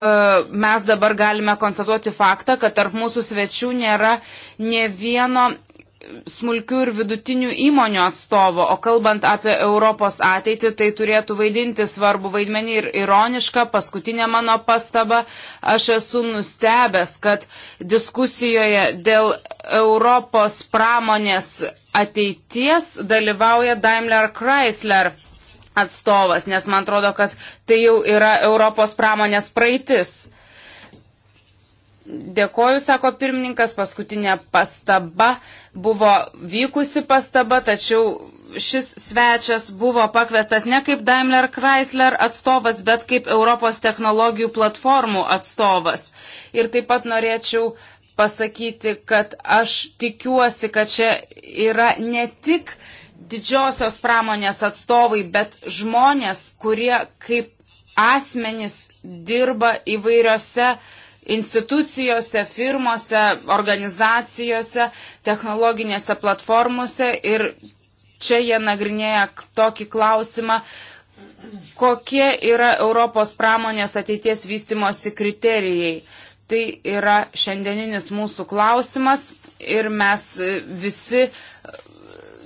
E, mes dabar galime konstatuoti faktą, kad tarp mūsų svečių nėra ne vieno smulkių ir vidutinių įmonių atstovo, o kalbant apie Europos ateitį, tai turėtų vaidinti svarbu vaidmenį ir ironišką. Paskutinė mano pastaba, aš esu nustebęs, kad diskusijoje dėl Europos pramonės ateities dalyvauja Daimler Chrysler atstovas, nes man atrodo, kad tai jau yra Europos pramonės praeitis. Dėkoju, sako pirmininkas, paskutinė pastaba buvo vykusi pastaba, tačiau šis svečias buvo pakvestas ne kaip Daimler Chrysler atstovas, bet kaip Europos technologijų platformų atstovas. Ir taip pat norėčiau pasakyti, kad aš tikiuosi, kad čia yra ne tik didžiosios pramonės atstovai, bet žmonės, kurie kaip asmenys dirba įvairiose institucijose, firmose, organizacijose, technologinėse platformose ir čia jie nagrinėja tokį klausimą, kokie yra Europos pramonės ateities vystimosi kriterijai. Tai yra šiandieninis mūsų klausimas ir mes visi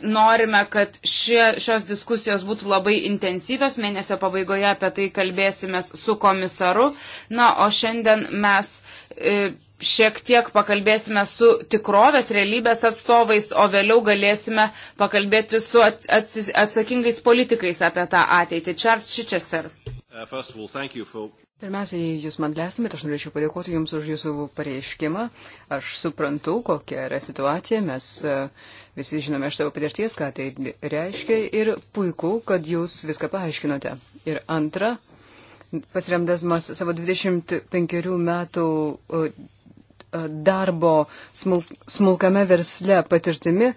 norime, kad šie, šios diskusijos būtų labai intensyvios. Mėnesio pabaigoje apie tai kalbėsime su komisaru. Na, o šiandien mes e, šiek tiek pakalbėsime su tikrovės realybės atstovais, o vėliau galėsime pakalbėti su atsakingais politikais apie tą ateitį. Charles Chichester. Uh, all, for... Pirmiausia, jūs man leistumėte, aš norėčiau padėkoti Jums už Jūsų pareiškimą. Aš suprantu, kokia yra situacija. Mes uh, Visi žinome iš savo patirties, ką tai reiškia ir puiku, kad jūs viską paaiškinote. Ir antra, pasiremdamas savo 25 metų darbo smulkame versle patirtimi,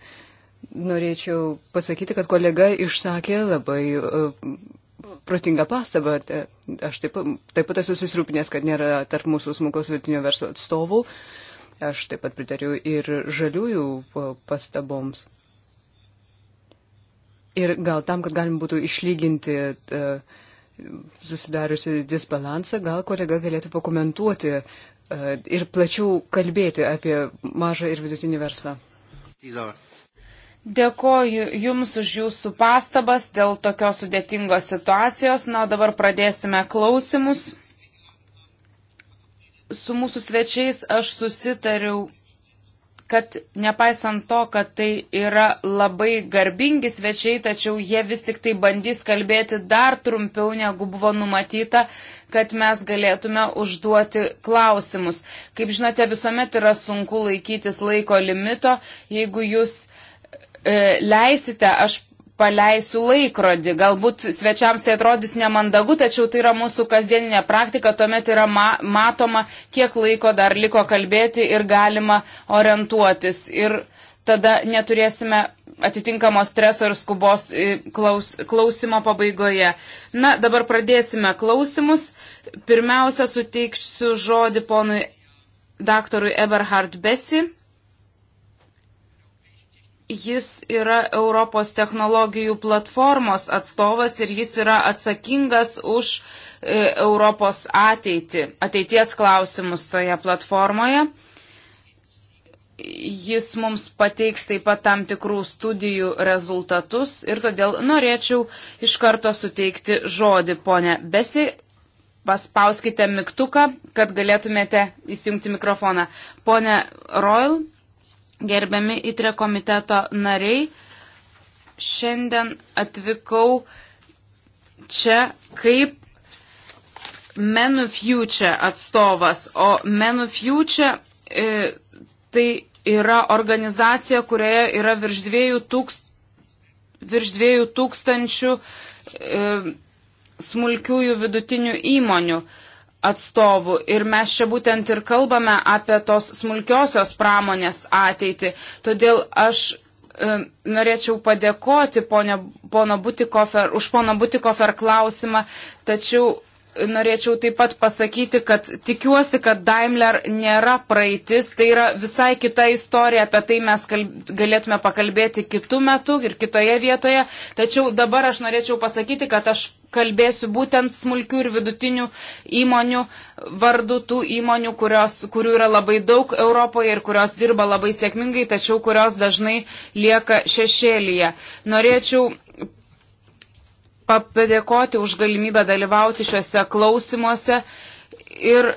norėčiau pasakyti, kad kolega išsakė labai protingą pastabą. Aš taip, taip pat esu susirūpinęs, kad nėra tarp mūsų smulkos vidutinio verslo atstovų. Uh, Aš taip pat pritariu ir žaliųjų e, pastaboms. Ir gal tam, kad galim būtų išlyginti e, susidariusi disbalansą, gal kolega galėtų pakomentuoti e, ir plačiau kalbėti apie mažą ir vidutinį verslą. Dėkoju Jums už Jūsų pastabas dėl tokios sudėtingos situacijos. Na, dabar pradėsime klausimus su mūsų svečiais aš susitariau, kad nepaisant to, kad tai yra labai garbingi svečiai, tačiau jie vis tik tai bandys kalbėti dar trumpiau, negu buvo numatyta, kad mes galėtume užduoti klausimus. Kaip žinote, visuomet yra sunku laikytis laiko limito, jeigu jūs e, leisite, aš paleisiu laikrodį. Galbūt svečiams tai atrodys nemandagu, tačiau tai yra mūsų kasdieninė praktika, tuomet yra ma matoma, kiek laiko dar liko kalbėti ir galima orientuotis. Ir tada neturėsime atitinkamo streso ir skubos e, klaus, klausimo pabaigoje. Na, dabar pradėsime klausimus. Pirmiausia, suteiksiu žodį ponui daktarui Eberhard Besi jis yra Europos technologijų platformos atstovas ir jis yra atsakingas už e, Europos ateitį, ateities klausimus toje platformoje. Jis mums pateiks taip pat tam tikrų studijų rezultatus ir todėl norėčiau iš karto suteikti žodį, ponė Besi, paspauskite mygtuką, kad galėtumėte įsijungti mikrofoną. Pone Royal, Gerbiami įtrė komiteto nariai, šiandien atvykau čia kaip Menų Future atstovas, o Menų Future e, tai yra organizacija, kurioje yra virš dviejų, tūkst, virš dviejų tūkstančių e, smulkiųjų vidutinių įmonių. E, atstovų. Ir mes čia būtent ir kalbame apie tos smulkiosios pramonės ateitį. Todėl aš e, norėčiau padėkoti ponė, pono Butikofer, už pono Butikofer klausimą, tačiau norėčiau taip pat pasakyti, kad tikiuosi, kad Daimler nėra praeitis, tai yra visai kita istorija, apie tai mes kalb, galėtume pakalbėti kitų metų ir kitoje vietoje, tačiau dabar aš norėčiau pasakyti, kad aš kalbėsiu būtent smulkių ir vidutinių įmonių vardu, tų įmonių, kurios, kurių yra labai daug Europoje ir kurios dirba labai sėkmingai, tačiau kurios dažnai lieka šešėlyje. Norėčiau padėkoti už galimybę dalyvauti šiuose klausimuose ir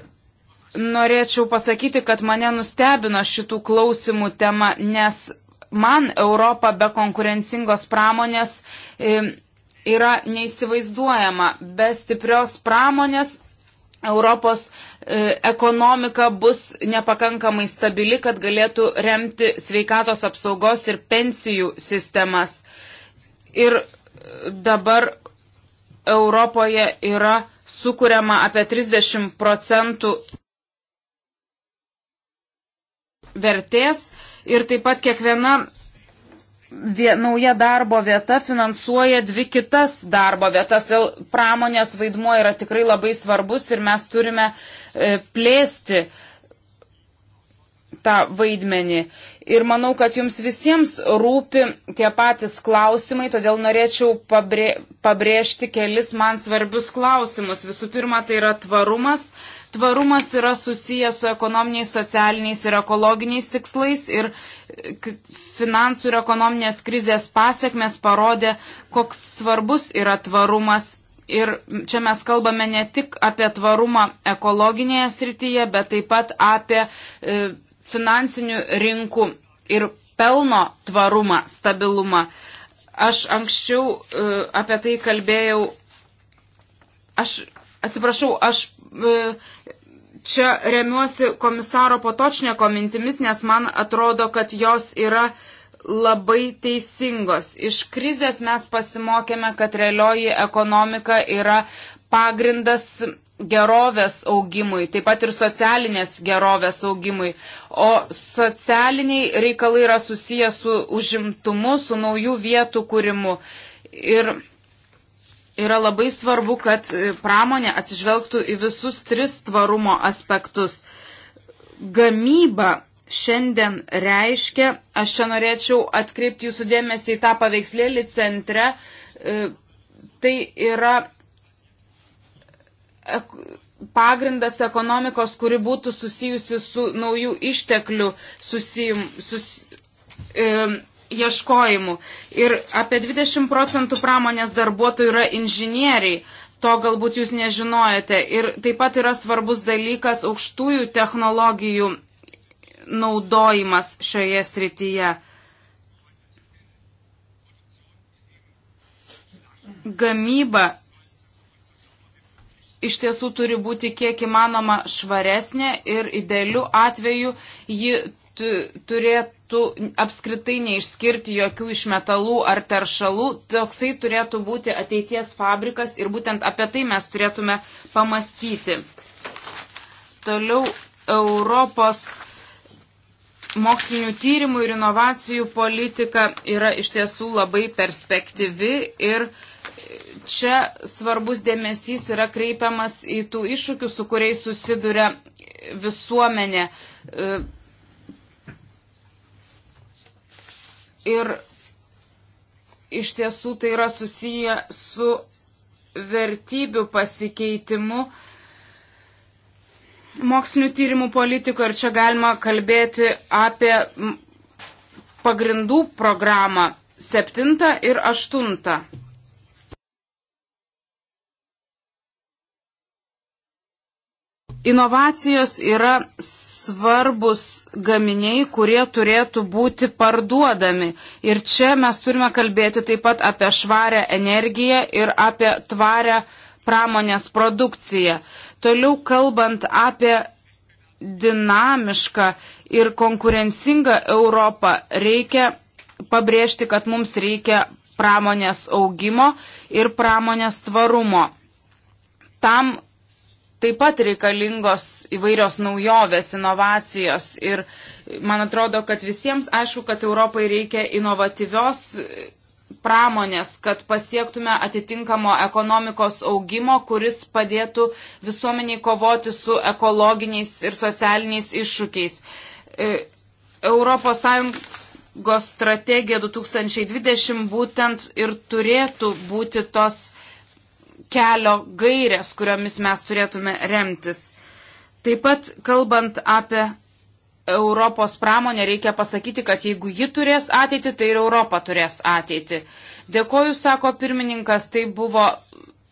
norėčiau pasakyti, kad mane nustebino šitų klausimų tema, nes man Europa be konkurencingos pramonės e, yra neįsivaizduojama. Be stiprios pramonės Europos e, ekonomika bus nepakankamai stabili, kad galėtų remti sveikatos apsaugos ir pensijų sistemas. Ir e, dabar Europoje yra sukuriama apie 30 procentų vertės ir taip pat kiekviena nauja darbo vieta finansuoja dvi kitas darbo vietas. Todėl pramonės vaidmuo yra tikrai labai svarbus ir mes turime e, plėsti tą vaidmenį. Ir manau, kad jums visiems rūpi tie patys klausimai, todėl norėčiau pabrė, pabrėžti kelis man svarbius klausimus. Visų pirma, tai yra tvarumas. Tvarumas yra susijęs su ekonominiais, socialiniais ir ekologiniais tikslais ir e, finansų ir ekonominės krizės pasiekmes parodė, koks svarbus yra tvarumas Ir čia mes kalbame ne tik apie tvarumą ekologinėje srityje, bet taip pat apie e, finansinių rinkų ir pelno tvarumą, stabilumą. Aš anksčiau e, apie tai kalbėjau, aš atsiprašau, aš e, čia remiuosi komisaro Potočneko mintimis, nes man atrodo, kad jos yra labai teisingos. Iš krizės mes pasimokėme, kad realioji ekonomika yra pagrindas gerovės augimui, taip pat ir socialinės gerovės augimui. O socialiniai reikalai yra susiję su užimtumu, su naujų vietų kūrimu. Ir yra labai svarbu, kad pramonė atsižvelgtų į visus tris tvarumo aspektus. Gamyba šiandien reiškia, aš čia norėčiau atkreipti jūsų dėmesį į tą paveikslėlį centre, e, tai yra pagrindas ekonomikos, kuri būtų susijusi su naujų išteklių susijim, sus, e, ieškojimu. Ir apie 20 procentų pramonės darbuotojų yra inžinieriai. To galbūt jūs nežinojate. Ir taip pat yra svarbus dalykas aukštųjų technologijų naudojimas šioje srityje. Gamyba iš tiesų turi būti kiek įmanoma švaresnė ir idealiu atveju ji turėtų apskritai neišskirti jokių išmetalų ar teršalų. Toksai turėtų būti ateities fabrikas ir būtent apie tai mes turėtume pamastyti. Toliau Europos mokslinių tyrimų ir inovacijų politika yra iš tiesų labai perspektyvi ir uh, čia svarbus dėmesys yra kreipiamas į tų iššūkių, su kuriais susiduria visuomenė. Ir iš tiesų tai yra susiję su vertybių pasikeitimu mokslinių tyrimų politikoje ir čia galima kalbėti apie pagrindų programą septintą ir aštuntą. Inovacijos yra svarbus gaminiai, kurie turėtų būti parduodami. Ir čia mes turime kalbėti taip pat apie švarę energiją ir apie tvarę pramonės produkciją. Toliau kalbant apie dinamišką ir konkurencingą Europą, reikia pabrėžti, kad mums reikia pramonės augimo ir pramonės tvarumo. Tam taip pat reikalingos įvairios naujovės, inovacijos. Ir man atrodo, kad visiems aišku, kad Europai reikia inovatyvios pramonės, kad pasiektume atitinkamo ekonomikos augimo, kuris padėtų visuomeniai kovoti su ekologiniais ir socialiniais iššūkiais. E, Europos Sąjungos strategija 2020 būtent ir turėtų būti tos kelio gairės, kuriomis mes turėtume remtis. Taip pat, kalbant apie Europos pramonę, reikia pasakyti, kad jeigu ji turės ateitį, tai ir Europa turės ateitį. Dėkoju, sako pirmininkas, tai buvo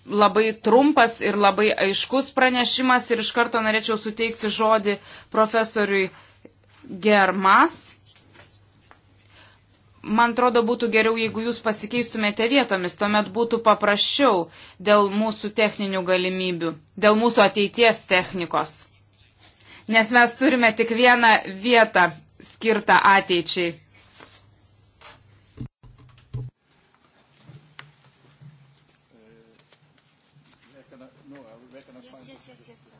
labai trumpas ir labai aiškus pranešimas ir iš karto norėčiau suteikti žodį profesoriui Germas man atrodo, būtų geriau, jeigu jūs pasikeistumėte vietomis, tuomet būtų paprasčiau dėl mūsų techninių galimybių, dėl mūsų ateities technikos. Nes mes turime tik vieną vietą skirtą ateičiai. Uh, yes, yes, yes, yes.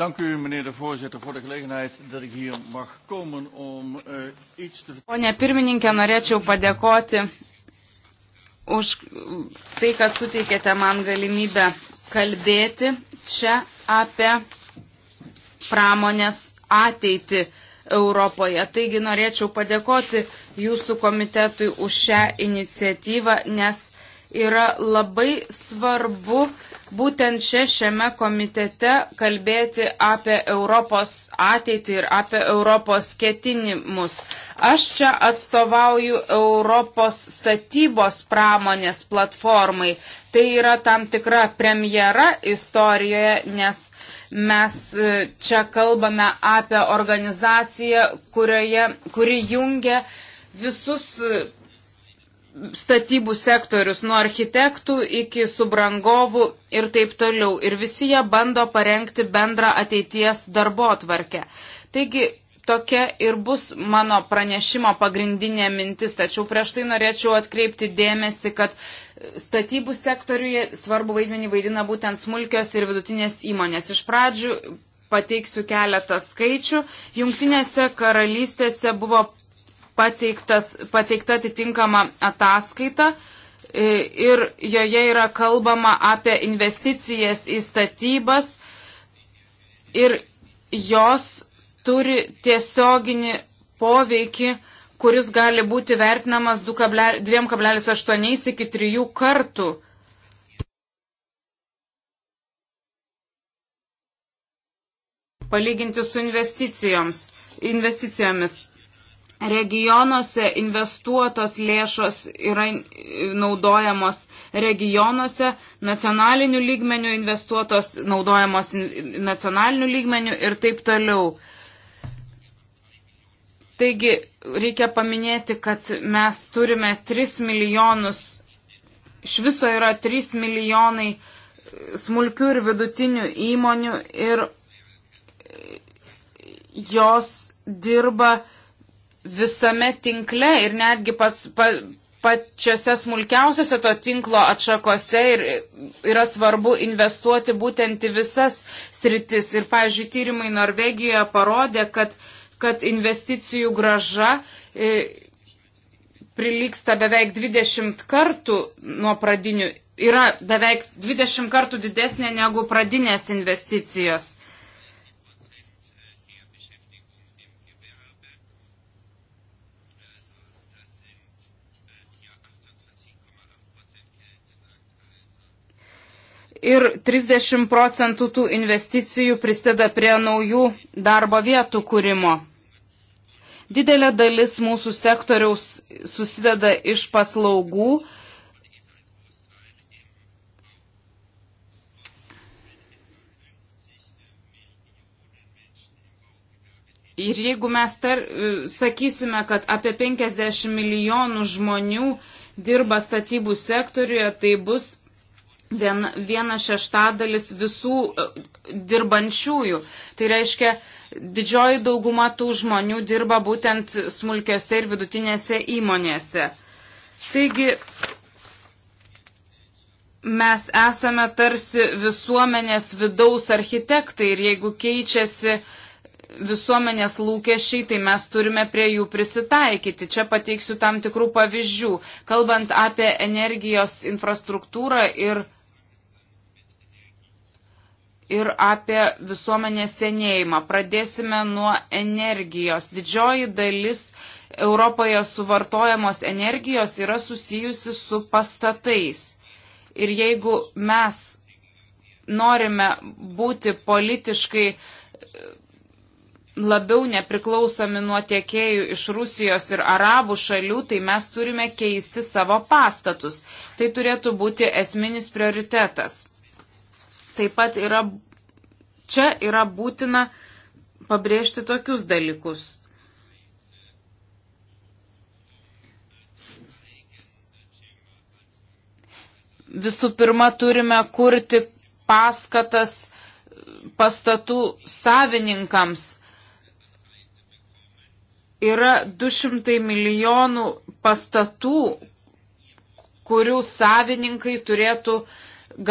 Dank u, meneer de voorzitter, voor de gelegenheid dat ik hier mag komen om uh, iets te... Pone pirmininkė, norėčiau padėkoti už tai, kad suteikėte man galimybę kalbėti čia apie pramonės ateitį Europoje. Taigi norėčiau padėkoti jūsų komitetui už šią iniciatyvą, nes yra labai svarbu uh, būtent čia šiame komitete kalbėti apie Europos ateitį ir apie Europos ketinimus. Aš čia atstovauju Europos statybos pramonės platformai. Tai yra tam tikra premjera istorijoje, nes mes e, čia kalbame apie organizaciją, kurioje, kuri jungia visus e, statybų sektorius, nuo architektų iki subrangovų ir taip toliau. Ir visi jie bando parengti bendrą ateities darbo atvarkę. Taigi tokia ir bus mano pranešimo pagrindinė mintis, tačiau prieš tai norėčiau atkreipti dėmesį, kad statybų sektoriuje svarbu vaidmenį vaidina būtent smulkios ir vidutinės įmonės. Iš pradžių pateiksiu keletą skaičių. Jungtinėse karalystėse buvo pateiktas, pateikta atitinkama ataskaita e, ir joje yra kalbama apie investicijas į statybas ir jos turi tiesioginį poveikį, kuris gali būti vertinamas 2,8 iki 3 kartų. Palyginti su investicijomis regionuose investuotos lėšos yra naudojamos regionuose, nacionaliniu lygmeniu investuotos naudojamos nacionaliniu lygmeniu ir taip toliau. Taigi reikia paminėti, kad mes turime 3 milijonus, iš viso yra 3 milijonai e, smulkių ir vidutinių įmonių ir e, jos dirba visame tinkle ir netgi pas, pa, pačiose smulkiausiose to tinklo atšakose ir yra svarbu investuoti būtent į visas sritis. Ir, pavyzdžiui, tyrimai Norvegijoje parodė, kad, kad investicijų graža e, prilyksta beveik 20 kartų nuo pradinių, yra beveik 20 kartų didesnė negu pradinės investicijos. ir 30 procentų tų investicijų prisideda prie naujų darbo vietų kūrimo. Didelė dalis mūsų sektoriaus susideda iš paslaugų. Ir jeigu mes tar, e, sakysime, kad apie 50 milijonų žmonių dirba statybų sektoriuje, tai bus vien, vienas šeštadalis visų e, dirbančiųjų. Tai reiškia, didžioji dauguma tų žmonių dirba būtent smulkiose ir vidutinėse įmonėse. Taigi, mes esame tarsi visuomenės vidaus architektai ir jeigu keičiasi visuomenės lūkesčiai, tai mes turime prie jų prisitaikyti. Čia pateiksiu tam tikrų pavyzdžių. Kalbant apie energijos infrastruktūrą ir ir apie visuomenės senėjimą. Pradėsime nuo energijos. Didžioji dalis Europoje suvartojamos energijos yra susijusi su pastatais. Ir jeigu mes norime būti politiškai e, labiau nepriklausomi nuo tiekėjų iš Rusijos ir arabų šalių, tai mes turime keisti savo pastatus. Tai turėtų būti esminis prioritetas taip pat yra, čia yra būtina pabrėžti tokius dalykus. Visų pirma, turime kurti paskatas pastatų savininkams. Yra 200 milijonų pastatų, kurių savininkai turėtų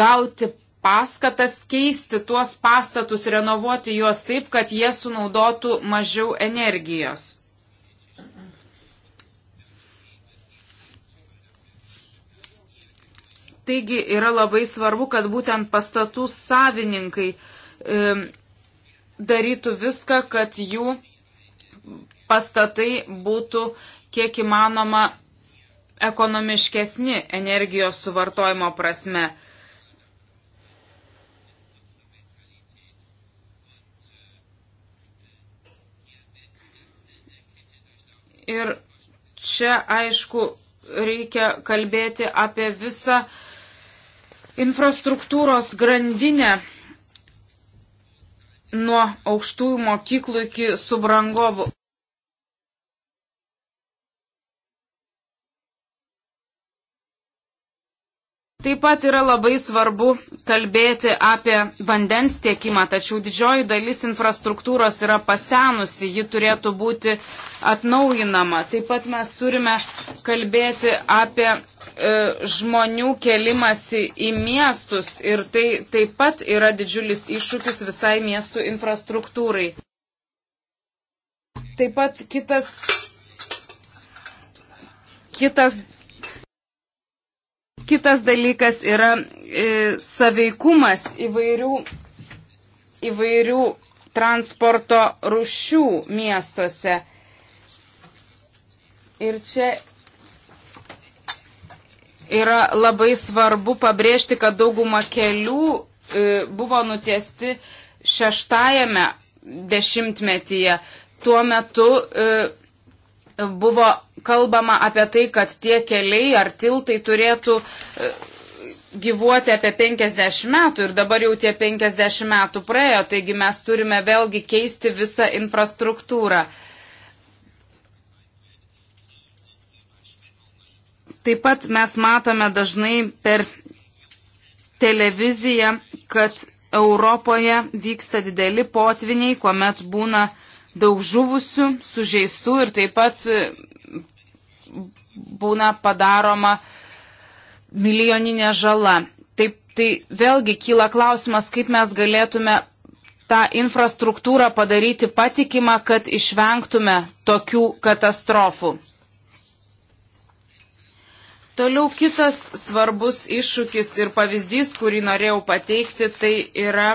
gauti paskatas keisti tuos pastatus, renovuoti juos taip, kad jie sunaudotų mažiau energijos. Taigi yra labai svarbu, kad būtent pastatų savininkai e, darytų viską, kad jų pastatai būtų kiek įmanoma ekonomiškesni energijos suvartojimo prasme. E, Ir čia, aišku, reikia kalbėti apie visą infrastruktūros grandinę nuo aukštųjų mokyklų iki subrangovų Taip pat yra labai svarbu kalbėti apie vandens tiekimą, tačiau didžioji dalis infrastruktūros yra pasenusi, ji turėtų būti atnaujinama. Taip pat mes turime kalbėti apie e, žmonių kelimasi į miestus ir tai taip pat yra didžiulis iššūkis visai miestų infrastruktūrai. Taip pat kitas, kitas Kitas dalykas yra e, saveikumas įvairių, įvairių transporto rušių miestuose. Ir čia yra labai svarbu pabrėžti, kad dauguma kelių e, buvo nutiesti šeštajame dešimtmetyje. Tuo metu e, buvo kalbama apie tai, kad tie keliai ar tiltai turėtų e, gyvuoti apie 50 metų ir dabar jau tie 50 metų praėjo, taigi mes turime vėlgi keisti visą infrastruktūrą. Taip pat mes matome dažnai per televiziją, kad Europoje vyksta dideli potviniai, kuomet būna daug žuvusių, sužeistų ir taip pat e, būna padaroma milijoninė žala. Taip, tai vėlgi kyla klausimas, kaip mes galėtume tą infrastruktūrą padaryti patikimą, kad išvengtume tokių katastrofų. Toliau kitas svarbus iššūkis ir pavyzdys, kurį norėjau pateikti, tai yra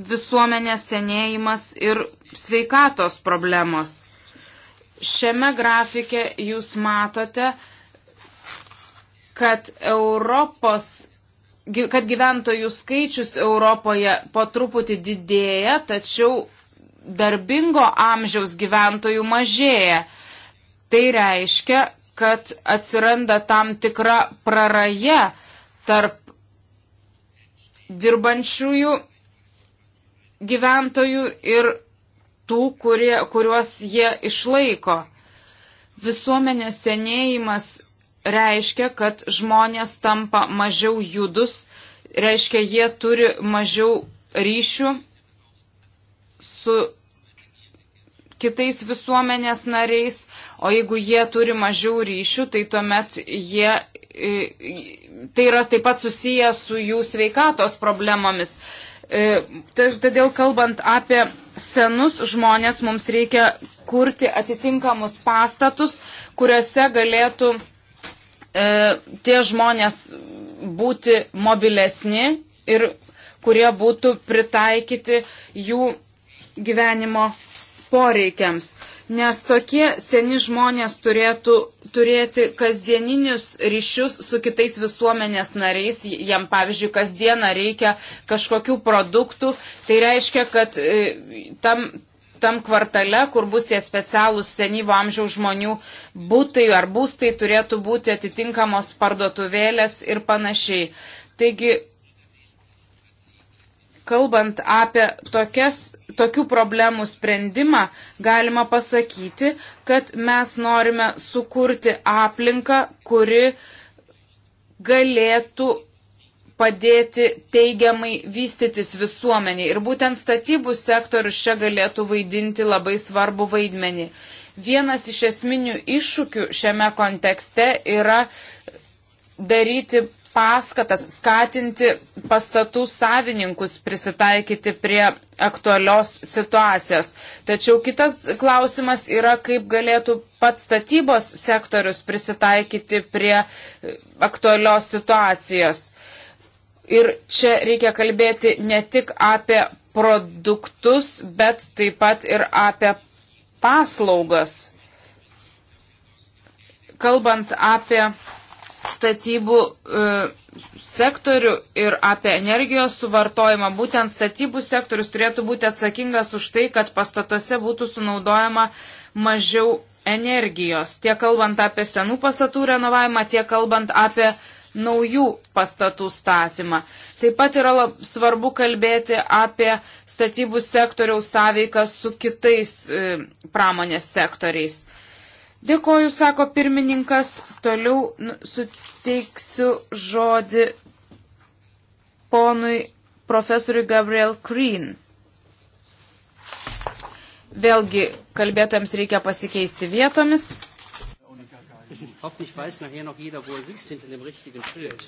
visuomenės senėjimas ir sveikatos problemos. Šiame grafike jūs matote, kad Europos kad gyventojų skaičius Europoje po truputį didėja, tačiau darbingo amžiaus gyventojų mažėja. Tai reiškia, kad atsiranda tam tikra praraja tarp dirbančiųjų gyventojų ir tų, kurie, kuriuos jie išlaiko. Visuomenės senėjimas reiškia, kad žmonės tampa mažiau judus, reiškia, jie turi mažiau ryšių su kitais visuomenės nariais, o jeigu jie turi mažiau ryšių, tai tuomet jie, tai yra taip pat susiję su jų sveikatos problemomis. E, todėl kalbant apie senus žmonės, mums reikia kurti atitinkamus pastatus, kuriuose galėtų e, tie žmonės būti mobilesni ir kurie būtų pritaikyti jų gyvenimo poreikiams nes tokie seni žmonės turėtų turėti kasdieninius ryšius su kitais visuomenės nariais, jam pavyzdžiui kasdieną reikia kažkokių produktų, tai reiškia, kad e, tam, tam kvartale, kur bus tie specialūs senyvo amžiaus žmonių būtai ar būstai, turėtų būti atitinkamos parduotuvėlės ir panašiai. Taigi kalbant apie tokias, tokių problemų sprendimą, galima pasakyti, kad mes norime sukurti aplinką, kuri galėtų padėti teigiamai vystytis visuomeniai. Ir būtent statybų sektorius čia galėtų vaidinti labai svarbu vaidmenį. Vienas iš esminių iššūkių šiame kontekste yra daryti paskatas skatinti pastatų savininkus prisitaikyti prie aktualios situacijos. Tačiau kitas klausimas yra, kaip galėtų pats statybos sektorius prisitaikyti prie e, aktualios situacijos. Ir čia reikia kalbėti ne tik apie produktus, bet taip pat ir apie paslaugas. Kalbant apie statybų e, sektorių ir apie energijos suvartojimą. Būtent statybų sektorius turėtų būti atsakingas už tai, kad pastatuose būtų sunaudojama mažiau energijos. Tiek kalbant apie senų pastatų renovavimą, tiek kalbant apie naujų pastatų statymą. Taip pat yra lab, svarbu kalbėti apie statybų sektoriaus sąveiką su kitais e, pramonės sektoriais. E, Dėkoju, sako pirmininkas. Toliau nu, suteiksiu žodį ponui profesoriui Gabriel Green. Vėlgi, kalbėtojams reikia pasikeisti vietomis. Hoffentlich weiß nachher noch jeder, wo er sitzt hinter dem richtigen Schild.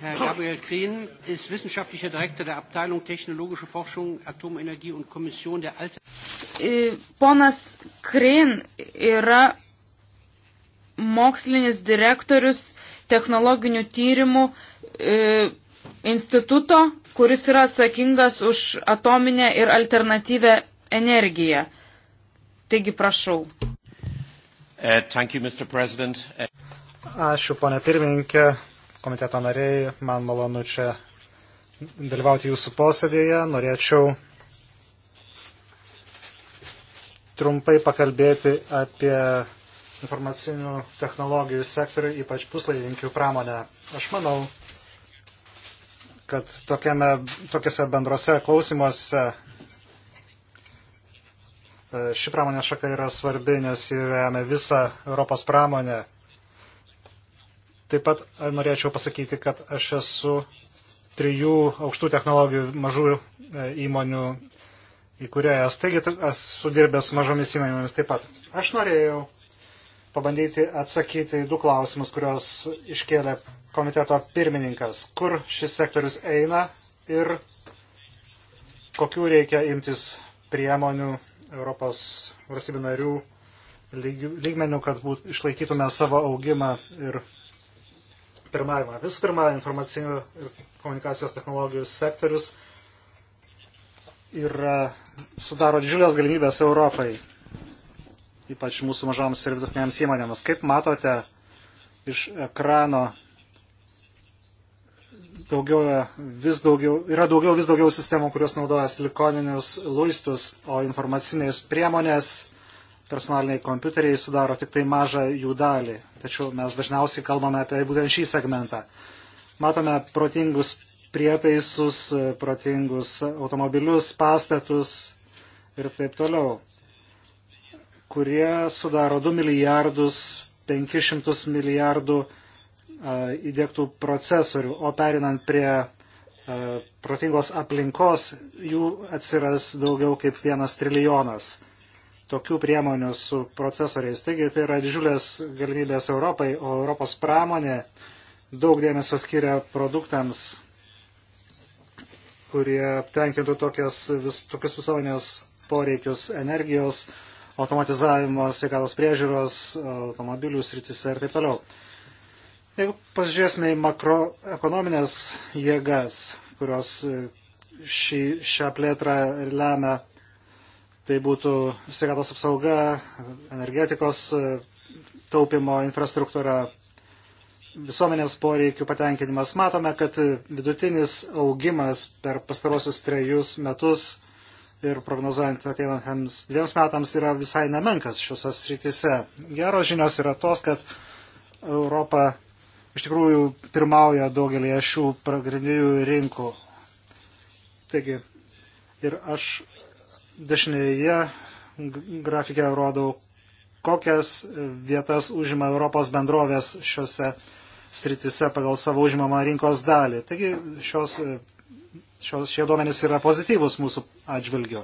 Herr Gabriel Krien ist wissenschaftlicher Direktor der Abteilung Technologische Forschung, Atomenergie und Kommission der Alte. E, ponas Krien yra mokslinis direktorius technologinių tyrimų e, instituto, kuris yra atsakingas už atominę ir alternatyvę energiją. Taigi prašau. Uh, you, uh, Ačiū, ponė pirmininkė komiteto nariai, man malonu čia dalyvauti jūsų posėdėje. Norėčiau trumpai pakalbėti apie informacinių technologijų sektorių, ypač puslaidininkių pramonę. Aš manau, kad tokiame, tokiuose bendrose klausimuose e, ši pramonė šaka yra svarbi, nes ji remia visą Europos pramonę Taip pat norėčiau pasakyti, kad aš esu trijų aukštų technologijų mažų e, įmonių įkūrėjas, taigi esu dirbęs su mažomis įmonėmis taip pat. Aš norėjau pabandyti atsakyti į du klausimus, kuriuos iškėlė komiteto pirmininkas, kur šis sektorius eina ir kokių reikia imtis priemonių Europos valstybių narių lygmenių, kad būt, išlaikytume savo augimą ir pirmavimą. Visų pirma, informacinių ir komunikacijos technologijų sektorius yra, sudaro didžiulės galimybės Europai, ypač mūsų mažoms ir vidutinėms įmonėms. Kaip matote iš ekrano, daugiau, vis daugiau, yra daugiau vis daugiau sistemų, kurios naudoja silikoninius luistus, o informacinės priemonės personaliniai kompiuteriai sudaro tik tai mažą jų dalį. Tačiau mes dažniausiai kalbame apie būtent šį segmentą. Matome protingus prietaisus, protingus automobilius, pastatus ir taip toliau, kurie sudaro 2 milijardus 500 milijardų įdėktų procesorių, o perinant prie protingos aplinkos jų atsiras daugiau kaip vienas trilijonas tokių priemonių su procesoriais. Taigi tai yra didžiulės galimybės Europai, o Europos pramonė daug dėmesio skiria produktams, kurie tenkintų tokias, vis, tokius visuomenės poreikius energijos, automatizavimo, sveikatos priežiūros, automobilių sritise ir taip toliau. Jeigu pasižiūrėsime į makroekonominės jėgas, kurios šį, šią plėtrą lemia tai būtų sveikatos apsauga, energetikos e, taupimo infrastruktūra, visuomenės poreikių patenkinimas. Matome, kad vidutinis augimas per pastarosius trejus metus ir prognozuojant ateinantiems dviems metams yra visai nemenkas šiose srityse. Geros žinios yra tos, kad Europa iš tikrųjų pirmauja daugelį šių pagrindinių rinkų. Taigi, ir aš dešinėje grafikė rodau, kokias vietas užima Europos bendrovės šiuose sritise pagal savo užimamą rinkos dalį. Taigi šios, šios, šie duomenys yra pozityvus mūsų atžvilgiu.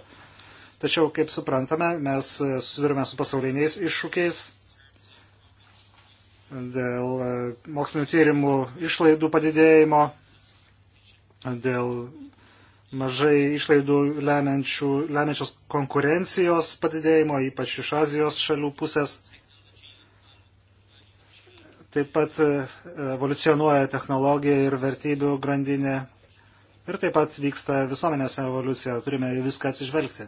Tačiau, kaip suprantame, mes susidurime su pasauliniais iššūkiais dėl e, mokslinio tyrimų išlaidų padidėjimo, dėl mažai išlaidų lemiančios konkurencijos padidėjimo, ypač iš Azijos šalių pusės. Taip pat e, evoliucionuoja technologija ir vertybių grandinė. Ir taip pat vyksta visuomenės evoliucija. Turime viską atsižvelgti.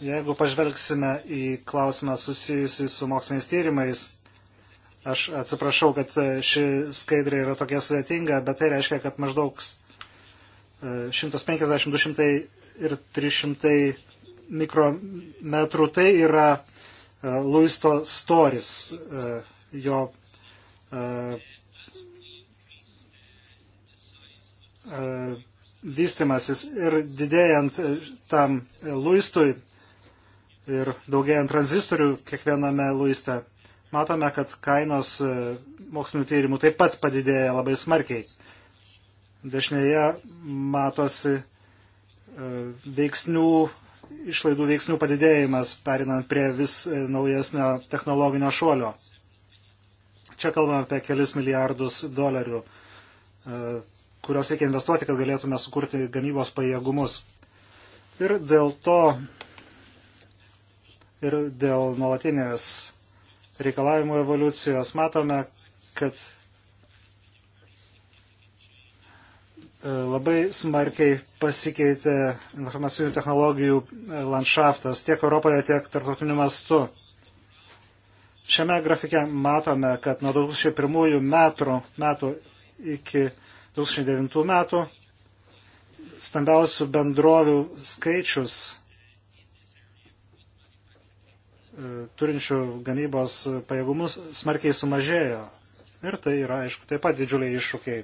Jeigu pažvelgsime į klausimą susijusi su moksliniais tyrimais, Aš atsiprašau, kad e, ši skaidrė yra tokia sudėtinga, bet tai reiškia, kad maždaug 150, e, 200 ir 300 mikrometrų tai yra e, luisto storis, jo vystimasis ir didėjant tam luistui ir daugėjant tranzistorių kiekviename luiste, matome, kad kainos e, mokslinių tyrimų taip pat padidėja labai smarkiai. Dešinėje matosi e, veiksnių, išlaidų veiksnių padidėjimas, perinant prie vis e, naujesnio technologinio šuolio. Čia kalbame apie kelis milijardus dolerių, kuriuos reikia investuoti, kad galėtume sukurti gamybos pajėgumus. Ir dėl to, ir dėl nuolatinės reikalavimų evoliucijos matome, kad e, labai smarkiai pasikeitė informacinių technologijų e, landšaftas tiek Europoje, tiek tarptautiniu mastu. Šiame grafike matome, kad nuo 2001 metų, metų iki 2009 metų stambiausių bendrovių skaičius E, turinčių gamybos pajėgumus smarkiai sumažėjo. Ir tai yra, aišku, taip pat didžiuliai iššūkiai.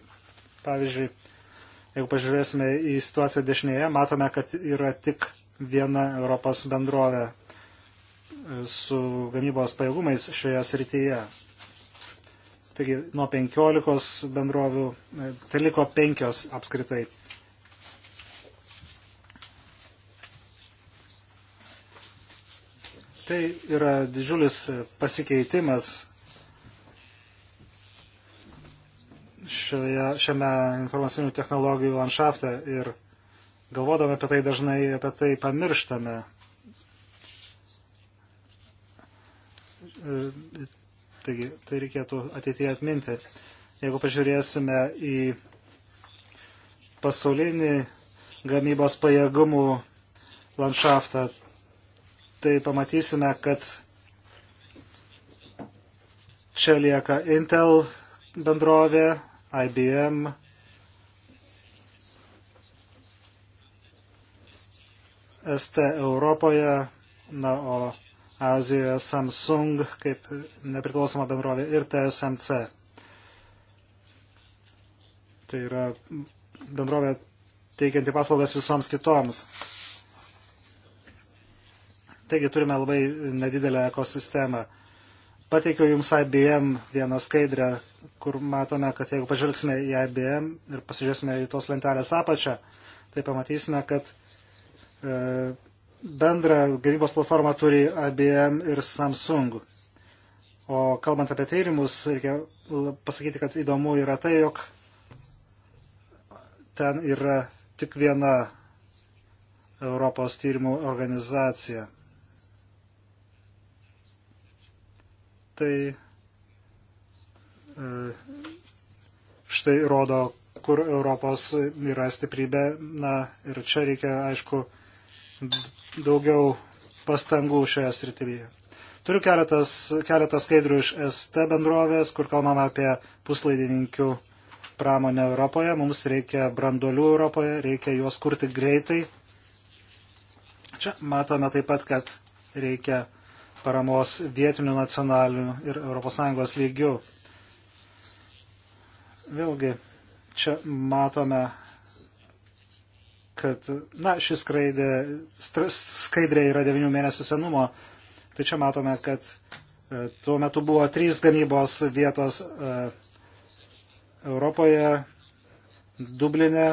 Pavyzdžiui, jeigu pažiūrėsime į situaciją dešinėje, matome, kad yra tik viena Europos bendrovė e, su gamybos pajėgumais šioje srityje. Taigi nuo 15 bendrovių, tai liko 5 apskritai. Tai yra didžiulis pasikeitimas šioje, šiame informacinių technologijų landšafte ir galvodami apie tai dažnai apie tai pamirštame. Taigi, tai reikėtų ateityje atminti. Jeigu pažiūrėsime į pasaulinį gamybos pajėgumų landšaftą, tai pamatysime, kad čia lieka Intel bendrovė, IBM. ST Europoje, na, o Azijoje Samsung kaip nepriklausoma bendrovė ir TSMC. Tai yra bendrovė teikianti paslaugas visoms kitoms. Taigi turime labai nedidelę ekosistemą. Pateikiau Jums IBM vieną skaidrę, kur matome, kad jeigu pažvelgsime į IBM ir pasižiūrėsime į tos lentelės apačią, tai pamatysime, kad e, bendrą gamybos platformą turi IBM ir Samsung. O kalbant apie tyrimus, reikia pasakyti, kad įdomu yra tai, jog ten yra tik viena Europos tyrimų organizacija. tai e, štai rodo, kur Europos yra stiprybė. Na ir čia reikia, aišku, daugiau pastangų šioje srityje. Turiu keletas, keletas skaidrių iš ST bendrovės, kur kalbam apie puslaidininkių pramonę Europoje. Mums reikia brandolių Europoje, reikia juos kurti greitai. Čia matome taip pat, kad reikia paramos vietinių nacionalinių ir ES lygių. Vėlgi, čia matome, kad, na, šis skraidė, skaidrė yra 9 mėnesių senumo, tai čia matome, kad e, tuo metu buvo 3 gamybos vietos e, Europoje, Dublinė,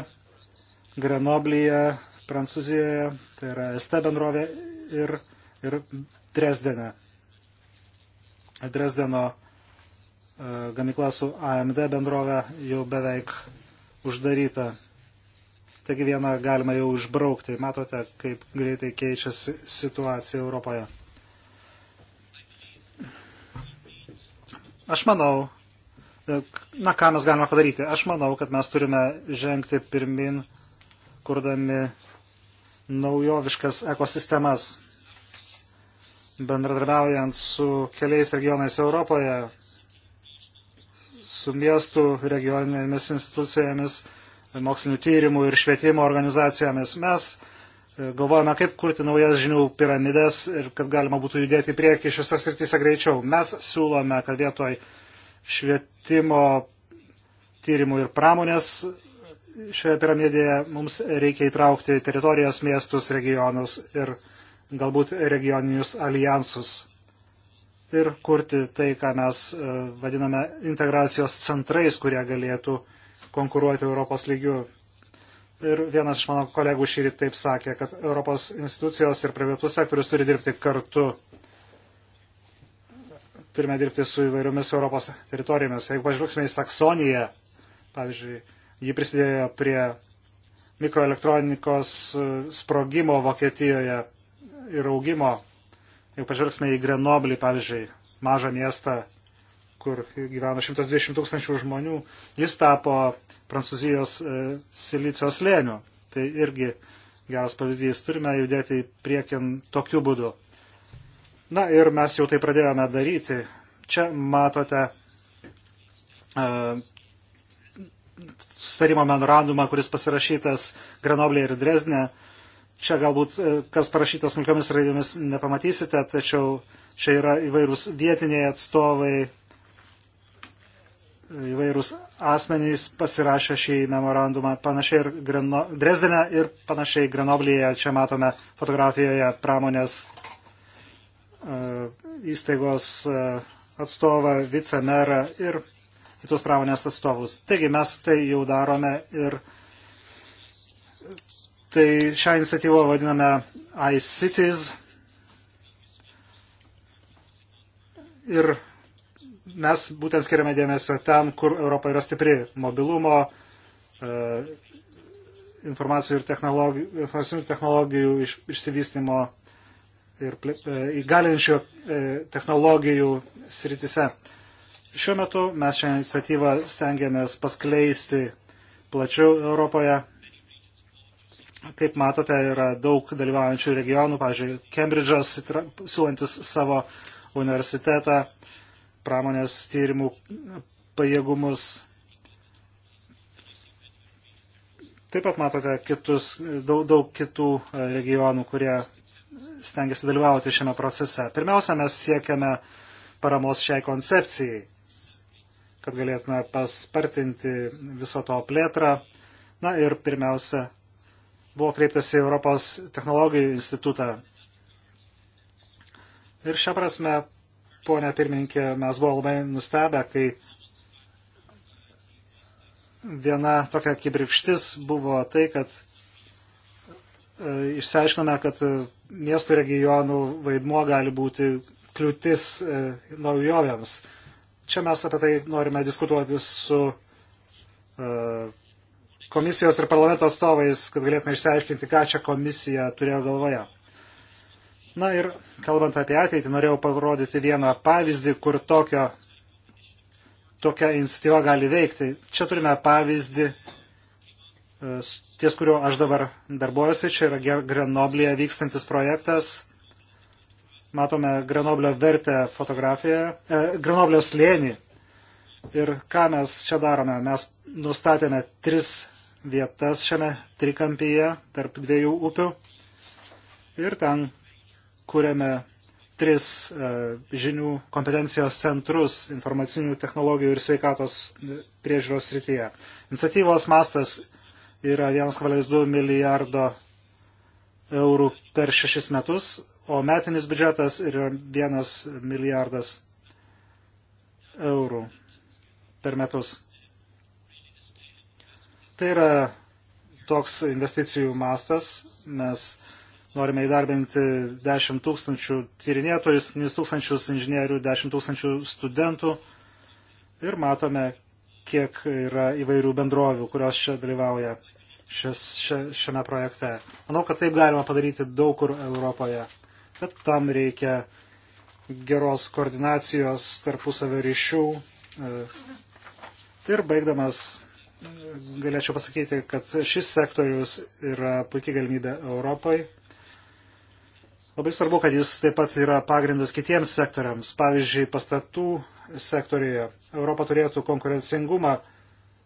Grenoblyje, Prancūzijoje, tai yra ST bendrovė ir, ir Dresdene. Dresdeno e, gamykla su AMD bendrovė jau beveik uždaryta. Taigi vieną galima jau išbraukti. Matote, kaip greitai keičiasi situacija Europoje. Aš manau, e, na ką mes galime padaryti? Aš manau, kad mes turime žengti pirmin, kurdami naujoviškas ekosistemas bendradarbiaujant su keliais regionais Europoje, su miestų regioninėmis institucijomis, mokslinių tyrimų ir švietimo organizacijomis. Mes e, galvojame, kaip kurti naujas žinių piramides ir kad galima būtų judėti į priekį šiuose srityse greičiau. Mes siūlome, kad vietoj švietimo tyrimų ir pramonės šioje piramidėje mums reikia įtraukti teritorijas, miestus, regionus ir regionus galbūt regioninius alijansus ir kurti tai, ką mes e, vadiname integracijos centrais, kurie galėtų konkuruoti Europos lygių. Ir vienas iš mano kolegų šį rytą taip sakė, kad Europos institucijos ir privatus sektorius turi dirbti kartu. Turime dirbti su įvairiomis Europos teritorijomis. Jeigu pažvelgsime į Saksoniją, pavyzdžiui, ji prisidėjo prie mikroelektronikos e, sprogimo Vokietijoje ir augimo. Jeigu pažvelgsime į Grenoblį, pavyzdžiui, mažą miestą, kur gyveno 120 tūkstančių žmonių, jis tapo Prancūzijos e, silicijos lėniu. Tai irgi geras pavyzdys. Turime judėti priekin tokiu būdu. Na ir mes jau tai pradėjome daryti. Čia matote e, sustarimo memorandumą, kuris pasirašytas Grenoblė ir Drezne. E, Čia galbūt, e, kas parašytas smulkiomis raidėmis, nepamatysite, tačiau čia yra įvairūs vietiniai atstovai, įvairūs asmenys pasirašė šį memorandumą, panašiai ir Greno, Dresdenė ir panašiai Grenoblyje, čia matome fotografijoje pramonės uh, įstaigos uh, atstovą, vicemerą ir kitus pramonės atstovus. Taigi mes tai jau darome ir Tai šią iniciatyvą vadiname iCities. Ir mes būtent skiriame dėmesio ten, kur Europa yra stipri - mobilumo, e, informacijų ir technologijų, informacijų technologijų iš, išsivystimo ir e, įgalinčio e, technologijų sritise. Šiuo metu mes šią iniciatyvą stengiamės paskleisti plačiau Europoje Kaip matote, yra daug dalyvaujančių regionų, pavyzdžiui, Kembridžas, siūlantis savo universitetą, pramonės tyrimų pajėgumus. Taip pat matote kitus, daug, daug kitų e, regionų, kurie stengiasi dalyvauti šiame procese. Pirmiausia, mes siekiame paramos šiai koncepcijai, kad galėtume paspartinti viso to plėtrą. Na ir pirmiausia, buvo kreiptasi Europos technologijų institutą. Ir šią prasme, ponia pirmininkė, mes buvome labai nustebę, kai viena tokia kibrikštis buvo tai, kad e, išsiaiškinome, kad e, miestų regionų vaidmuo gali būti kliūtis e, naujovėms. Čia mes apie tai norime diskutuoti su e, komisijos ir parlamento atstovais, kad galėtume išsiaiškinti, ką čia komisija turėjo galvoje. Na ir kalbant apie ateitį, norėjau parodyti vieną pavyzdį, kur tokio, tokia iniciatyva gali veikti. Čia turime pavyzdį, e, ties kuriuo aš dabar darbuojuosi, čia yra Grenoblėje vykstantis projektas. Matome Grenoblio vertę fotografiją, eh, Grenoblio slėnį. Ir ką mes čia darome? Mes nustatėme tris vietas šiame trikampyje tarp dviejų upių ir ten kuriame tris e, žinių kompetencijos centrus informacinių technologijų ir sveikatos e, priežiūros srityje. Iniciatyvos mastas yra 1,2 milijardo eurų per šešis metus, o metinis biudžetas yra 1 milijardas eurų per metus. Tai yra toks investicijų mastas. Mes norime įdarbinti 10 tūkstančių tyrinėtojų, 7 tūkstančius inžinierių, 10 tūkstančių studentų. Ir matome, kiek yra įvairių bendrovių, kurios čia dalyvauja šis, šia, šiame projekte. Manau, kad taip galima padaryti daug kur Europoje. Bet tam reikia geros koordinacijos tarpusavio ryšių. E, ir baigdamas galėčiau pasakyti, kad šis sektorius yra puikia galimybė Europai. Labai svarbu, kad jis taip pat yra pagrindas kitiems sektoriams. Pavyzdžiui, pastatų sektorijoje Europa turėtų konkurencingumą,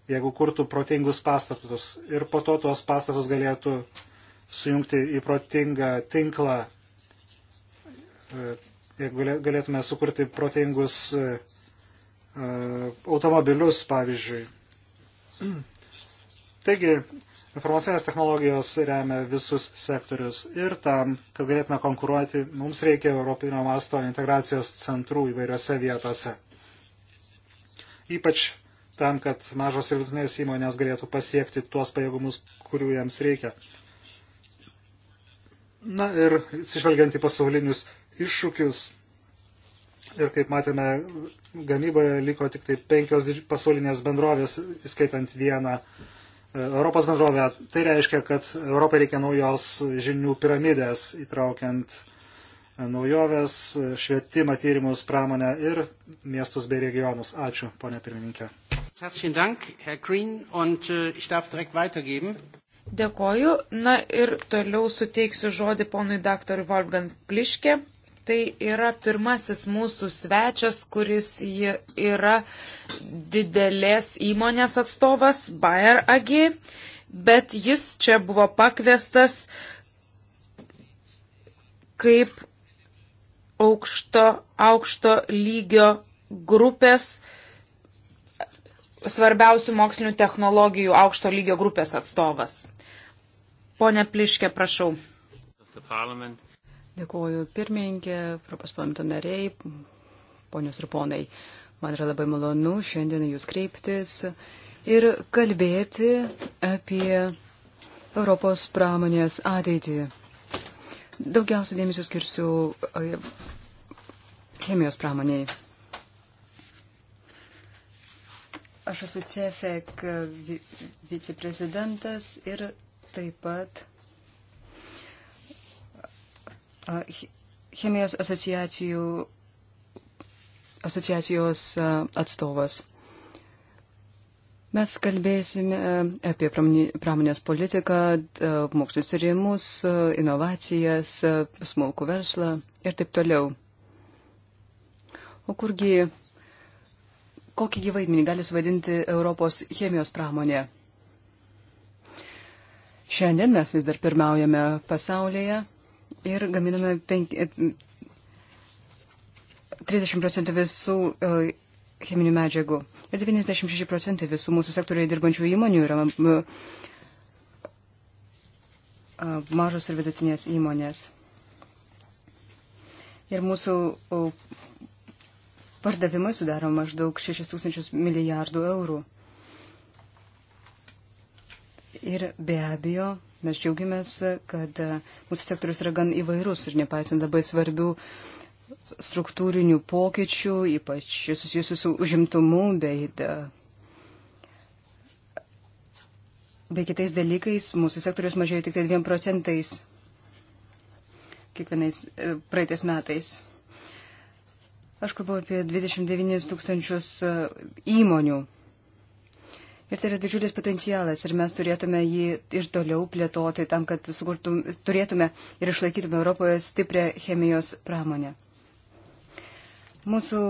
jeigu kurtų protingus pastatus ir po to tuos pastatus galėtų sujungti į protingą tinklą, e, jeigu galėtume sukurti protingus e, automobilius, pavyzdžiui Taigi, informacinės technologijos remia visus sektorius ir tam, kad galėtume konkuruoti, mums reikia Europinio masto integracijos centrų įvairiose vietose. Ypač tam, kad mažos ir vidutinės įmonės galėtų pasiekti tuos pajėgumus, kurių jiems reikia. Na ir atsižvelgiant į pasaulinius iššūkius, ir kaip matėme, gamyboje liko tik tai penkios pasaulinės bendrovės, įskaitant vieną e, Europos bendrovę. Tai reiškia, kad Europai reikia naujos žinių piramidės, įtraukiant e, naujoves, švietimą, tyrimus, pramonę ir miestus bei regionus. Ačiū, ponė pirmininkė. Äh, Dėkoju. Na ir toliau suteiksiu žodį ponui daktarui Wolfgang Pliške, Tai yra pirmasis mūsų svečias, kuris yra didelės įmonės atstovas Bayer AG, bet jis čia buvo pakviestas kaip aukšto, aukšto lygio grupės svarbiausių mokslinių technologijų aukšto lygio grupės atstovas. Pone Pliškė, prašau. Parliament. Dėkuoju pirmininkė, Europos parlamento nariai, ponios ir ponai. Man yra labai malonu šiandien jūs kreiptis ir kalbėti apie Europos pramonės ateitį. Daugiausia dėmesio skirsiu e, chemijos pramoniai. Aš esu CEFEC viceprezidentas ir taip pat chemijos asociacijų, asociacijos atstovas. Mes kalbėsime apie pramonės politiką, mokslinius tyrimus, inovacijas, smulkų verslą ir taip toliau. O kurgi, kokį gyvaidmenį gali suvaidinti Europos chemijos pramonė? Šiandien mes vis dar pirmaujame pasaulyje ir gaminame 5, 30 e, procentų visų e, cheminių medžiagų. Ir 96 procentai visų mūsų sektoriuje dirbančių įmonių yra e, mažos ir vidutinės įmonės. Ir mūsų pardavimai sudaro maždaug 6 tūkstančius milijardų eurų. Ir be abejo, Mes džiaugiamės, kad mūsų sektorius yra gan įvairus ir nepaisant labai svarbių struktūrinių pokyčių, ypač susijusių su užimtumu bei, bei kitais dalykais, mūsų sektorius mažėjo tik tai 2 procentais kiekvienais e, praeitais metais. Aš kalbu apie 29 tūkstančius e, įmonių Ir tai yra didžiulis potencialas ir mes turėtume jį ir toliau plėtoti tam, kad sukurtum, turėtume ir išlaikytume Europoje stiprią chemijos pramonę. Mūsų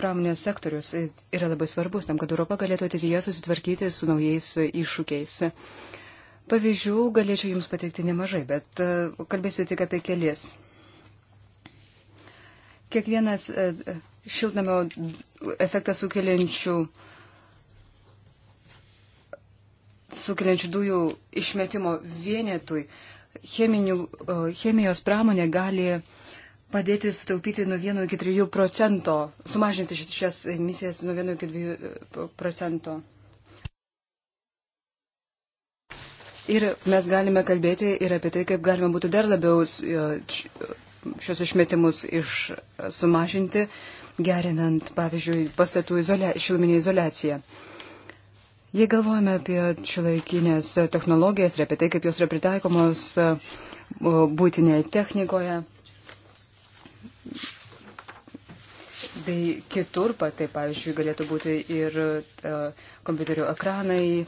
pramonės sektorius yra labai svarbus tam, kad Europa galėtų ateityje susitvarkyti su naujais iššūkiais. Pavyzdžių galėčiau Jums pateikti nemažai, bet kalbėsiu tik apie kelis. Kiekvienas e, šiltnamio efektą sukeliančių, sukeliančių dujų išmetimo vienetui cheminių, chemijos pramonė gali padėti sutaupyti nuo 1 iki 3 procento, sumažinti šias emisijas nuo 1 iki 2 e, procento. Ir mes galime kalbėti ir apie tai, kaip galima būtų dar labiau šios išmetimus iš sumažinti, gerinant, pavyzdžiui, pastatų izolia, šiluminį izolaciją. Jei galvojame apie šiuolaikinės technologijas ir apie tai, kaip jos yra pritaikomos e, būtinėje technikoje bei kitur, tai pavyzdžiui, galėtų būti ir e, kompiuterių ekranai,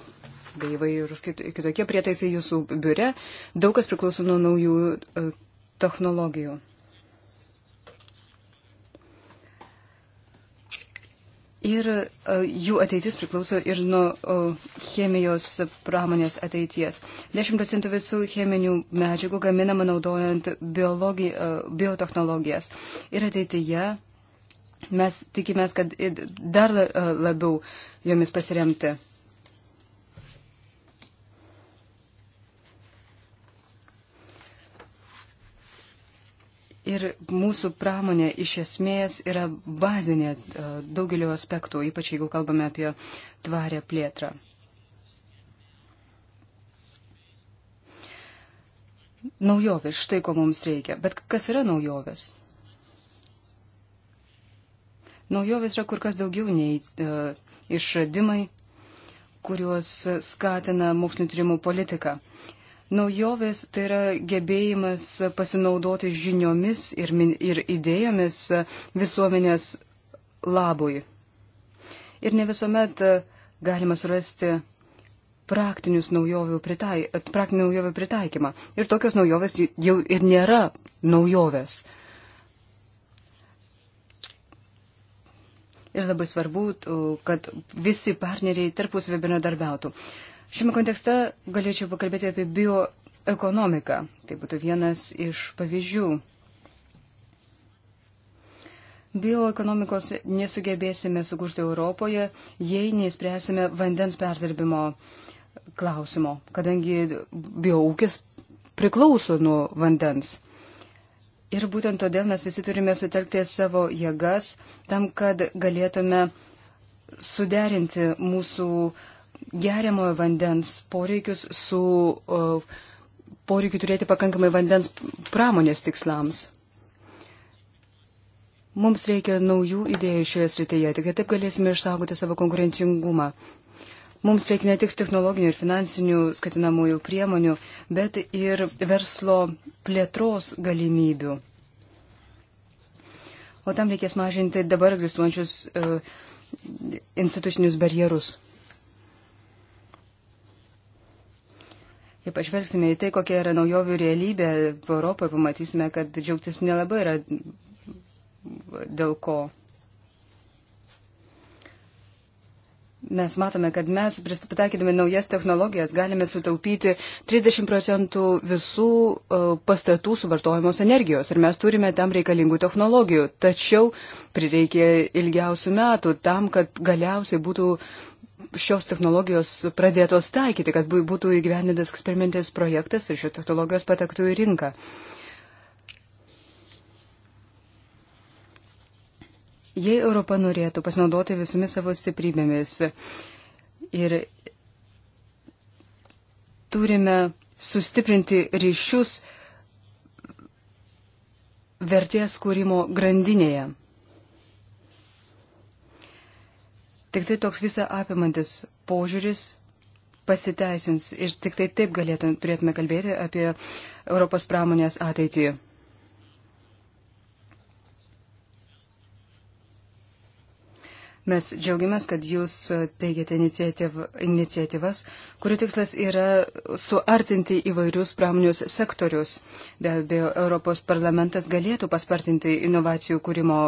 bei įvairūs kitokie prietaisai jūsų biure, daug kas priklauso nuo naujų e, technologijų. Ir e, jų ateitis priklauso ir nuo chemijos pramonės ateities. 10 procentų visų cheminių medžiagų gaminama naudojant e, biotehnologijas. Ir ateityje mes tikimės, kad dar e, labiau jomis pasiremti. Ir mūsų pramonė iš esmės yra bazinė e, daugelio aspektų, ypač jeigu kalbame apie tvarę plėtrą. Naujovės, štai ko mums reikia. Bet kas yra naujovės? Naujovės yra kur kas daugiau nei e, išradimai, kuriuos skatina mokslinio tyrimų politika. Naujovės tai yra gebėjimas pasinaudoti žiniomis ir, ir idėjomis visuomenės labui. Ir ne visuomet galima surasti praktinius naujovių, pritai, praktinių naujovių pritaikymą. Ir tokios naujovės jau ir nėra naujovės. Ir labai svarbu, kad visi partneriai tarpusavį bendradarbiautų. darbiautų. Šiame kontekste galėčiau pakalbėti apie bioekonomiką. Tai būtų vienas iš pavyzdžių. Bioekonomikos nesugebėsime sukurti Europoje, jei neįspręsime vandens perdirbimo klausimo, kadangi bioūkis priklauso nuo vandens. Ir būtent todėl mes visi turime sutelkti savo jėgas tam, kad galėtume suderinti mūsų uh, geriamojo vandens poreikius su poreikiu turėti pakankamai vandens pramonės tikslams. Mums reikia naujų idėjų šioje srityje, tik tai taip galėsime išsaugoti savo konkurencingumą. Mums reikia ne tik technologinių ir finansinių skatinamųjų priemonių, bet ir verslo plėtros galimybių. O tam reikės mažinti dabar egzistuojančius uh, institucinius barjerus. Jei pažvelgsime į tai, kokia yra naujovių realybė Europoje, pamatysime, kad džiaugtis nelabai yra dėl ko. Mes matome, kad mes, pristatydami naujas technologijas, galime sutaupyti 30 procentų visų e, pastatų suvartojamos energijos ir mes turime tam reikalingų technologijų. Tačiau prireikė ilgiausių metų tam, kad galiausiai būtų uh, šios technologijos pradėtos taikyti, kad būtų įgyvendintas eksperimentinis projektas ir šios technologijos patektų į rinką. Jei Europa norėtų pasinaudoti visomis savo stiprybėmis ir turime sustiprinti ryšius vertės kūrimo grandinėje. Tik tai toks visą apimantis požiūris pasiteisins ir tik tai taip galėtume, turėtume kalbėti apie Europos pramonės ateitį. Mes džiaugiamės, kad jūs teigiate iniciatyv, iniciatyvas, kurių tikslas yra suartinti įvairius pramonės sektorius. Be abejo, Europos parlamentas galėtų paspartinti inovacijų kūrimo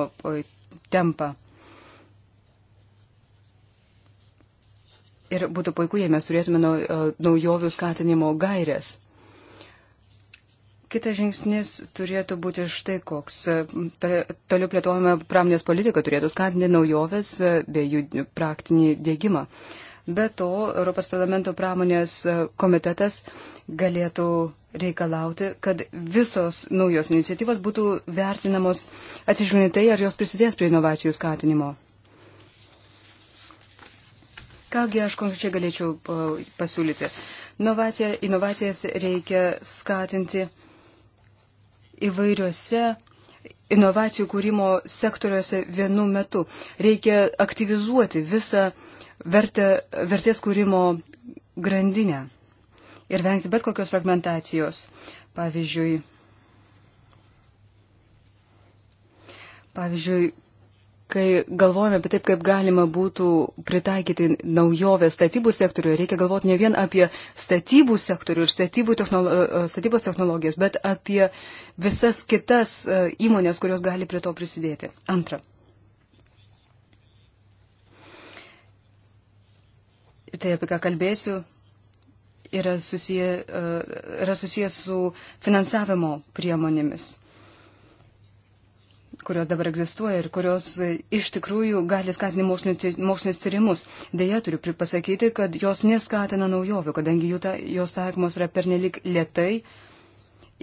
tempą. Ir būtų puiku, jei mes turėtume e, naujovių skatinimo gairias. Kitas žingsnis turėtų būti štai koks. Toliau plėtojame pramonės politiką, turėtų skatinti naujoves e, bei jų praktinį dėgymą. Be to, Europos parlamento pramonės e, komitetas galėtų reikalauti, kad visos naujos iniciatyvos būtų vertinamos atsižvelgiant tai, ar jos prisidės prie inovacijų skatinimo. Kągi aš konkrečiai galėčiau pasiūlyti? Inovacija, inovacijas reikia skatinti įvairiuose inovacijų kūrimo sektoriuose vienu metu. Reikia aktyvizuoti visą vertę, vertės kūrimo grandinę ir vengti bet kokios fragmentacijos. Pavyzdžiui, pavyzdžiui Kai galvojame apie taip, kaip galima būtų pritaikyti naujovę statybų sektoriuje, reikia galvoti ne vien apie statybų sektorių ir statybų technolo e, statybos technologijas, bet apie visas kitas e, įmonės, kurios gali prie to prisidėti. Antra. Tai apie ką kalbėsiu, yra susiję, e, yra susiję su finansavimo priemonėmis kurios dabar egzistuoja ir kurios e, iš tikrųjų gali skatinti mokslinius tyrimus. Deja, turiu pasakyti, kad jos neskatina naujovių, kadangi jų ta, jos taikomos yra pernelik lietai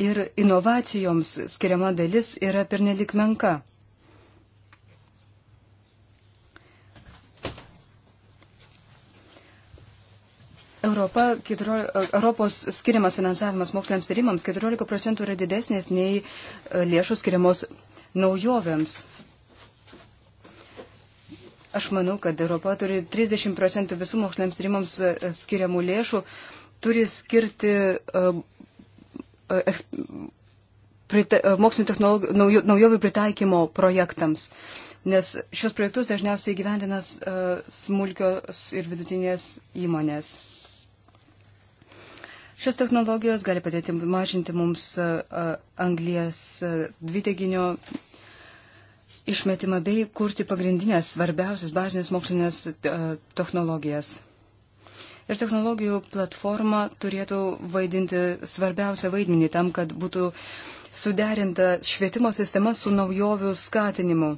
ir inovacijoms skiriama dalis yra pernelik menka. Europa, keturo, e, Europos skiriamas finansavimas moksliniams tyrimams 14 procentų yra didesnės nei e, lėšų skiriamos naujovėms. Aš manau, kad Europa turi 30 procentų visų moksliniams tyrimams e, e, skiriamų lėšų, turi skirti uh, e, eksp, prita, mokslinio naujo, naujovių pritaikymo projektams, nes šios projektus dažniausiai gyvendinas uh, smulkios ir vidutinės įmonės. Šios technologijos gali padėti mažinti mums anglijas dvideginio išmetimą bei kurti pagrindinės svarbiausias bazinės mokslinės technologijas. Ir technologijų platforma turėtų vaidinti svarbiausią vaidmenį tam, kad būtų suderinta švietimo sistema su naujovių skatinimu.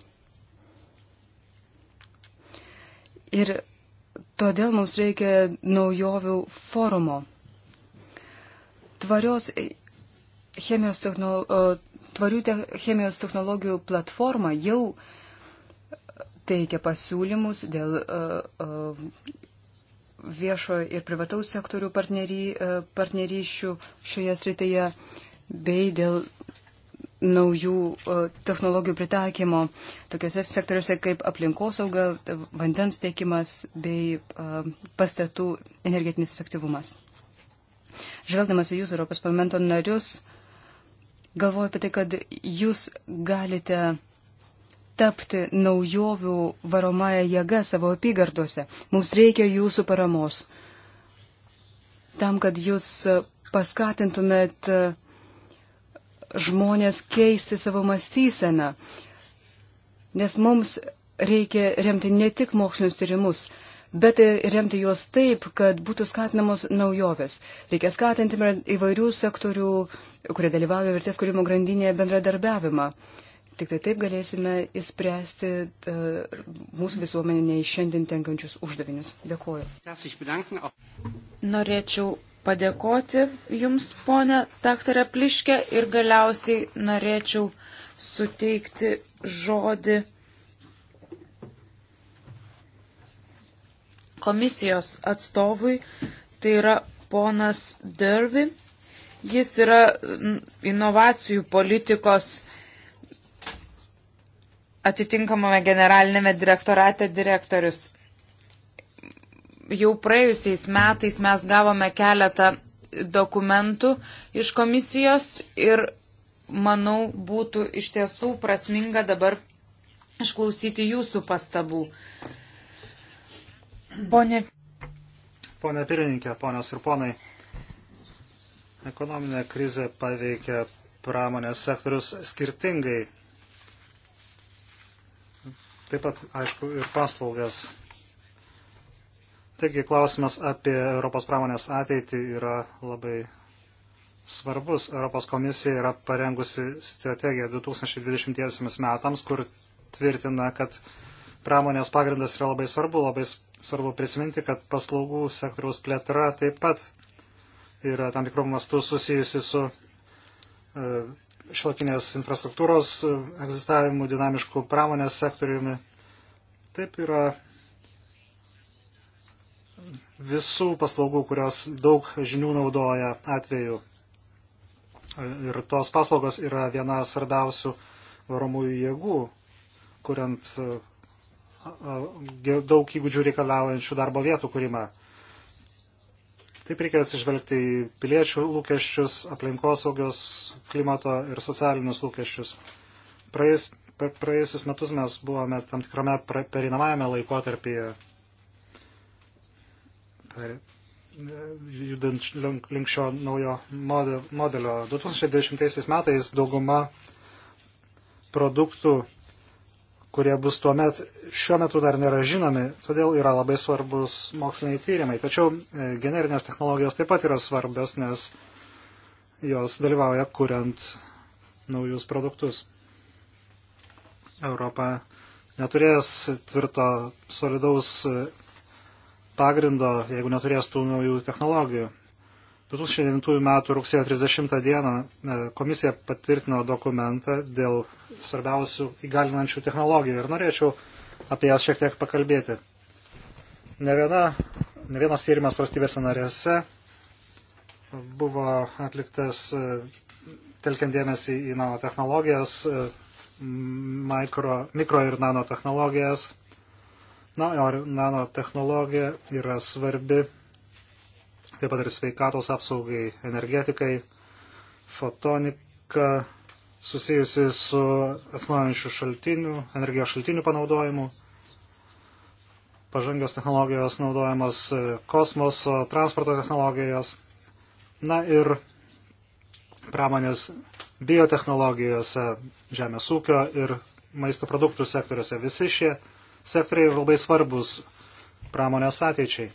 Ir todėl mums reikia naujovių forumo tvarios e, chemijos, technolo, tvarių te, chemijos technologijų platforma jau teikia pasiūlymus dėl e, e, viešo ir privataus sektorių partnery, partneryšių šioje srityje bei dėl naujų technologijų pritaikymo tokiuose sektoriuose kaip aplinkosauga, vandens tiekimas bei pastatų energetinis efektyvumas. Žvelgdamas į jūs, Europos parlamento narius, galvoju apie tai, kad jūs galite tapti naujovių varomąją jėgą savo apygardose. Mums reikia jūsų paramos. Tam, kad jūs paskatintumėt žmonės keisti savo mąstyseną. Nes mums reikia remti ne tik mokslinius tyrimus, bet e, remti juos taip, kad būtų skatinamos naujovės. Reikia skatinti įvairių sektorių, kurie dalyvauja vertės kūrimo grandinėje bendradarbiavimą. Tik tai taip galėsime įspręsti uh, mūsų visuomeniai šiandien tenkančius uždavinius. Dėkuoju. Norėčiau padėkoti Jums, ponė daktarė Pliškė, ir galiausiai norėčiau suteikti žodį komisijos atstovui, tai yra ponas Dervi. Jis yra inovacijų politikos atitinkamame generalinėme direktorate direktorius. Jau praėjusiais metais mes gavome keletą dokumentų iš komisijos ir manau būtų iš tiesų prasminga dabar išklausyti jūsų pastabų. Uh, Pone. Pone pirmininkė, ponios ir ponai, ekonominė krizė paveikia pramonės sektorius skirtingai. Taip pat, aišku, ir paslaugas. Taigi klausimas apie Europos pramonės ateitį yra labai svarbus. Europos komisija yra parengusi strategiją 2020 metams, kur tvirtina, kad pramonės pagrindas yra labai svarbu, labai svarbu prisiminti, kad paslaugų sektoriaus plėtra taip pat yra tam tikrų mastų susijusi su e, šilkinės infrastruktūros e, egzistavimu, dinamišku pramonės sektoriumi. Taip yra visų paslaugų, kurios daug žinių naudoja atveju. E, ir tos paslaugos yra viena svarbiausių varomųjų jėgų, kuriant daug įgūdžių reikalaujančių darbo vietų kūrimą. Taip reikia atsižvelgti į piliečių lūkesčius, aplinkosaugios, klimato ir socialinius lūkesčius. Praėjus, per praėjusius metus mes buvome tam tikrame perinamajame laikotarpyje per, judant link šio naujo modelio. 2020 metais dauguma produktų kurie bus tuo met, šiuo metu dar nėra žinomi, todėl yra labai svarbus moksliniai tyrimai. Tačiau e, generinės technologijos taip pat yra svarbios, nes jos dalyvauja kuriant naujus produktus. Europa neturės tvirto solidaus e, pagrindo, jeigu neturės tų naujų technologijų. 2009 m. rugsėjo 30 d. E, komisija patvirtino dokumentą dėl svarbiausių įgalinančių technologijų ir norėčiau apie jas šiek tiek pakalbėti. Ne, viena, ne vienas tyrimas valstybėse narėse buvo atliktas e, telkiant dėmesį į nanotehnologijas, e, mikro, mikro ir nanotehnologijas. Na, o nanotehnologija yra svarbi taip pat ir sveikatos apsaugai, energetikai, fotonika susijusi su atsinaujinčių šaltinių, energijos šaltinių panaudojimu, pažangios technologijos naudojamos e, kosmoso, transporto technologijos, na ir pramonės biotehnologijose, žemės ūkio ir maisto produktų sektoriuose. Visi šie sektoriai yra labai svarbus pramonės ateičiai.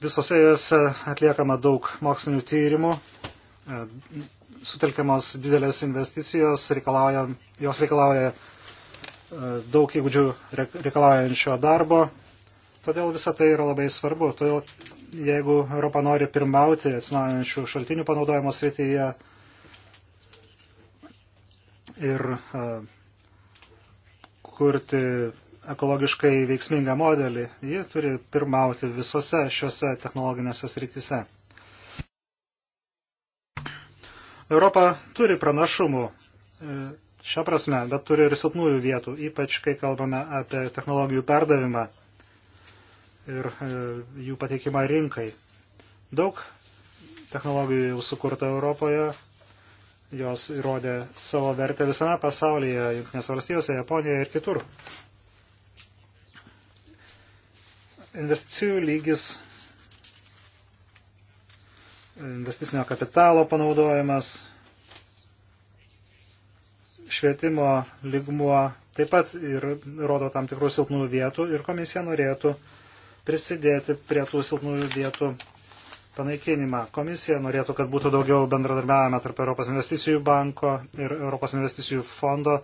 Visose jose atliekama daug mokslinių tyrimų, e, sutelkiamos didelės investicijos, reikalauja, jos reikalauja e, daug įgūdžių reikalaujančio darbo. Todėl visa tai yra labai svarbu. Todėl jeigu Europa nori pirmauti atsinaujančių šaltinių panaudojimo srityje ir e, kurti ekologiškai veiksmingą modelį, ji turi pirmauti visose šiuose technologinėse srityse. Europa turi pranašumų e, šią prasme, bet turi ir silpnųjų vietų, ypač kai kalbame apie technologijų perdavimą ir e, jų pateikimą rinkai. Daug technologijų jau sukurta Europoje, jos įrodė savo vertę visame pasaulyje, Junktinės valstijose, Japonijoje ir kitur. Investicijų lygis, investicinio kapitalo panaudojimas, švietimo ligmuo taip pat ir rodo tam tikrų silpnų vietų ir komisija norėtų prisidėti prie tų silpnųjų vietų panaikinimą. Komisija norėtų, kad būtų daugiau bendradarbiavime tarp Europos investicijų banko ir Europos investicijų fondo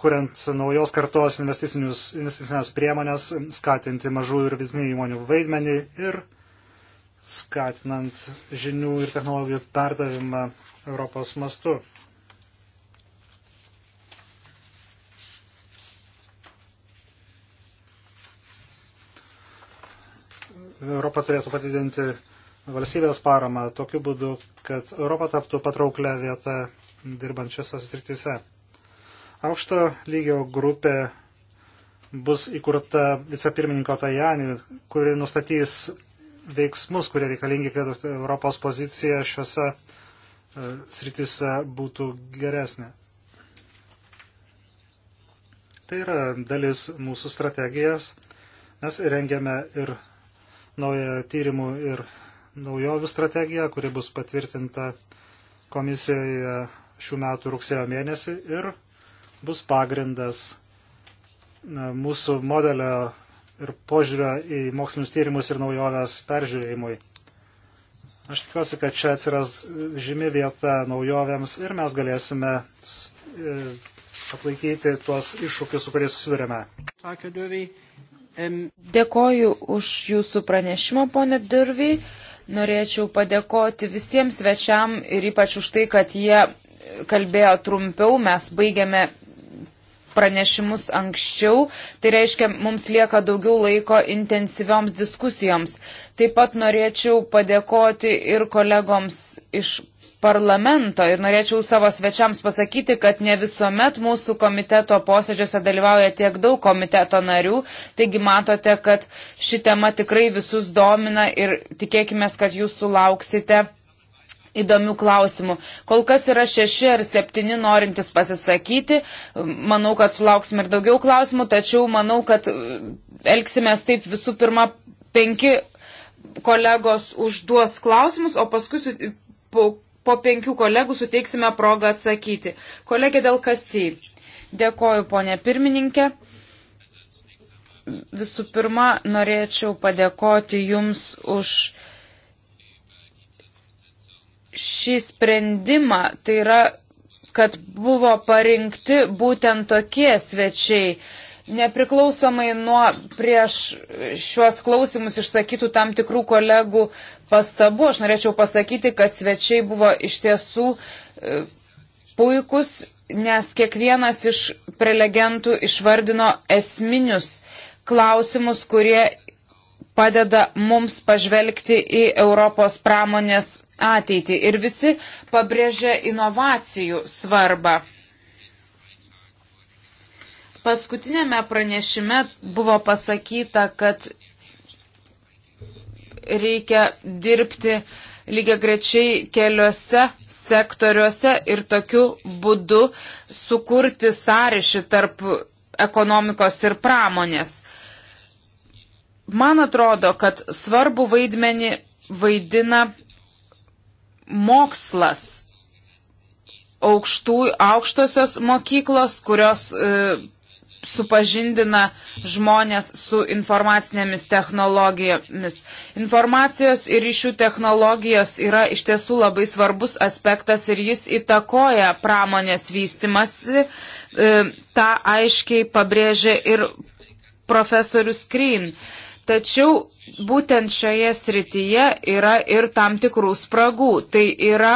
kuriant naujos kartos investicinės priemonės, skatinti mažų ir vidutinių įmonių vaidmenį ir skatinant žinių ir technologijų perdavimą Europos mastu. Europa turėtų padidinti valstybės paramą tokiu būdu, kad Europa taptų patrauklę vietą dirbančiose srityse. Aukšto lygio grupė bus įkurta vicepirmininko Tajani, kuri nustatys veiksmus, kurie reikalingi, kad Europos pozicija šiuose e, sritise būtų geresnė. Tai yra dalis mūsų strategijos. Mes rengiame ir naują tyrimų ir naujovių strategiją, kuri bus patvirtinta komisijoje šių metų rugsėjo mėnesį ir bus pagrindas mūsų modelio ir požiūrio į mokslinius tyrimus ir naujoves peržiūrėjimui. Aš tikiuosi, kad čia atsiras žymi vieta naujovėms ir mes galėsime e, atlaikyti tuos iššūkius, su kuriais susidurėme. Dėkoju už jūsų pranešimą, ponė Dirvy. Norėčiau padėkoti visiems svečiam ir ypač už tai, kad jie kalbėjo trumpiau. Mes baigėme pranešimus anksčiau, tai reiškia, mums lieka daugiau laiko intensyvioms diskusijoms. Taip pat norėčiau padėkoti ir kolegoms iš parlamento ir norėčiau savo svečiams pasakyti, kad ne visuomet mūsų komiteto posėdžiuose dalyvauja tiek daug komiteto narių, taigi matote, kad ši tema tikrai visus domina ir tikėkime, kad jūs sulauksite įdomių klausimų. Kol kas yra šeši ar septyni norintys pasisakyti. Manau, kad sulauksime ir daugiau klausimų, tačiau manau, kad e, elgsimės taip visų pirma penki kolegos užduos klausimus, o paskui su, po, po penkių kolegų suteiksime progą atsakyti. Kolegė dėl kasy. Dėkoju, ponė pirmininkė. Visų pirma, norėčiau padėkoti Jums už šį sprendimą, tai yra, kad buvo parinkti būtent tokie svečiai. Nepriklausomai nuo prieš šiuos klausimus išsakytų tam tikrų kolegų pastabų, aš norėčiau pasakyti, kad svečiai buvo iš tiesų e, puikus, nes kiekvienas iš prelegentų išvardino esminius klausimus, kurie padeda mums pažvelgti į Europos pramonės ateitį. Ir visi pabrėžia inovacijų svarbą. Paskutinėme pranešime buvo pasakyta, kad reikia dirbti lygiai grečiai keliose sektoriuose ir tokiu būdu sukurti sąryšį tarp ekonomikos ir pramonės. Man atrodo, kad svarbu vaidmenį vaidina mokslas, aukštų, aukštosios mokyklos, kurios e, supažindina žmonės su informacinėmis technologijomis. Informacijos ir ryšių technologijos yra iš tiesų labai svarbus aspektas ir jis įtakoja pramonės vystimasi. E, tą aiškiai pabrėžė ir profesorius Kryn. E, Tačiau būtent šioje srityje yra ir tam tikrų spragų. Tai yra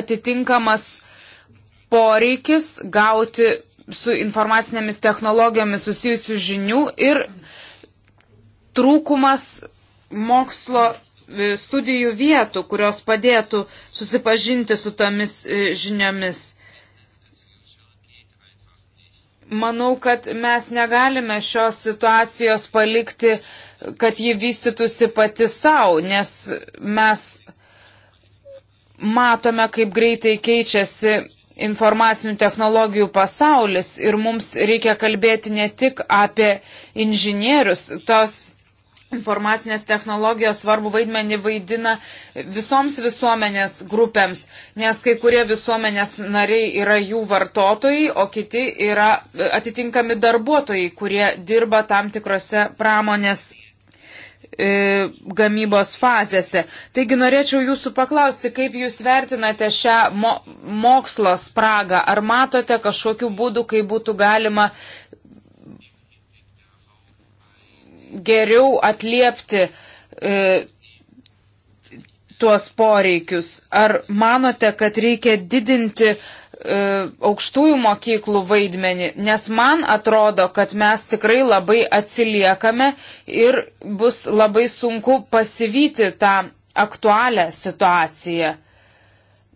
atitinkamas poreikis gauti su informacinėmis technologijomis susijusių žinių ir trūkumas mokslo e, studijų vietų, kurios padėtų susipažinti su tomis e, žiniomis. Manau, kad mes negalime šios situacijos palikti, kad ji vystytųsi pati savo, nes mes matome, kaip greitai keičiasi informacinių technologijų pasaulis ir mums reikia kalbėti ne tik apie inžinierius. Tos informacinės technologijos svarbu vaidmenį vaidina visoms visuomenės grupėms, nes kai kurie visuomenės nariai yra jų vartotojai, o kiti yra atitinkami darbuotojai, kurie dirba tam tikrose pramonės e, gamybos fazėse. Taigi norėčiau jūsų paklausti, kaip jūs vertinate šią mo mokslo spragą? Ar matote kažkokių būdų, kai būtų galima geriau atliepti e, tuos poreikius? Ar manote, kad reikia didinti e, aukštųjų mokyklų vaidmenį? Nes man atrodo, kad mes tikrai labai atsiliekame ir bus labai sunku pasivyti tą aktualią situaciją.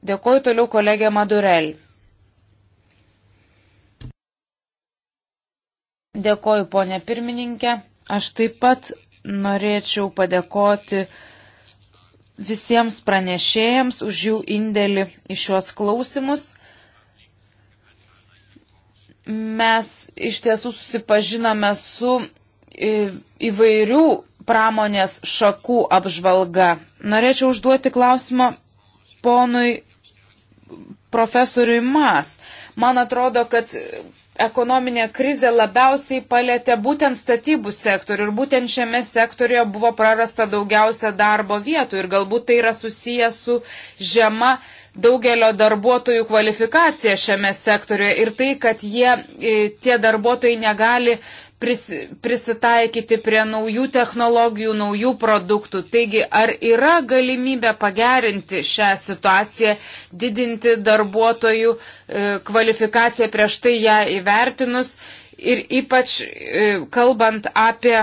Dėkuoju toliau kolegė Madurel. Dėkoju, ponė pirmininkė. Aš taip pat norėčiau padėkoti visiems pranešėjams už jų indėlį į šiuos klausimus. Mes iš tiesų susipažinome su įvairių pramonės šakų apžvalga. Norėčiau užduoti klausimą ponui profesoriui Mas. Man atrodo, kad ekonominė krizė labiausiai palėtė būtent statybų sektorių ir būtent šiame sektorijoje buvo prarasta daugiausia darbo vietų ir galbūt tai yra susiję su žema daugelio darbuotojų kvalifikacija šiame sektoriuje ir tai, kad jie, e, tie darbuotojai negali pris, prisitaikyti prie naujų technologijų, naujų produktų. Taigi, ar yra galimybė pagerinti šią situaciją, didinti darbuotojų e, kvalifikaciją prieš tai ją įvertinus ir ypač e, kalbant apie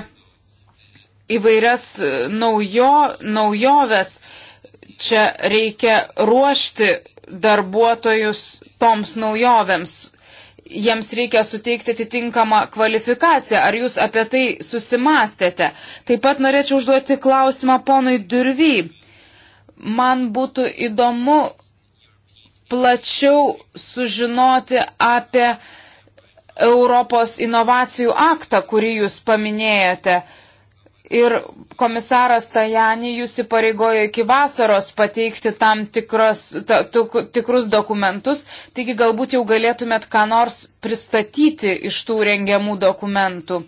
įvairias e, naujo, naujoves, čia reikia ruošti darbuotojus toms naujovėms jiems reikia suteikti atitinkamą kvalifikaciją. Ar jūs apie tai susimastėte? Taip pat norėčiau užduoti klausimą ponui Durvy. Man būtų įdomu plačiau sužinoti apie Europos inovacijų aktą, kurį jūs paminėjote. Uh, ir komisaras Tajani jūs įpareigojo iki vasaros pateikti tam tikros, ta, tuk, tikrus dokumentus, taigi galbūt jau galėtumėt ką nors pristatyti iš tų rengiamų dokumentų.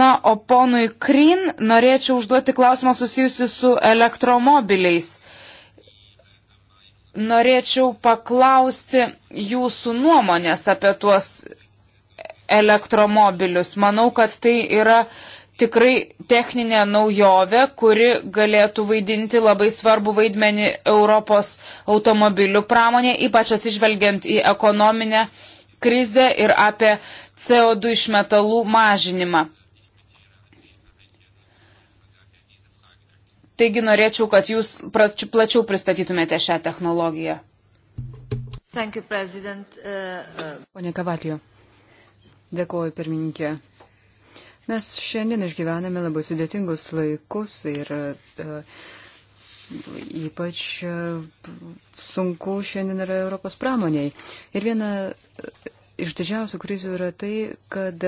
Na, o ponui Krin norėčiau užduoti klausimą susijusi su elektromobiliais. Norėčiau paklausti jūsų nuomonės apie tuos elektromobilius. Manau, kad tai yra tikrai techninė naujovė, kuri galėtų vaidinti labai svarbu vaidmenį Europos automobilių pramonė, ypač atsižvelgiant į ekonominę krizę ir apie CO2 išmetalų mažinimą. Taigi norėčiau, kad jūs plačiau pristatytumėte šią technologiją. You, uh, uh. Pone Kavalijo. Dėkuoju, pirmininkė. Mes šiandien išgyvename labai sudėtingus laikus ir uh, ypač e, sunku šiandien yra Europos pramoniai. Ir viena e, iš didžiausių krizių yra tai, kad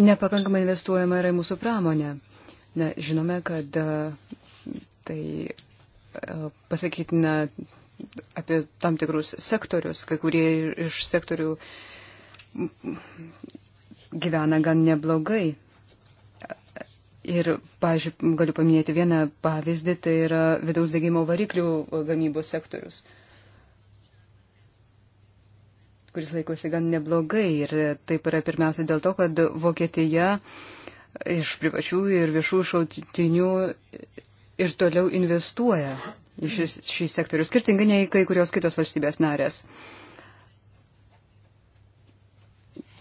nepakankamai investuojama yra į mūsų pramonę. Na, žinome, kad tai pasakytina apie tam tikrus sektorius, kai kurie iš sektorių gyvena gan neblogai. Ir, pažiūrėjau, galiu paminėti vieną pavyzdį, tai yra vidaus degimo variklių gamybos sektorius, kuris laikosi gan neblogai. Ir taip yra pirmiausia dėl to, kad Vokietija iš privačių ir viešų šaltinių ir toliau investuoja šis, šį sektorių, skirtingai nei kai kurios kitos valstybės narės.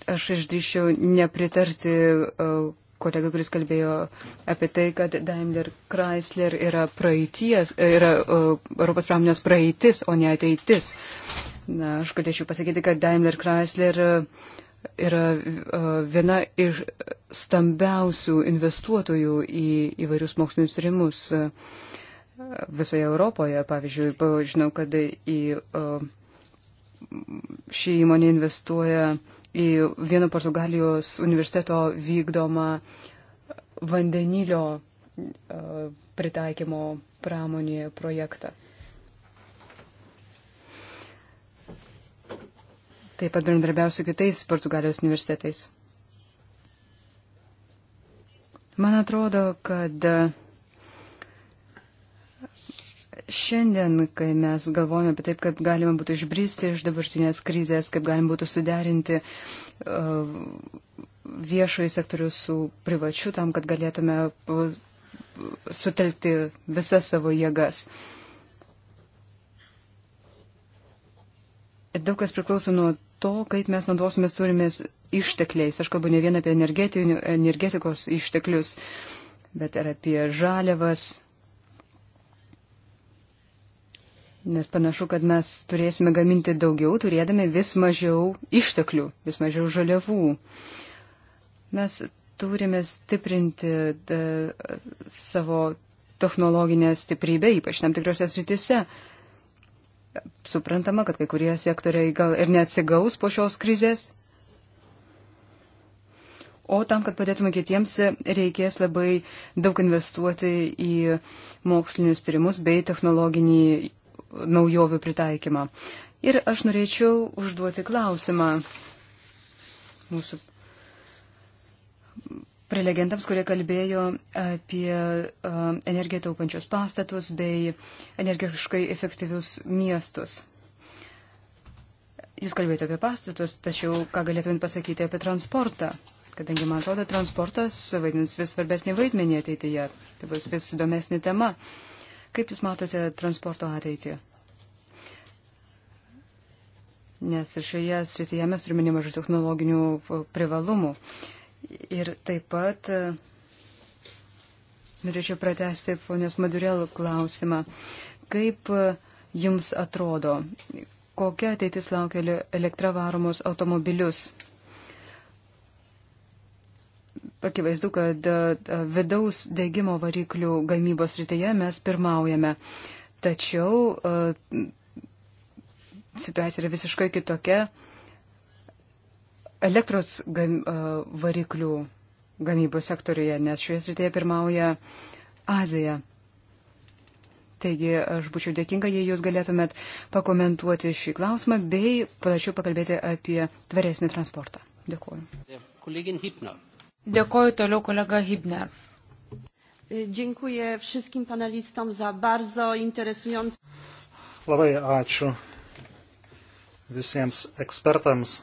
Aš išdryščiau nepritarti e, kolega, kuris kalbėjo apie tai, kad Daimler Chrysler yra praeities, e, yra e, Europos pramonės praeitis, o ne ateitis. Na, aš galėčiau pasakyti, kad Daimler Chrysler yra viena iš stambiausių investuotojų į įvairius mokslinius tyrimus. Uh, visoje Europoje. Pavyzdžiui, žinau, kad į šį įmonę investuoja į vieno Portugalijos universiteto vykdomą vandenilio pritaikymo pramonėje projektą. Taip pat bendradarbiausiu kitais Portugalijos universitetais. Man atrodo, kad Šiandien, kai mes galvojame apie taip, kaip galima būtų išbristi iš dabartinės krizės, kaip galima būtų suderinti uh, viešai sektorių su privačiu, tam, kad galėtume uh, sutelkti visas savo jėgas. Daug kas priklauso nuo to, kaip mes naudosimės turimės ištekliais. Aš kalbu ne vien apie energetikos išteklius, bet ir apie žaliavas, Nes panašu, kad mes turėsime gaminti daugiau, turėdami vis mažiau išteklių, vis mažiau žaliavų. Mes turime stiprinti da, e, savo technologinę stiprybę, ypač tam tikrose sritise. Suprantama, kad kai kurie sektoriai gal ir neatsigaus po šios krizės. O tam, kad padėtume kitiems, reikės labai daug investuoti į mokslinius tyrimus bei technologinį naujovių pritaikymą. Ir aš norėčiau užduoti klausimą mūsų prelegentams, kurie kalbėjo apie energiją taupančius pastatus bei energiškai efektyvius miestus. Jūs kalbėjote apie pastatus, tačiau ką galėtumėt pasakyti apie transportą? Kadangi, man atrodo, transportas vaidins vis svarbesnį vaidmenį ateityje, tai bus vis įdomesnė tema. Uh, Kaip Jūs matote transporto ateitį? Nes šioje srityje mes turime nemažai technologinių privalumų. Ir taip pat e, norėčiau pratesti ponios Madurėl klausimą. Kaip e, Jums atrodo, kokia ateitis laukia elektravaromos automobilius akivaizdu, kad e, e, vidaus degimo variklių gamybos rytėje mes pirmaujame. Tačiau e, situacija yra visiškai kitokia elektros gam, variklių gamybos sektoriuje, nes šioje srityje pirmauja Azija. Taigi aš būčiau dėkinga, jei jūs galėtumėt pakomentuoti šį klausimą bei plačiau pakalbėti apie tvaresnį transportą. Dėkuoju. Kolegin Hipner. Dėkoju toliau kolega Hibner. Dziękuję wszystkim panelistom za bardzo interesujące. Labai ačiū visiems ekspertams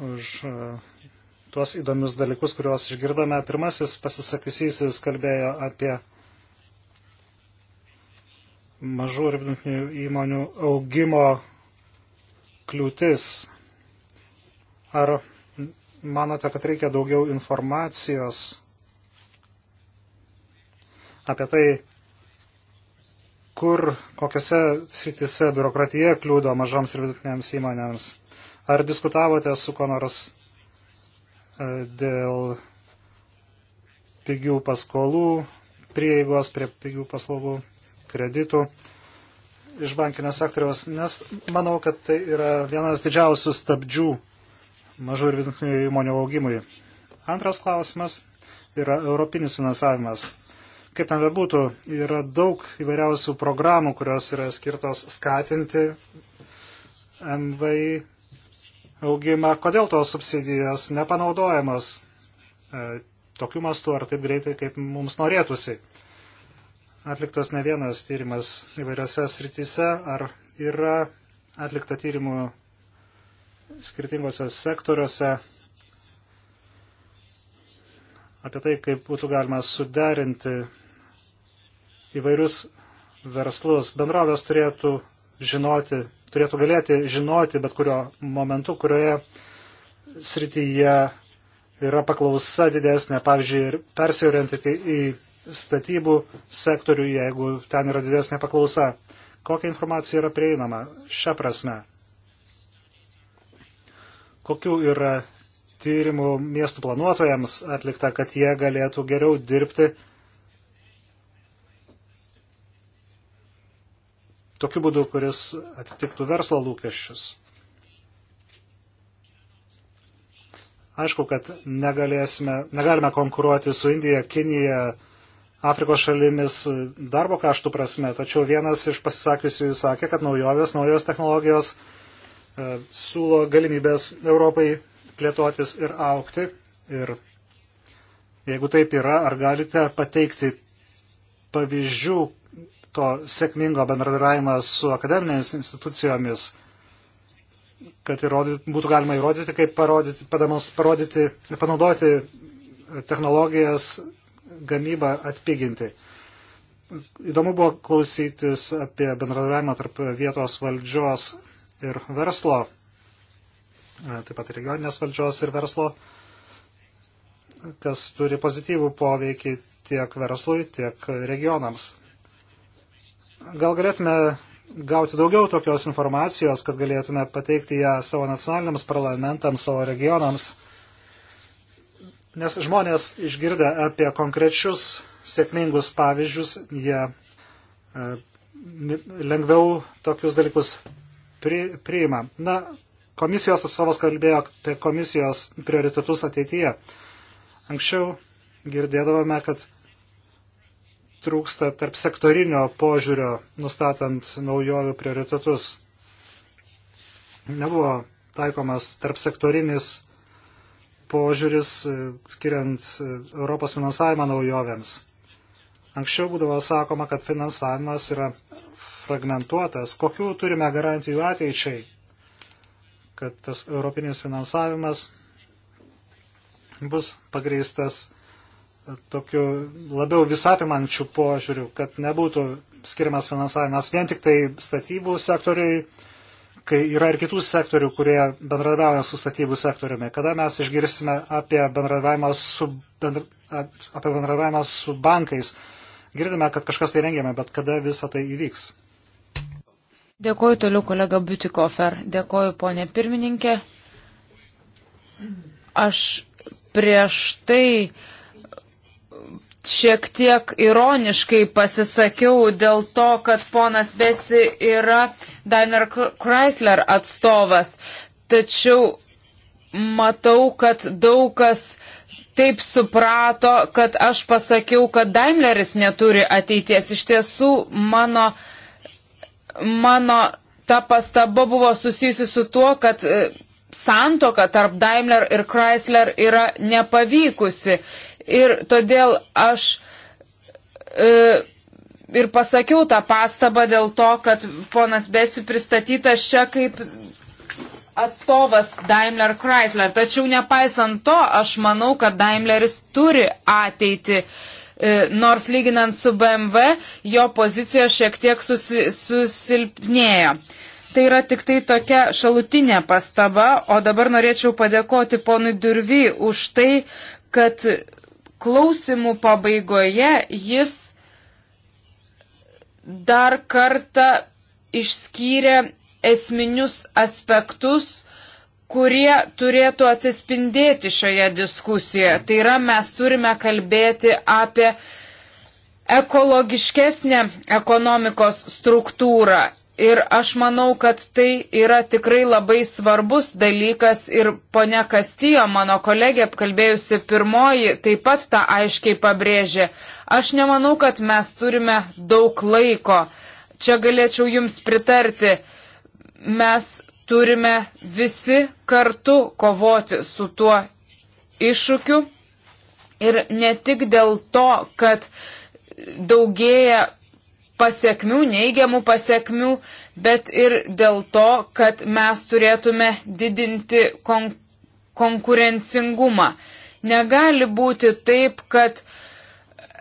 už e, tuos įdomius dalykus, kuriuos išgirdome. Pirmasis pasisakysysis kalbėjo apie mažų ir vidutinių įmonių augimo kliūtis. Ar manote, kad reikia daugiau informacijos apie tai, kur, kokiose sritise biurokratija kliūdo mažoms ir vidutinėms įmonėms. Ar diskutavote su kuo nors e, dėl pigių paskolų, prieigos prie pigių paslaugų, kreditų iš bankinio sektoriaus, nes manau, kad tai yra vienas didžiausių stabdžių mažų ir vidutinių įmonių augimui. Antras klausimas yra europinis finansavimas. Kaip ten bebūtų, yra daug įvairiausių programų, kurios yra skirtos skatinti NVI augimą. Kodėl tos subsidijos nepanaudojamos e, tokiu mastu ar taip greitai, kaip mums norėtųsi? Atliktas ne vienas tyrimas įvairiose srityse, ar yra atlikta tyrimų skirtingose sektoriuose apie tai, kaip būtų galima suderinti įvairius verslus. Bendrovės turėtų žinoti, turėtų galėti žinoti bet kurio momentu, kurioje srityje yra paklausa didesnė, pavyzdžiui, persiorientyti į statybų sektorių, jeigu ten yra didesnė paklausa. Kokia informacija yra prieinama šią prasme? kokių yra tyrimų miestų planuotojams atlikta, kad jie galėtų geriau dirbti tokiu būdu, kuris atitiktų verslo lūkesčius. Aišku, kad negalime konkuruoti su Indija, Kinija, Afrikos šalimis darbo kaštų prasme, tačiau vienas iš pasisakiusių sakė, kad naujovės, naujos technologijos E, siūlo galimybės Europai plėtotis ir aukti. Ir jeigu taip yra, ar galite pateikti pavyzdžių to sėkmingo bendradarbiavimo su akademinėmis institucijomis, kad įrodyt, būtų galima įrodyti, kaip parodyti, padamos, parodyti, panaudoti technologijas gamybą atpiginti. Įdomu buvo klausytis apie bendradarbiavimą tarp vietos valdžios ir verslo, e, taip pat regioninės valdžios ir verslo, kas turi pozityvų poveikį tiek verslui, tiek regionams. Gal galėtume gauti daugiau tokios informacijos, kad galėtume pateikti ją savo nacionaliniams parlamentams, savo regionams, nes žmonės išgirdę apie konkrečius sėkmingus pavyzdžius, jie e, lengviau tokius dalykus pri, priima. Na, komisijos atstovas kalbėjo apie komisijos prioritetus ateityje. Anksčiau girdėdavome, kad trūksta tarp sektorinio požiūrio, nustatant naujovių prioritetus. Nebuvo taikomas tarp sektorinis požiūris, e, skiriant e, Europos finansavimą naujovėms. Anksčiau būdavo sakoma, kad finansavimas yra fragmentuotas. Kokių turime garantijų ateičiai, kad tas europinis finansavimas bus pagrįstas tokiu labiau visapimančiu požiūriu, kad nebūtų skiriamas finansavimas vien tik tai statybų sektoriui, kai yra ir kitų sektorių, kurie bendradarbiauja su statybų sektoriumi. Kada mes išgirsime apie bendradarbiavimą su, bendra, apie bendradarbiavimą su bankais, girdime, kad kažkas tai rengiame, bet kada visa tai įvyks? Dėkoju toliau kolega Butikofer. Dėkoju ponė pirmininkė. Aš prieš tai šiek tiek ironiškai pasisakiau dėl to, kad ponas Besi yra Daimler Chrysler atstovas. Tačiau matau, kad daug kas taip suprato, kad aš pasakiau, kad Daimleris neturi ateities. Iš tiesų, mano uh, mano ta pastaba buvo susijusi su tuo, kad e, santoka tarp Daimler ir Chrysler yra nepavykusi. Ir todėl aš e, ir pasakiau tą pastabą dėl to, kad ponas Besi pristatytas čia kaip atstovas Daimler Chrysler. Tačiau nepaisant to, aš manau, kad Daimleris turi ateitį. E, E, nors lyginant su BMW, jo pozicija šiek tiek susi, susilpnėjo. Tai yra tik tai tokia šalutinė pastaba, o dabar norėčiau padėkoti ponui Durvy už tai, kad klausimų pabaigoje jis dar kartą išskyrė esminius aspektus, kurie turėtų atsispindėti šioje diskusijoje. Tai yra, mes turime kalbėti apie ekologiškesnę ekonomikos struktūrą. Ir aš manau, kad tai yra tikrai labai svarbus dalykas ir ponia Kastijo, mano kolegė, kalbėjusi pirmoji, taip pat tą aiškiai pabrėžė. Aš nemanau, kad mes turime daug laiko. Čia galėčiau jums pritarti. Mes turime visi kartu kovoti su tuo iššūkiu. Ir ne tik dėl to, kad daugėja pasiekmių, neigiamų pasiekmių, bet ir dėl to, kad mes turėtume didinti kon konkurencingumą. Negali būti taip, kad uh,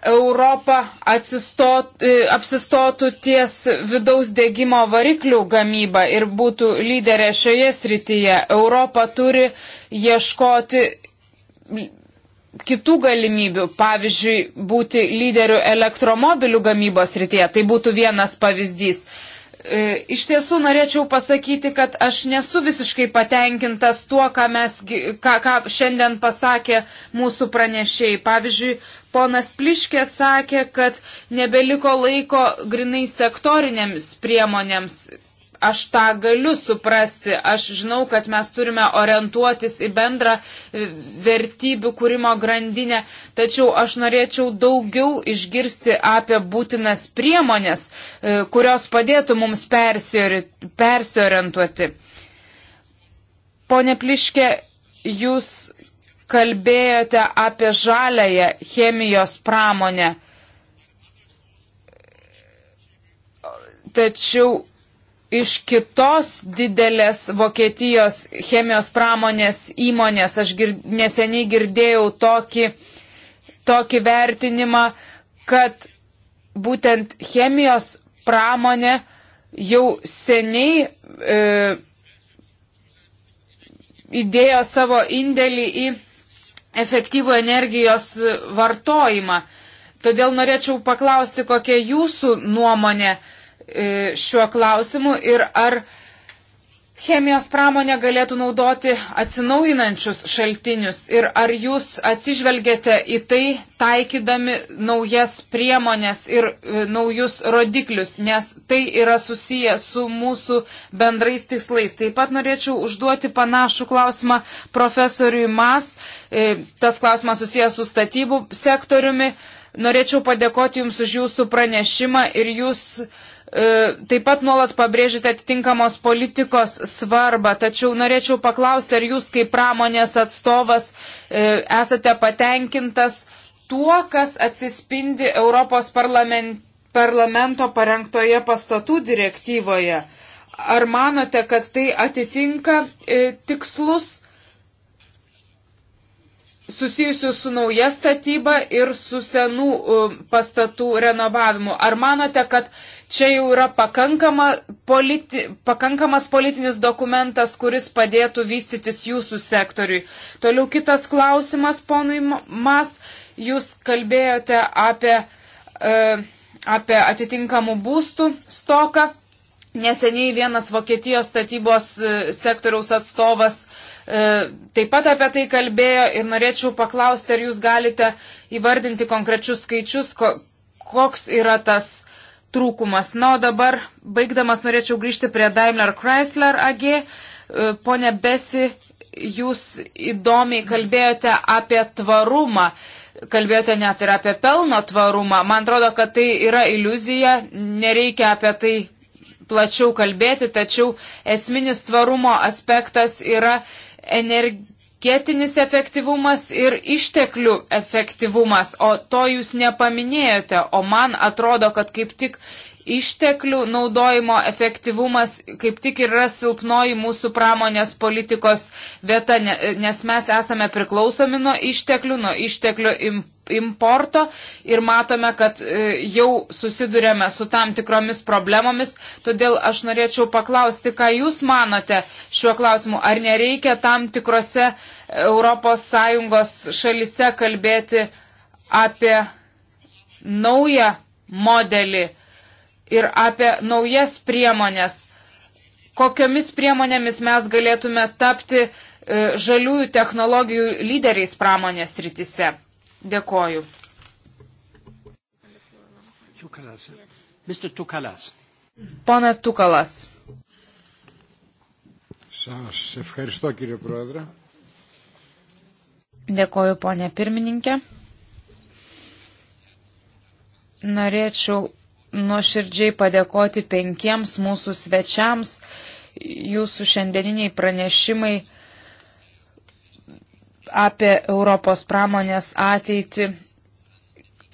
Europa atsistot, e, apsistotų ties vidaus dėgymo variklių gamyba ir būtų lyderė šioje srityje. Europa turi ieškoti kitų galimybių, pavyzdžiui, būti lyderių elektromobilių gamybos srityje. Tai būtų vienas pavyzdys. E, iš tiesų norėčiau pasakyti, kad aš nesu visiškai patenkintas tuo, ką, mes, ką, ką šiandien pasakė mūsų pranešėjai. Pavyzdžiui, Ponas Pliškė sakė, kad nebeliko laiko grinai sektorinėms priemonėms. Aš tą galiu suprasti. Aš žinau, kad mes turime orientuotis į bendrą e, vertybių kūrimo grandinę, tačiau aš norėčiau daugiau išgirsti apie būtinas priemonės, e, kurios padėtų mums persiorientuoti. Pone Pliškė, jūs kalbėjote apie žaląją chemijos pramonę. Tačiau iš kitos didelės Vokietijos chemijos pramonės įmonės aš gir, neseniai girdėjau tokį, tokį vertinimą, kad būtent chemijos pramonė jau seniai e, įdėjo savo indėlį į efektyvų energijos vartojimą. Todėl norėčiau paklausti, kokia jūsų nuomonė e, šiuo klausimu ir ar chemijos pramonė galėtų naudoti atsinaujinančius šaltinius ir ar jūs atsižvelgėte į tai, taikydami naujas priemonės ir e, naujus rodiklius, nes tai yra susiję su mūsų bendrais tikslais. Taip pat norėčiau užduoti panašų klausimą profesoriui Mas, e, tas klausimas susijęs su statybų sektoriumi. Norėčiau padėkoti Jums už Jūsų pranešimą ir Jūs E, taip pat nuolat pabrėžite atitinkamos politikos svarbą, tačiau norėčiau paklausti, ar jūs kaip pramonės atstovas e, esate patenkintas tuo, kas atsispindi Europos parlament, parlamento parengtoje pastatų direktyvoje. Ar manote, kad tai atitinka e, tikslus susijusių su nauja statyba ir su senų pastatų renovavimu? Ar manote, kad Čia jau yra pakankama politi, pakankamas politinis dokumentas, kuris padėtų vystytis jūsų sektoriui. Toliau kitas klausimas, ponui Mas, jūs kalbėjote apie, e, apie atitinkamų būstų stoką. Neseniai vienas Vokietijos statybos e, sektoriaus atstovas e, taip pat apie tai kalbėjo ir norėčiau paklausti, ar jūs galite įvardinti konkrečius skaičius, koks yra tas trūkumas. Na, o dabar, baigdamas, norėčiau grįžti prie Daimler Chrysler AG. E, pone Besi, jūs įdomiai kalbėjote apie tvarumą. Kalbėjote net ir apie pelno tvarumą. Man atrodo, kad tai yra iliuzija, nereikia apie tai plačiau kalbėti, tačiau esminis tvarumo aspektas yra energi energetinis efektyvumas ir išteklių efektyvumas, o to jūs nepaminėjote, o man atrodo, kad kaip tik išteklių naudojimo efektyvumas kaip tik yra silpnoji mūsų pramonės politikos vieta, nes mes esame priklausomi nuo išteklių, nuo išteklių importo ir matome, kad e, jau susidurėme su tam tikromis problemomis. Todėl aš norėčiau paklausti, ką Jūs manote šiuo klausimu. Ar nereikia tam tikrose ES šalise kalbėti apie naują modelį ir apie naujas priemonės, kokiomis priemonėmis mes galėtume tapti e, žaliųjų technologijų lyderiais pramonės rytise. Dėkoju. Pana Tukalas. Σας ευχαριστώ κύριε Πρόεδρε. Dėkoju, ponė pirmininkė. Norėčiau nuoširdžiai padėkoti penkiems mūsų svečiams. Jūsų šiandieniniai pranešimai apie Europos pramonės ateitį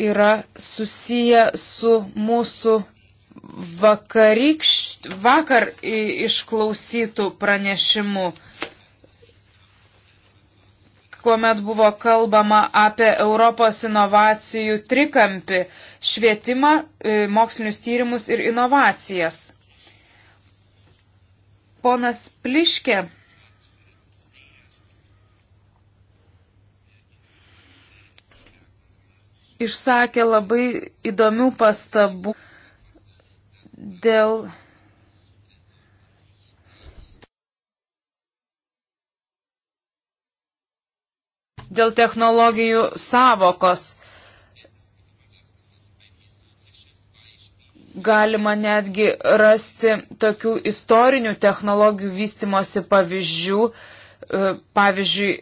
yra susiję su mūsų vakarykšt, vakar išklausytų pranešimų kuomet buvo kalbama apie Europos inovacijų trikampį - švietimą, e, mokslinius tyrimus ir inovacijas. Ponas Pliškė. Išsakė labai įdomių pastabų dėl dėl technologijų savokos. Galima netgi rasti tokių istorinių technologijų vystimosi pavyzdžių. E, pavyzdžiui,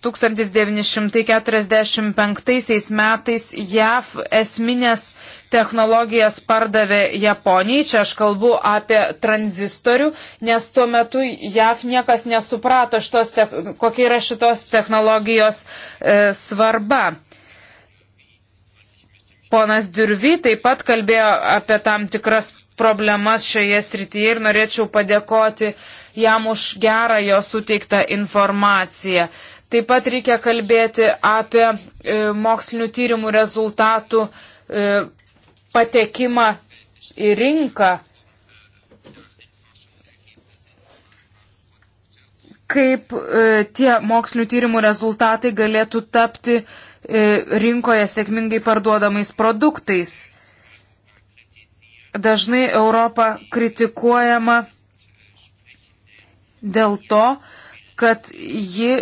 1945 metais JAV esminės technologijas pardavė Japonijai. Čia aš kalbu apie tranzistorių, nes tuo metu JAV niekas nesuprato, šitos, kokia yra šitos technologijos e, svarba. Ponas Dirvy taip pat kalbėjo apie tam tikras problemas šioje srityje ir norėčiau padėkoti jam už gerą jo suteiktą informaciją. E, Taip pat reikia kalbėti apie e, mokslinių tyrimų rezultatų e, patekimą į rinką. Kaip e, tie mokslinių tyrimų rezultatai galėtų tapti e, rinkoje sėkmingai parduodamais produktais. Dažnai Europa kritikuojama dėl to, kad ji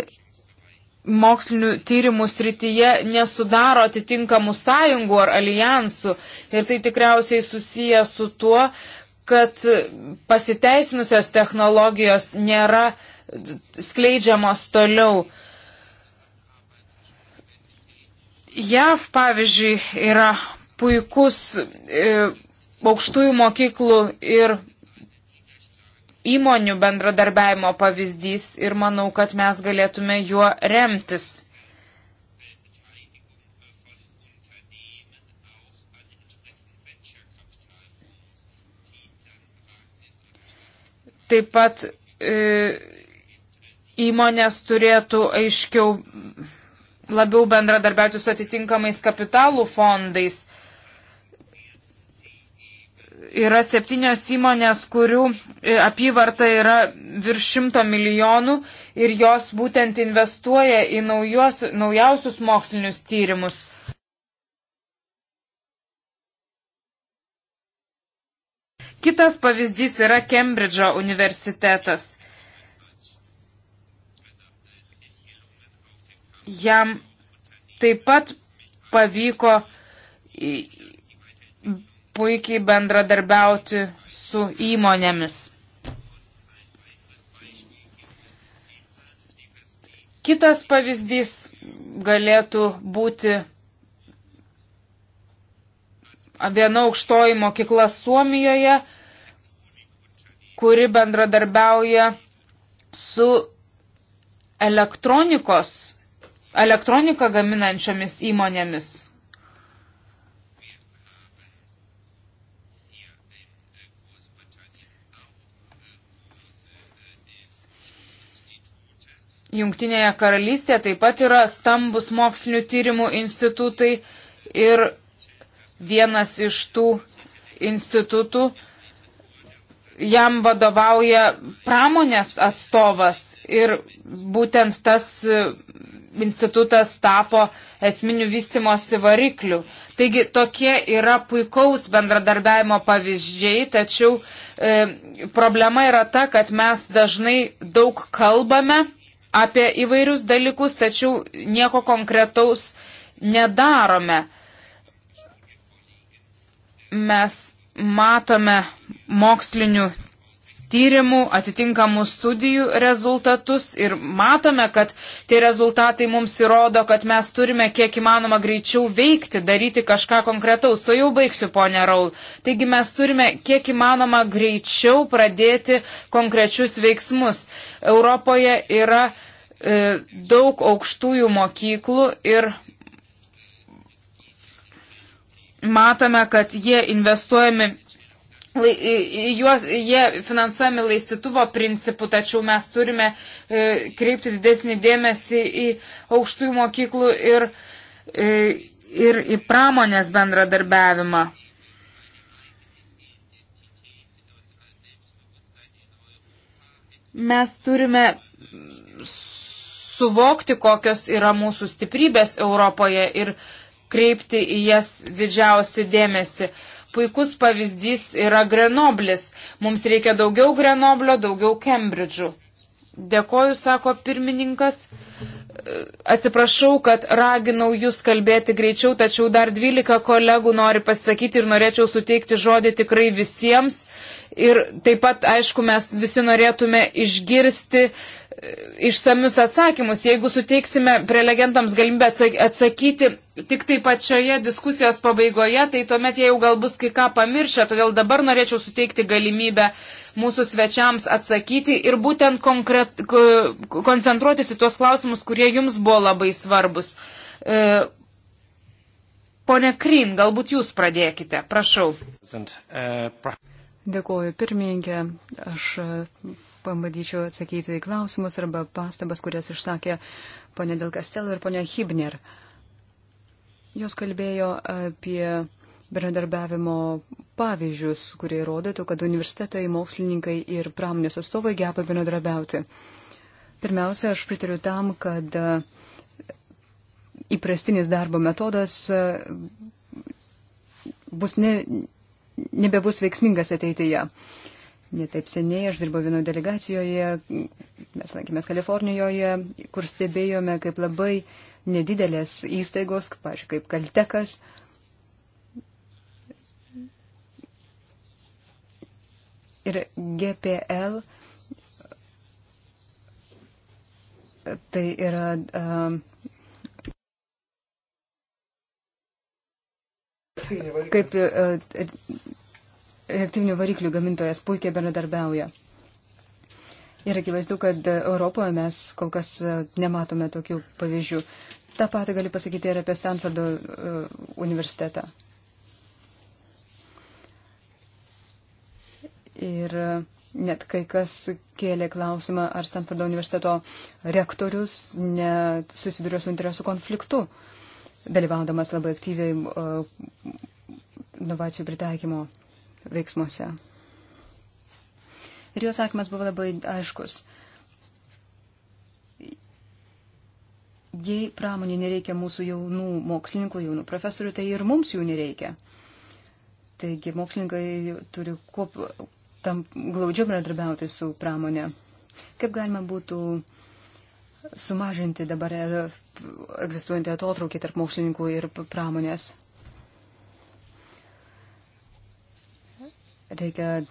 mokslinių tyrimų srityje nesudaro atitinkamų sąjungų ar alijansų. Ir tai tikriausiai susiję su tuo, kad pasiteisinusios technologijos nėra skleidžiamos toliau. JAV, pavyzdžiui, yra puikus e, aukštųjų mokyklų ir įmonių bendradarbiavimo pavyzdys ir manau, kad mes galėtume juo remtis. Taip pat e, įmonės turėtų aiškiau labiau bendradarbiauti su atitinkamais kapitalų fondais yra septynios įmonės, kurių e, apyvarta yra virš šimto milijonų ir jos būtent investuoja į naujos, naujausius mokslinius tyrimus. Kitas pavyzdys yra Kembridžo universitetas. Jam taip pat pavyko puikiai bendradarbiauti su įmonėmis. Kitas pavyzdys galėtų būti viena aukštoji mokykla Suomijoje, kuri bendradarbiauja su elektronikos, elektroniką gaminančiomis įmonėmis. Jungtinėje karalystėje taip pat yra stambus mokslinių tyrimų institutai ir vienas iš tų institutų jam vadovauja pramonės atstovas ir būtent tas e, institutas tapo esminių vystimosi variklių. Taigi tokie yra puikaus bendradarbiavimo pavyzdžiai, tačiau e, problema yra ta, kad mes dažnai daug kalbame apie įvairius dalykus, tačiau nieko konkretaus nedarome. Mes matome mokslinių tyrimų, atitinkamų studijų rezultatus ir matome, kad tie rezultatai mums įrodo, kad mes turime kiek įmanoma greičiau veikti, daryti kažką konkretaus. To jau baigsiu, ponė Raul. Taigi mes turime kiek įmanoma greičiau pradėti konkrečius veiksmus. Europoje yra e, daug aukštųjų mokyklų ir matome, kad jie investuojami Juos, jie finansuojami laistituvo principu, tačiau mes turime e, kreipti didesnį dėmesį į aukštųjų mokyklų ir, e, ir į pramonės bendradarbiavimą. Mes turime suvokti, kokios yra mūsų stiprybės Europoje ir kreipti į jas didžiausią dėmesį. E, puikus pavyzdys yra Grenoblis. Mums reikia daugiau Grenoblio, daugiau Kembridžų. Dėkoju, sako pirmininkas. Atsiprašau, kad raginau jūs kalbėti greičiau, tačiau dar 12 kolegų nori pasakyti ir norėčiau suteikti žodį tikrai visiems. Ir taip pat, aišku, mes visi norėtume išgirsti išsamius atsakymus. Jeigu suteiksime prelegentams galimybę atsakyti tik tai pačioje diskusijos pabaigoje, tai tuomet jie jau gal bus kai ką pamiršę. Todėl dabar norėčiau suteikti galimybę mūsų svečiams atsakyti ir būtent konkret, koncentruotis į tuos klausimus, kurie jums buvo labai svarbus. E, pone Kryn, galbūt jūs pradėkite. Prašau. E, Dėkuoju, pirmininkė. Aš e, pamatyčiau atsakyti į klausimus arba pastabas, kurias išsakė ponė Del Castello ir ponė Hibner. Jos kalbėjo apie bendradarbiavimo pavyzdžius, kurie rodytų, kad universitetai, mokslininkai ir pramonės atstovai geba bendradarbiauti. Pirmiausia, aš pritariu tam, kad e, įprastinis darbo metodas e, bus ne, nebebus veiksmingas ateityje. Uh, Netaip seniai aš dirbau vienoje delegacijoje, mes lankėmės Kalifornijoje, kur stebėjome, kaip labai nedidelės įstaigos, pažiūrėjau, kaip Kaltekas, ir GPL. Tai yra. Um, kaip uh, elektrinių variklių gamintojas puikiai bendradarbiauja. Ir akivaizdu, kad Europoje mes kol kas e, nematome tokių pavyzdžių. Ta pati galiu pasakyti ir apie Stanfordo e, universitetą. Ir net kai kas kėlė klausimą, ar Stanfordo universiteto rektorius nesusiduria su interesų konfliktu, dalyvaudamas labai aktyviai e, inovacijų pritaikymo veiksmuose. Ir jo sakymas buvo labai aiškus. Jei pramonė nereikia mūsų jaunų mokslininkų, jaunų profesorių, tai ir mums jų nereikia. Taigi mokslininkai turi kuo tam glaudžiau bendradarbiauti su pramonė. Kaip galima būtų sumažinti dabar egzistuojantį atotraukį tarp mokslininkų ir pramonės? Reikia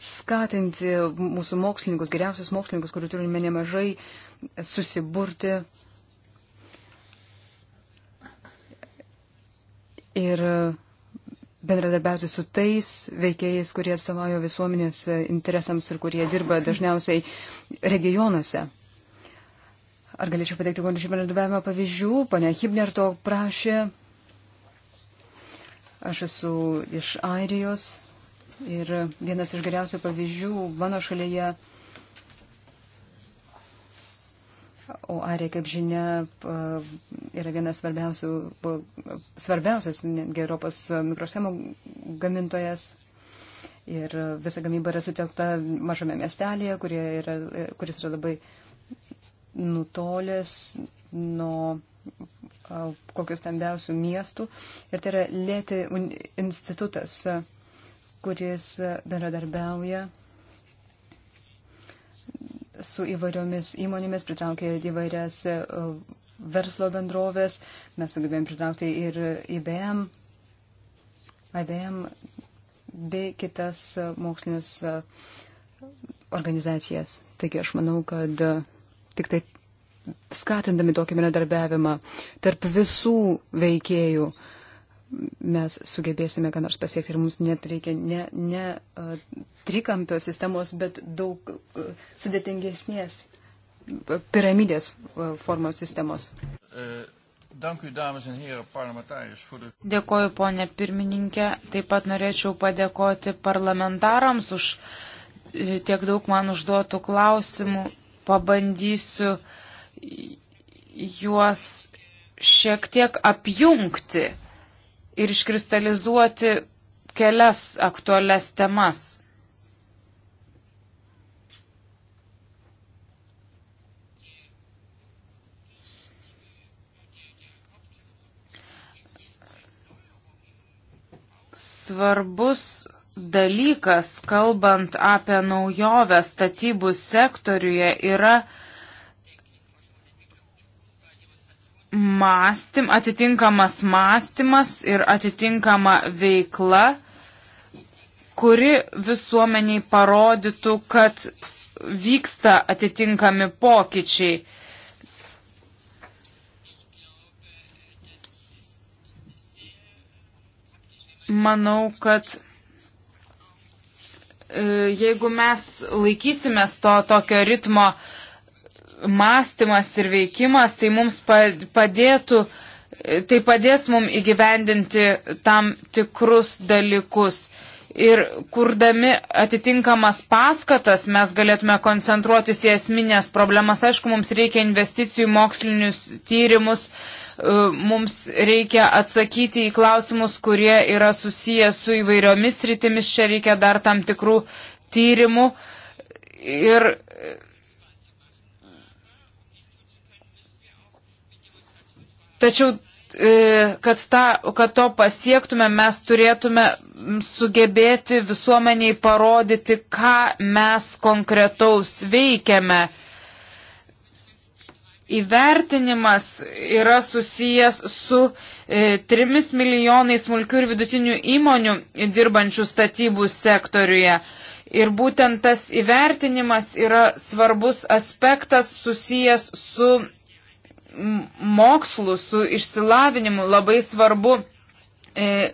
skatinti mūsų mokslininkus, geriausius mokslininkus, kurių turime nemažai, susiburti ir bendradarbiauti su tais veikėjais, kurie atstovauja visuomenės interesams ir kurie dirba dažniausiai regionuose. Ar galėčiau pateikti konkrečių bendradarbiavimo pavyzdžių? Pane Hibner to prašė. Aš esu iš Airijos ir vienas iš geriausių pavyzdžių mano šalyje, o Airija, kaip žinia, yra vienas svarbiausių, svarbiausias Europos mikrosemų gamintojas. Ir visa gamyba yra sutelkta mažame miestelėje, yra, kuris yra labai nutolęs nuo kokius stambiausių miestų. Ir tai yra Lėti institutas, kuris bendradarbiauja su įvairiomis įmonėmis, pritraukia įvairias verslo bendrovės. Mes sugebėjom pritraukti ir IBM, IBM bei kitas mokslinės organizacijas. Taigi aš manau, kad tik tai skatindami tokį bendradarbiavimą tarp visų veikėjų, mes sugebėsime ką nors pasiekti ir mums net reikia ne, ne uh, trikampio sistemos, bet daug uh, sudėtingesnės uh, piramidės uh, formos sistemos. Dėkoju, ponė pirmininkė. Taip pat norėčiau padėkoti parlamentarams už tiek daug man užduotų klausimų. Pabandysiu uh, juos šiek tiek apjungti ir iškristalizuoti kelias aktualias temas. Svarbus dalykas, kalbant apie naujovę statybų sektoriuje, yra mąstym, atitinkamas mąstymas ir atitinkama veikla, kuri visuomeniai parodytų, kad vyksta atitinkami pokyčiai. Manau, kad e, jeigu mes laikysimės to tokio ritmo, mąstymas ir veikimas, tai mums padėtų, tai padės mums įgyvendinti tam tikrus dalykus. Ir kurdami atitinkamas paskatas mes galėtume koncentruotis į esminės problemas. Aišku, mums reikia investicijų mokslinius tyrimus, e, mums reikia atsakyti į klausimus, kurie yra susiję su įvairiomis rytimis, čia reikia dar tam tikrų tyrimų. Ir Tačiau, e, kad, ta, kad to pasiektume, mes turėtume sugebėti visuomeniai parodyti, ką mes konkretaus veikiame. Įvertinimas yra susijęs su 3 e, milijonai smulkių ir vidutinių įmonių dirbančių statybų sektoriuje. Ir būtent tas įvertinimas yra svarbus aspektas susijęs su mokslu, su išsilavinimu labai svarbu e,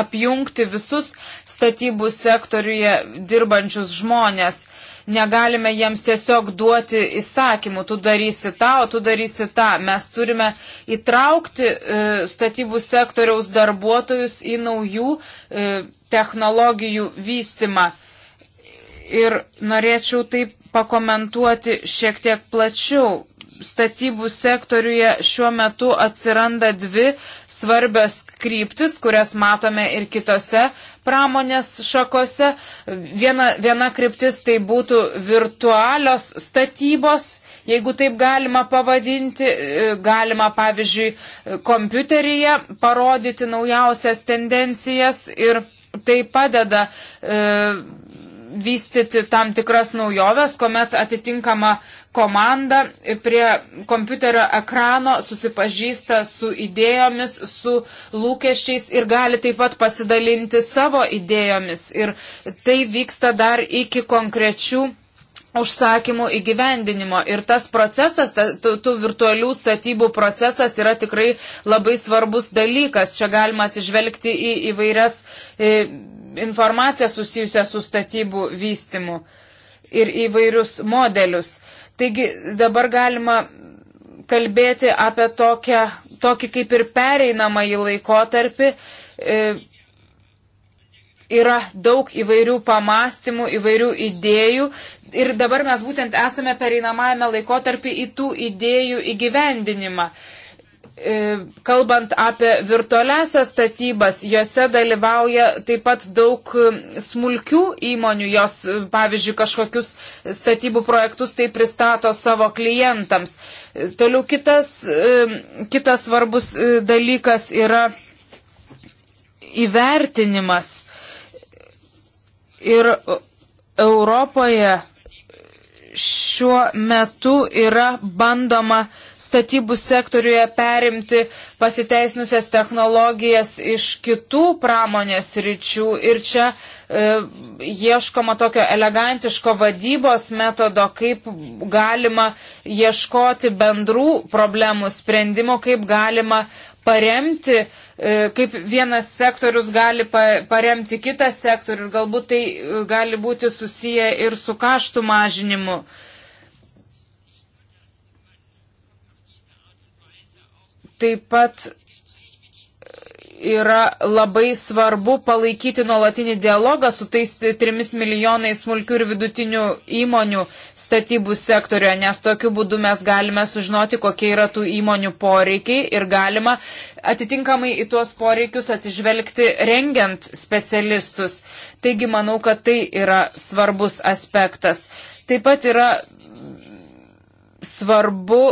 apjungti visus statybų sektoriuje dirbančius žmonės. Negalime jiems tiesiog duoti įsakymų, tu darysi tą, o tu darysi tą. Mes turime įtraukti e, statybų sektoriaus darbuotojus į naujų e, technologijų vystimą. Ir norėčiau taip pakomentuoti šiek tiek plačiau statybų sektoriuje šiuo metu atsiranda dvi svarbios kryptis, kurias matome ir kitose pramonės šakose. Viena, viena kryptis tai būtų virtualios statybos, jeigu taip galima pavadinti. Galima, pavyzdžiui, kompiuteryje parodyti naujausias tendencijas ir tai padeda. E, vystyti tam tikras naujoves, kuomet atitinkama komanda prie kompiuterio ekrano susipažįsta su idėjomis, su lūkesčiais ir gali taip pat pasidalinti savo idėjomis. Ir tai vyksta dar iki konkrečių užsakymų įgyvendinimo. Ir tas procesas, ta, tų, tų virtualių statybų procesas yra tikrai labai svarbus dalykas. Čia galima atsižvelgti į įvairias. E, informaciją susijusią su statybų vystimu ir įvairius modelius. Taigi dabar galima kalbėti apie tokią, tokį kaip ir pereinamąjį laikotarpį. E, yra daug įvairių pamastymų, įvairių idėjų ir dabar mes būtent esame pereinamajame laikotarpį į tų idėjų įgyvendinimą. E, E, kalbant apie virtualiasias statybas, juose dalyvauja taip pat daug e, smulkių įmonių, jos, e, pavyzdžiui, kažkokius statybų projektus tai pristato savo klientams. Toliau kitas, kitas svarbus dalykas yra įvertinimas. Ir Europoje šiuo metu yra bandoma uh, statybų sektoriuje perimti pasiteisnusias technologijas iš kitų pramonės ryčių ir čia e, ieškoma tokio elegantiško vadybos metodo, kaip galima ieškoti bendrų problemų sprendimo, kaip galima paremti, e, kaip vienas sektorius gali paremti kitą sektorių ir galbūt tai e, gali būti susiję ir su kaštų mažinimu. taip pat yra labai svarbu palaikyti nuolatinį dialogą su tais trimis milijonais smulkių ir vidutinių įmonių statybų sektorioje, nes tokiu būdu mes galime sužinoti, kokie yra tų įmonių poreikiai ir galima atitinkamai į tuos poreikius atsižvelgti rengiant specialistus. Taigi manau, kad tai yra svarbus aspektas. Taip pat yra svarbu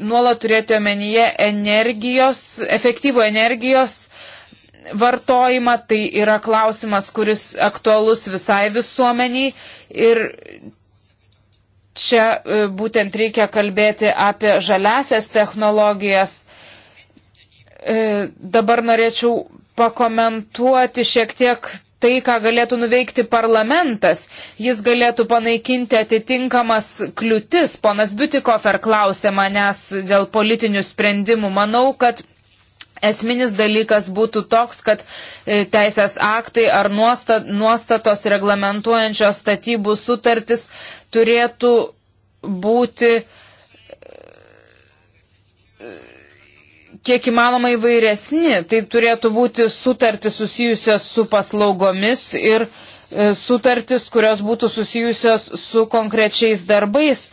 nuolat turėti omenyje energijos, efektyvų energijos vartojimą. Tai yra klausimas, kuris aktualus visai visuomeniai. Ir čia e, būtent reikia kalbėti apie žaliasias technologijas. E, dabar norėčiau pakomentuoti šiek tiek tai, ką galėtų nuveikti parlamentas. Jis galėtų panaikinti atitinkamas kliūtis. Ponas Biutikofer klausė manęs dėl politinių sprendimų. Manau, kad esminis dalykas būtų toks, kad e, teisės aktai ar nuostatos reglamentuojančios statybų sutartis turėtų būti e, kiek įmanoma įvairesni. Tai turėtų būti sutartis susijusios su paslaugomis ir e, sutartis, kurios būtų susijusios su konkrečiais darbais.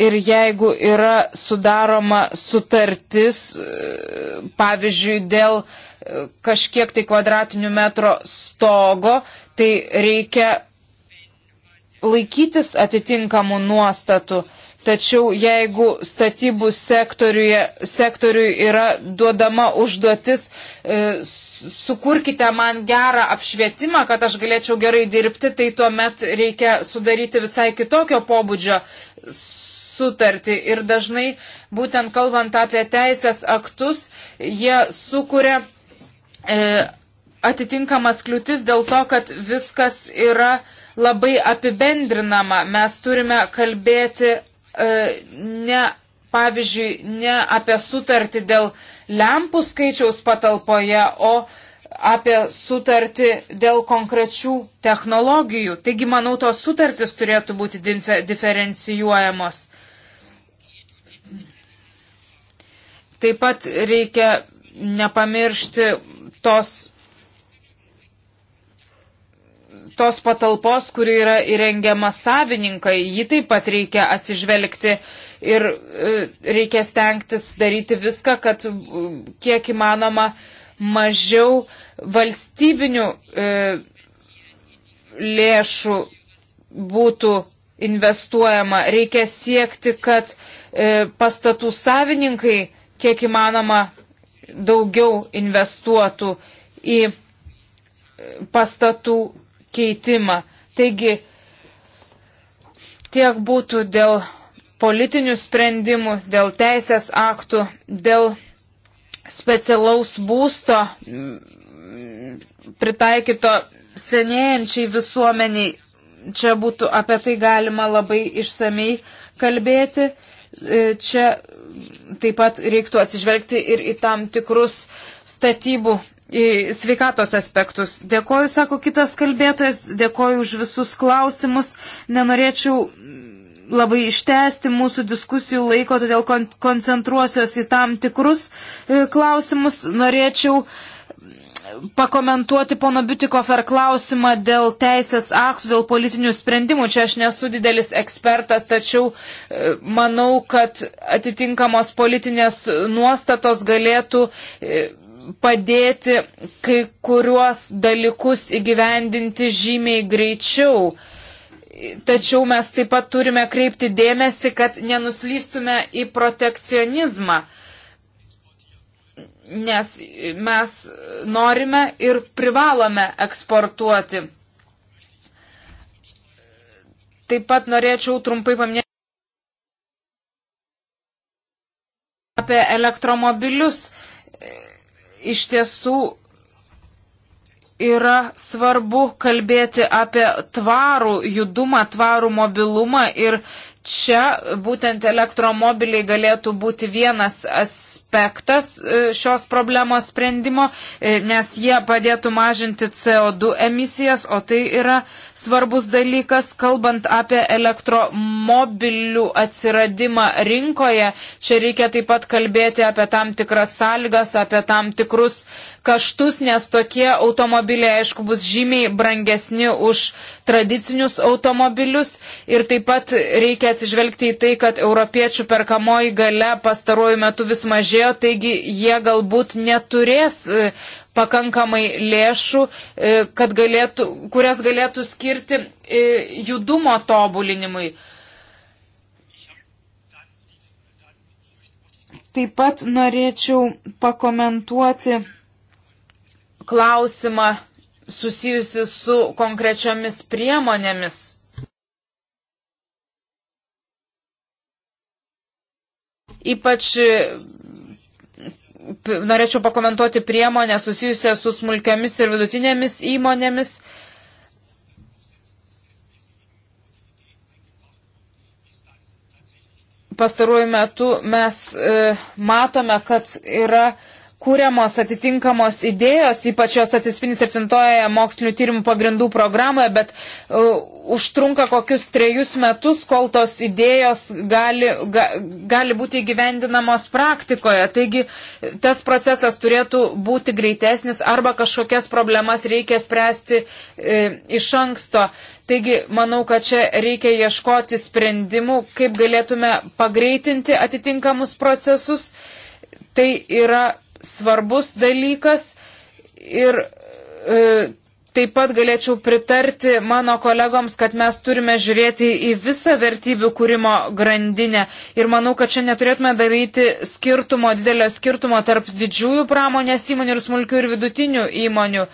Ir jeigu yra sudaroma sutartis, e, pavyzdžiui, dėl e, kažkiek tai kvadratinių metro stogo, tai reikia laikytis atitinkamų nuostatų. Tačiau jeigu statybų sektoriui yra duodama užduotis, e, sukurkite man gerą apšvietimą, kad aš galėčiau gerai dirbti, tai tuomet reikia sudaryti visai kitokio pobūdžio sutartį. Ir dažnai, būtent kalbant apie teisės aktus, jie sukuria. E, Atitinkamas kliūtis dėl to, kad viskas yra labai apibendrinama. Mes turime kalbėti E, ne, pavyzdžiui, ne apie sutartį dėl lempų skaičiaus patalpoje, o apie sutartį dėl konkrečių technologijų. Taigi, manau, tos sutartys turėtų būti diferencijuojamos. Taip pat reikia nepamiršti tos tos patalpos, kuri yra įrengiama savininkai, jį taip pat reikia atsižvelgti ir e, reikia stengtis daryti viską, kad e, kiek įmanoma mažiau valstybinių e, lėšų būtų investuojama. Reikia siekti, kad pastatų savininkai kiek įmanoma daugiau investuotų į pastatų keitimą. Taigi tiek būtų dėl politinių sprendimų, dėl teisės aktų, dėl specialaus būsto pritaikyto senėjančiai visuomeniai. Čia būtų apie tai galima labai išsamei kalbėti. Čia taip pat reiktų atsižvelgti ir į tam tikrus statybų sveikatos aspektus. Dėkoju, sako kitas kalbėtojas, dėkoju už visus klausimus. Nenorėčiau labai ištesti mūsų diskusijų laiko, todėl kon koncentruosios į tam tikrus e, klausimus. Norėčiau pakomentuoti pono Biutikofer klausimą dėl teisės aktų, dėl politinių sprendimų. Čia aš nesu didelis ekspertas, tačiau e, manau, kad atitinkamos politinės nuostatos galėtų e, padėti kai kuriuos dalykus įgyvendinti žymiai greičiau. Tačiau mes taip pat turime kreipti dėmesį, kad nenuslystume į protekcionizmą, nes mes norime ir privalome eksportuoti. Taip pat norėčiau trumpai paminėti apie elektromobilius iš tiesų yra svarbu kalbėti apie tvarų judumą, tvarų mobilumą ir čia būtent elektromobiliai galėtų būti vienas aspektas aspektas e, šios problemos sprendimo, e, nes jie padėtų mažinti CO2 emisijas, o tai yra svarbus dalykas, kalbant apie elektromobilių atsiradimą rinkoje. Čia reikia taip pat kalbėti apie tam tikras sąlygas, apie tam tikrus kaštus, nes tokie automobiliai, aišku, bus žymiai brangesni už tradicinius automobilius. Ir taip pat reikia atsižvelgti į tai, kad europiečių perkamoji gale pastaruoju metu vis mažėja sumažėjo, taigi jie galbūt neturės e, pakankamai lėšų, e, galėtų, kurias galėtų skirti e, judumo tobulinimui. Taip pat norėčiau pakomentuoti klausimą susijusi su konkrečiomis priemonėmis. Ypač norėčiau pakomentuoti priemonę susijusią su smulkiamis ir vidutinėmis įmonėmis. Pastaruoju metu mes e, matome, kad yra e, kūriamos atitinkamos idėjos, ypač jos atsispindi septintoje mokslinių tyrimų pagrindų programoje, bet uh, užtrunka kokius trejus metus, kol tos idėjos gali, ga, gali būti įgyvendinamos praktikoje. Taigi tas procesas turėtų būti greitesnis arba kažkokias problemas reikia spręsti e, iš anksto. Taigi, manau, kad čia reikia ieškoti sprendimų, kaip galėtume pagreitinti atitinkamus procesus. Tai yra svarbus dalykas ir e, taip pat galėčiau pritarti mano kolegoms, kad mes turime žiūrėti į visą vertybių kūrimo grandinę. Ir manau, kad čia neturėtume daryti skirtumo, didelio skirtumo tarp didžiųjų pramonės įmonių ir smulkių ir vidutinių įmonių.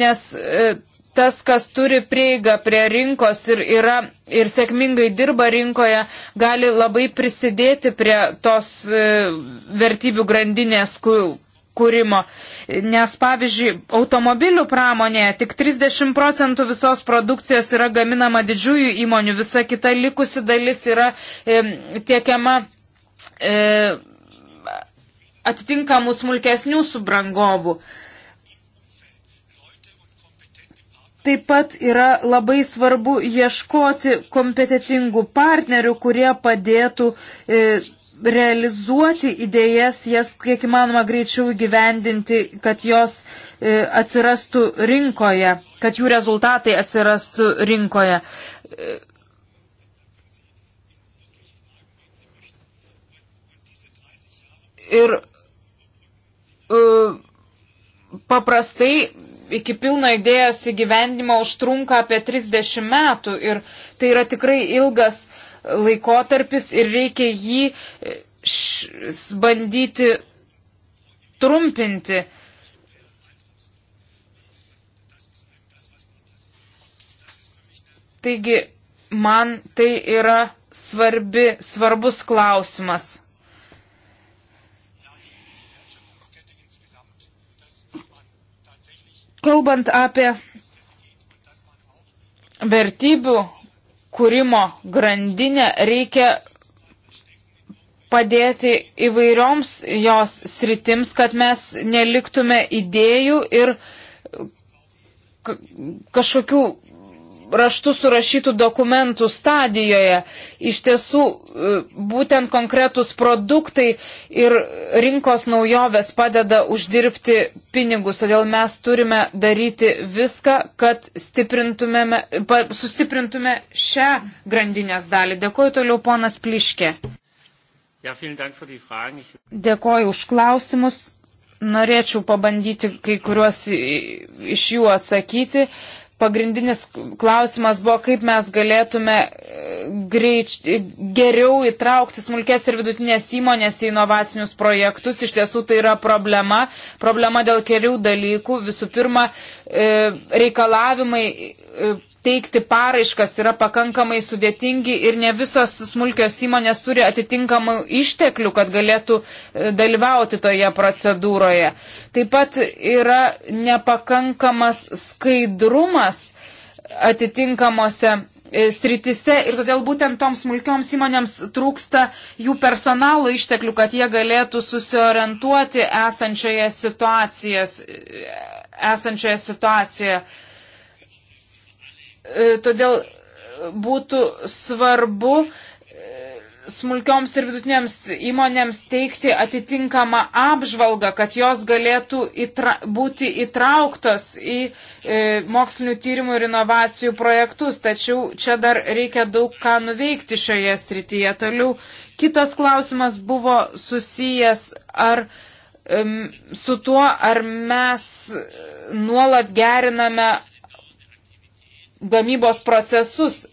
Nes e, tas, kas turi prieigą prie rinkos ir, yra, ir sėkmingai dirba rinkoje, gali labai prisidėti prie tos e, vertybių grandinės, kur kūrimo. Nes, pavyzdžiui, automobilių pramonėje tik 30 procentų visos produkcijos yra gaminama didžiųjų įmonių, visa kita likusi dalis yra e, tiekiama. E, atitinkamų smulkesnių subrangovų. Taip pat yra labai svarbu ieškoti kompetitingų partnerių, kurie padėtų e, realizuoti idėjas, jas kiek įmanoma greičiau gyvendinti, kad jos e, atsirastų rinkoje, kad jų rezultatai atsirastų rinkoje. E, ir e, paprastai iki pilno idėjos įgyvendimo užtrunka apie 30 metų ir tai yra tikrai ilgas laikotarpis ir reikia jį e, bandyti trumpinti. Taigi, man tai yra svarbi, svarbus klausimas. Kalbant apie vertybių kūrimo grandinę reikia padėti įvairioms jos sritims, kad mes neliktume idėjų ir kažkokių raštų surašytų dokumentų stadijoje. Iš tiesų, e, būtent konkretus produktai ir rinkos naujovės padeda uždirbti pinigus, todėl mes turime daryti viską, kad sustiprintume šią grandinės dalį. Dėkuoju toliau, ponas Pliškė. Dėkuoju už klausimus norėčiau pabandyti kai kuriuos iš jų atsakyti pagrindinis klausimas buvo, kaip mes galėtume e, greič, e, geriau įtraukti smulkės ir vidutinės įmonės į inovacinius projektus. Iš tiesų tai yra problema. Problema dėl kelių dalykų. Visų pirma, e, reikalavimai teikti paraiškas yra pakankamai sudėtingi ir ne visos smulkios įmonės turi atitinkamų išteklių, kad galėtų e, dalyvauti toje procedūroje. Taip pat yra nepakankamas skaidrumas atitinkamuose e, sritise ir todėl būtent toms smulkioms įmonėms trūksta jų personalo išteklių, kad jie galėtų susiorientuoti esančioje situacijoje. Esančioje situacijoje E, todėl būtų svarbu e, smulkioms ir vidutinėms įmonėms teikti atitinkamą apžvalgą, kad jos galėtų įtra, būti įtrauktos į e, mokslinių tyrimų ir inovacijų projektus. Tačiau čia dar reikia daug ką nuveikti šioje srityje. Toliau kitas klausimas buvo susijęs ar e, su tuo, ar mes nuolat geriname gamybos procesus.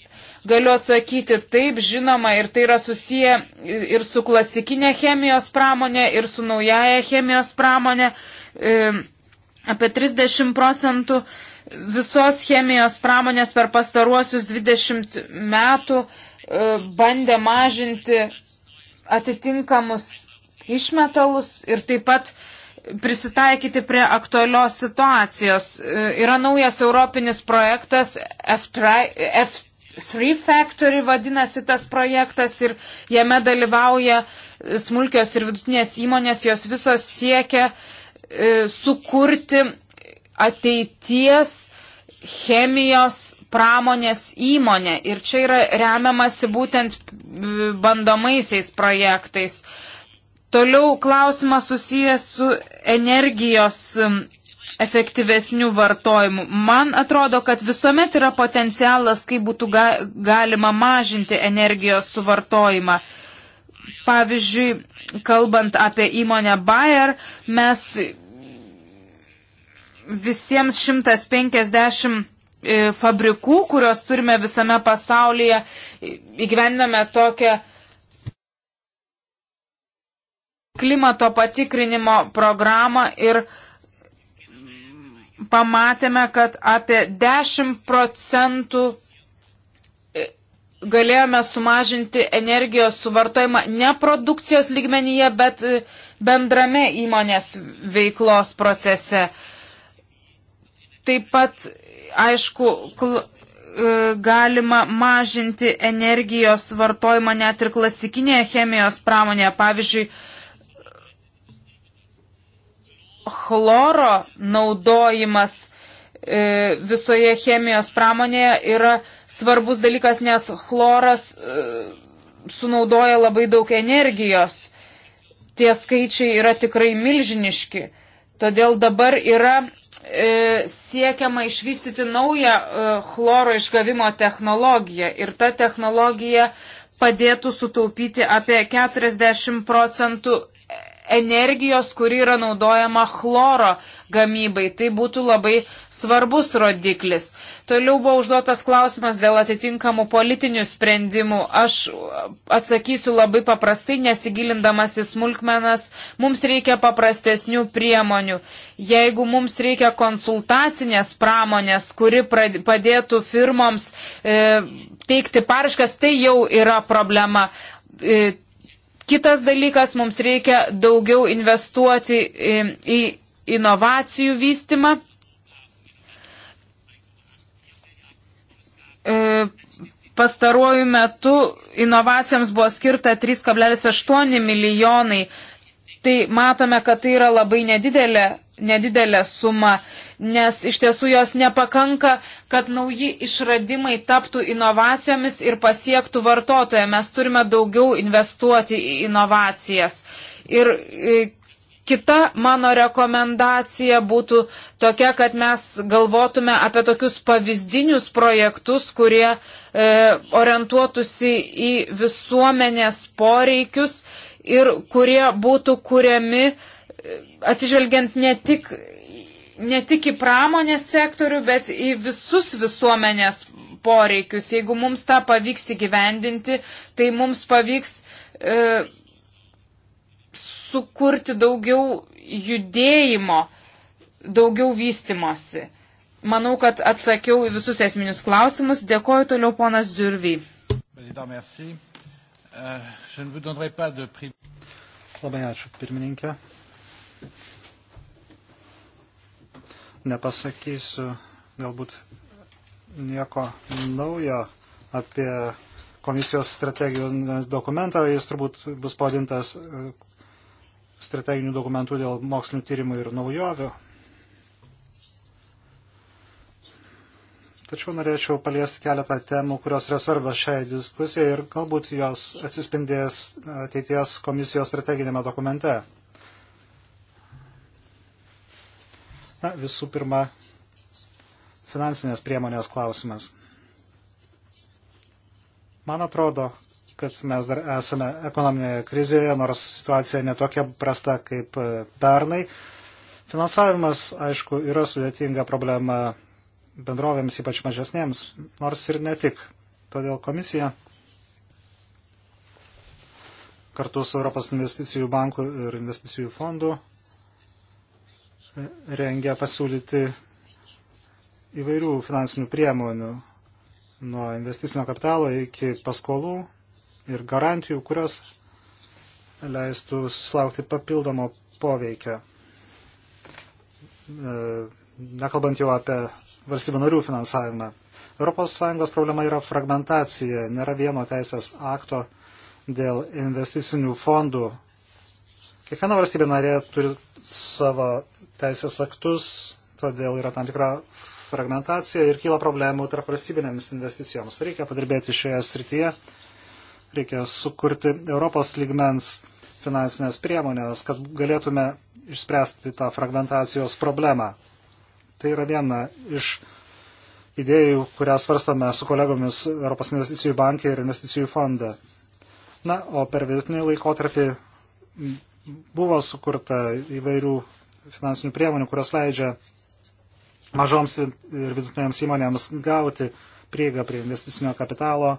Galiu atsakyti taip, žinoma, ir tai yra susiję ir su klasikinė chemijos pramonė, ir su naujaja chemijos pramonė. E, apie 30 procentų visos chemijos pramonės per pastaruosius 20 metų e, bandė mažinti atitinkamus išmetalus ir taip pat prisitaikyti prie aktualios situacijos. E, yra naujas europinis projektas F3 Factory vadinasi tas projektas ir jame dalyvauja smulkios ir vidutinės įmonės, jos visos siekia e, sukurti ateities chemijos pramonės įmonę. Ir čia yra remiamasi būtent bandomaisiais projektais. Uh, Toliau klausimas susijęs su energijos um, efektyvesnių vartojimų. Man atrodo, kad visuomet yra potencialas, kaip būtų ga galima mažinti energijos suvartojimą. Pavyzdžiui, kalbant apie įmonę Bayer, mes visiems 150 e, fabrikų, kuriuos turime visame pasaulyje, įgyvendame tokią klimato patikrinimo programą ir pamatėme, kad apie 10 procentų e, galėjome sumažinti energijos suvartojimą ne produkcijos lygmenyje, bet e, bendrame įmonės veiklos procese. Taip pat, aišku, e, galima mažinti energijos vartojimą net ir klasikinėje chemijos pramonėje. Pavyzdžiui, chloro naudojimas e, visoje chemijos pramonėje yra svarbus dalykas, nes chloras e, sunaudoja labai daug energijos. Tie skaičiai yra tikrai milžiniški. Todėl dabar yra e, siekiama išvystyti naują e, chloro išgavimo technologiją. Ir ta technologija padėtų sutaupyti apie 40 procentų energijos, kuri yra naudojama chloro gamybai. Tai būtų labai svarbus rodiklis. Toliau buvo užduotas klausimas dėl atitinkamų politinių sprendimų. Aš atsakysiu labai paprastai, nesigilindamas į smulkmenas. Mums reikia paprastesnių priemonių. Jeigu mums reikia konsultacinės pramonės, kuri padėtų firmoms e, teikti paraškas, tai jau yra problema. E, Kitas dalykas, mums reikia daugiau investuoti į, į inovacijų vystimą. E, pastaruoju metu inovacijoms buvo skirta 3,8 milijonai. Tai matome, kad tai yra labai nedidelė nedidelę sumą, nes iš tiesų jos nepakanka, kad nauji išradimai taptų inovacijomis ir pasiektų vartotoje. Mes turime daugiau investuoti į inovacijas. Ir e, kita mano rekomendacija būtų tokia, kad mes galvotume apie tokius pavyzdinius projektus, kurie e, orientuotųsi į visuomenės poreikius ir kurie būtų kuriami e, atsižvelgiant ne tik, ne tik į pramonės sektorių, bet į visus visuomenės poreikius. Jeigu mums tą pavyks įgyvendinti, tai mums pavyks e, sukurti daugiau judėjimo, daugiau vystimosi. Manau, kad atsakiau į visus esminius klausimus. Dėkoju toliau ponas Dürvy. Euh, Labai ačiū, pirmininkė. nepasakysiu galbūt nieko naujo apie komisijos strategijų dokumentą. Jis turbūt bus padintas e, strateginių dokumentų dėl mokslinių tyrimų ir naujovių. Tačiau norėčiau paliesti keletą temų, kurios yra svarbios šiai diskusijai ir galbūt jos atsispindės ateities komisijos strateginėme dokumente. Na, visų pirma, finansinės priemonės klausimas. Man atrodo, kad mes dar esame ekonominėje krizėje, nors situacija netokia prasta kaip e, pernai. Finansavimas, aišku, yra sudėtinga problema bendrovėms, ypač mažesnėms, nors ir ne tik. Todėl komisija kartu su Europos investicijų banku ir investicijų fondu rengia pasiūlyti įvairių finansinių priemonių nuo investicinio kapitalo iki paskolų ir garantijų, kurios leistų susilaukti papildomo poveikio. E, nekalbant jau apie valstybių narių finansavimą. ES problema yra fragmentacija, nėra vieno teisės akto dėl investicinių fondų. Kiekviena valstybė narė turi savo teisės aktus, todėl yra tam tikra fragmentacija ir kyla problemų tarp valstybinėms investicijoms. Reikia padirbėti šioje srityje, reikia sukurti Europos lygmens finansinės priemonės, kad galėtume išspręsti tą fragmentacijos problemą. Tai yra viena iš idėjų, kurią svarstome su kolegomis Europos investicijų bankė ir investicijų fondą. Na, o per vidutinį laikotarpį buvo sukurta įvairių finansinių priemonių, kurios leidžia mažoms ir vidutinėms įmonėms gauti prieigą prie investicinio kapitalo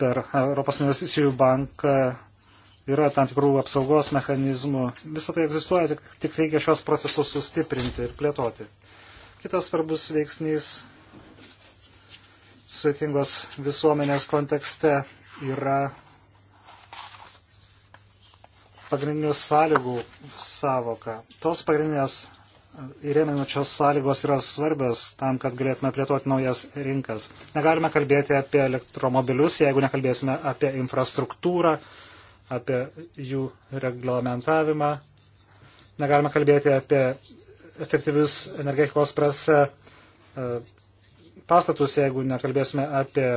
per Europos investicijų banką yra tam tikrų apsaugos mechanizmų. Visą tai egzistuoja, tik, tik reikia šios procesus sustiprinti ir plėtoti. Kitas svarbus veiksnys sudėtingos visuomenės kontekste yra pagrindinių sąlygų savoką. Tos pagrindinės įrėminančios sąlygos yra svarbios tam, kad galėtume plėtoti naujas rinkas. Negalime kalbėti apie elektromobilius, jeigu nekalbėsime apie infrastruktūrą, apie jų reglamentavimą. Negalime kalbėti apie efektyvius energetikos prase e, pastatus, jeigu nekalbėsime apie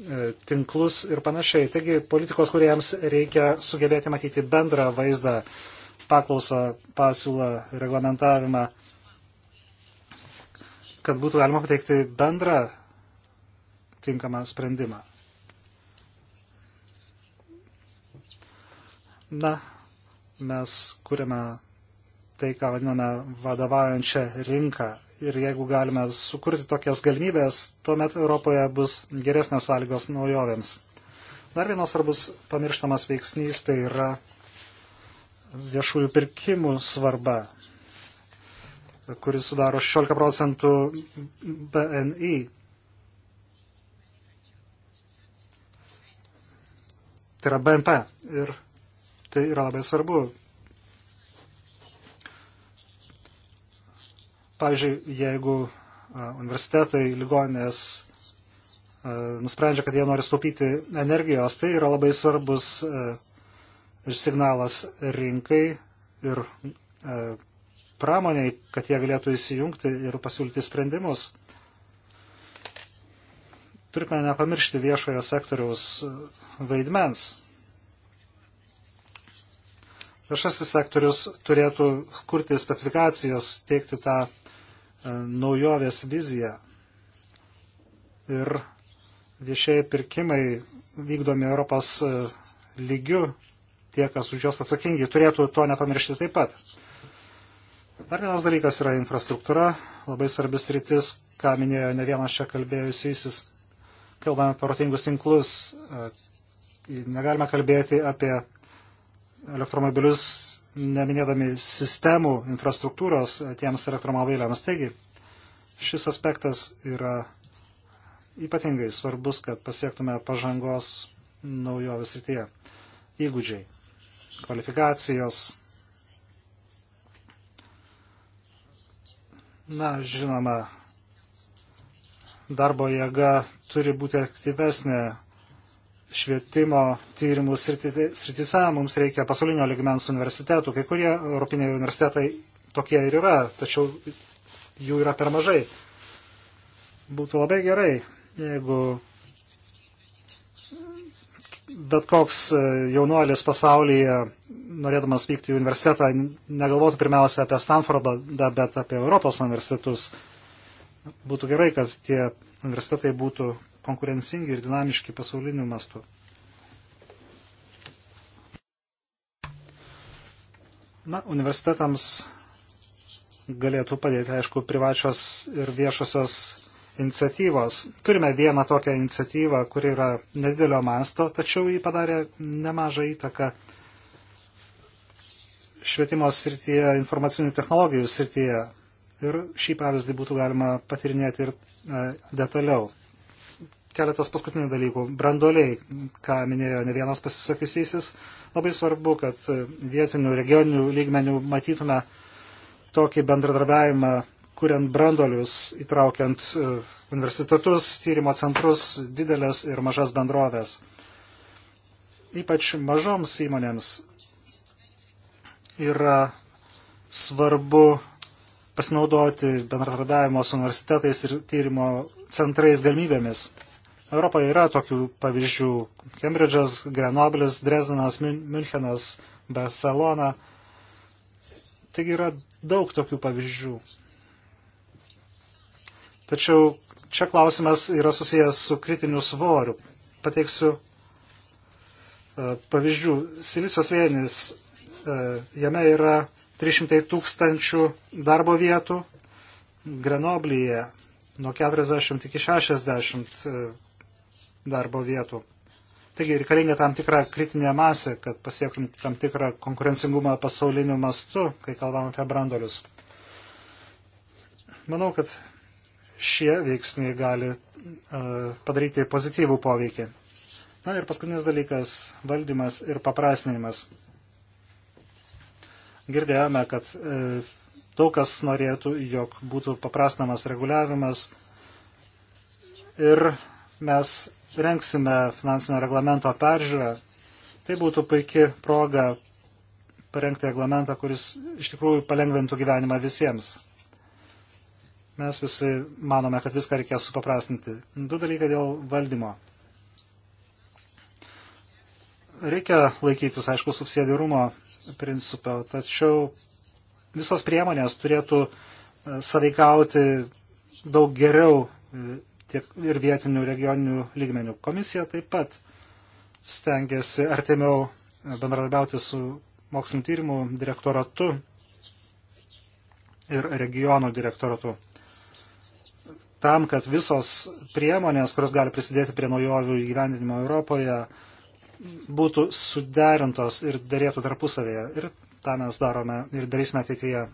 E, tinklus ir panašiai. Taigi politikos, kuriems reikia sugebėti matyti bendrą vaizdą, paklausą, pasiūlą, reglamentavimą, kad būtų galima pateikti bendrą tinkamą sprendimą. Na, mes kuriame tai, ką vadiname vadovaujančią rinką ir jeigu galime sukurti tokias galimybės, tuomet Europoje bus geresnės sąlygos naujovėms. Dar vienas svarbus pamirštamas veiksnys tai yra viešųjų pirkimų svarba, kuris sudaro 16 procentų BNI. Tai yra BNP ir tai yra labai svarbu pavyzdžiui, jeigu universitetai, ligoninės nusprendžia, kad jie nori staupyti energijos, tai yra labai svarbus signalas rinkai ir pramoniai, kad jie galėtų įsijungti ir pasiūlyti sprendimus. Turime nepamiršti viešojo sektoriaus vaidmens. Viešasis sektorius turėtų kurti specifikacijas, teikti tą E, naujovės viziją. Ir viešieji pirkimai vykdomi Europos e, lygių, tie, kas už juos atsakingi, turėtų to nepamiršti taip pat. Dar vienas dalykas yra infrastruktūra, labai svarbis rytis, ką minėjo ne vienas čia kalbėjusysis. Kalbame apie protingus tinklus, e, negalime kalbėti apie elektromobilius neminėdami sistemų infrastruktūros tiems elektromobiliams. Taigi, šis aspektas yra ypatingai svarbus, kad pasiektume pažangos naujovės rytyje. Įgūdžiai, kvalifikacijos. Na, žinoma, darbo jėga turi būti aktyvesnė švietimo tyrimų sritise mums reikia pasaulinio ligmens universitetų. Kai kurie europiniai universitetai tokie ir yra, tačiau jų yra per mažai. Būtų labai gerai, jeigu bet koks e, jaunuolis pasaulyje, norėdamas vykti į universitetą, negalvotų pirmiausia apie Stanfordą, bet apie Europos universitetus. Būtų gerai, kad tie universitetai būtų konkurencingi ir dinamiški pasauliniu mastu. Na, universitetams galėtų padėti, aišku, privačios ir viešosios iniciatyvos. Turime vieną tokią iniciatyvą, kuri yra nedidelio masto, tačiau jį padarė nemažą įtaką švietimo srityje, informacinių technologijų srityje. Ir šį pavyzdį būtų galima patirinėti ir e, detaliau. Keletas paskutinių dalykų. Brandoliai, ką minėjo ne vienas pasisakysysis, labai svarbu, kad vietinių, regioninių lygmenių matytume tokį bendradarbiavimą, kuriant brandolius, įtraukiant e, universitetus, tyrimo centrus, didelės ir mažas bendrovės. Ypač mažoms įmonėms yra svarbu pasinaudoti bendradarbiavimo su universitetais ir tyrimo centrais galimybėmis. Europoje yra tokių pavyzdžių. Kembridžas, Grenoblis, Dresdenas, Münchenas, Barcelona. Taigi yra daug tokių pavyzdžių. Tačiau čia klausimas yra susijęs su kritiniu svoriu. Pateiksiu e, pavyzdžių. Silicijos vėlinis, e, jame yra 300 tūkstančių darbo vietų, Grenoblyje nuo 40 iki 60 darbo vietų. Taigi reikalinga tam tikra kritinė masė, kad pasiektum tam tikrą konkurencingumą pasauliniu mastu, kai kalbam apie brandolius. Manau, kad šie veiksniai gali uh, padaryti pozityvų poveikį. Na ir paskutinis dalykas - valdymas ir paprasminimas. Girdėjome, kad uh, daug kas norėtų, jog būtų paprastinamas reguliavimas ir mes rengsime finansinio reglamento peržiūrą, tai būtų puikia proga parengti reglamentą, kuris iš tikrųjų palengvintų gyvenimą visiems. Mes visi manome, kad viską reikės supaprastinti. Du dalykai dėl valdymo. Reikia laikytis, aišku, subsidiarumo principą, tačiau visos priemonės turėtų e, saveikauti daug geriau e, tiek ir vietinių regioninių lygmenių. Komisija taip pat stengiasi artimiau bendradarbiauti su mokslinio tyrimų direktoratu ir regionų direktoratu. Tam, kad visos priemonės, kurios gali prisidėti prie naujovių įgyvendinimo Europoje, būtų suderintos ir dėrėtų tarpusavėje. Ir tą mes darome ir darysime ateityje.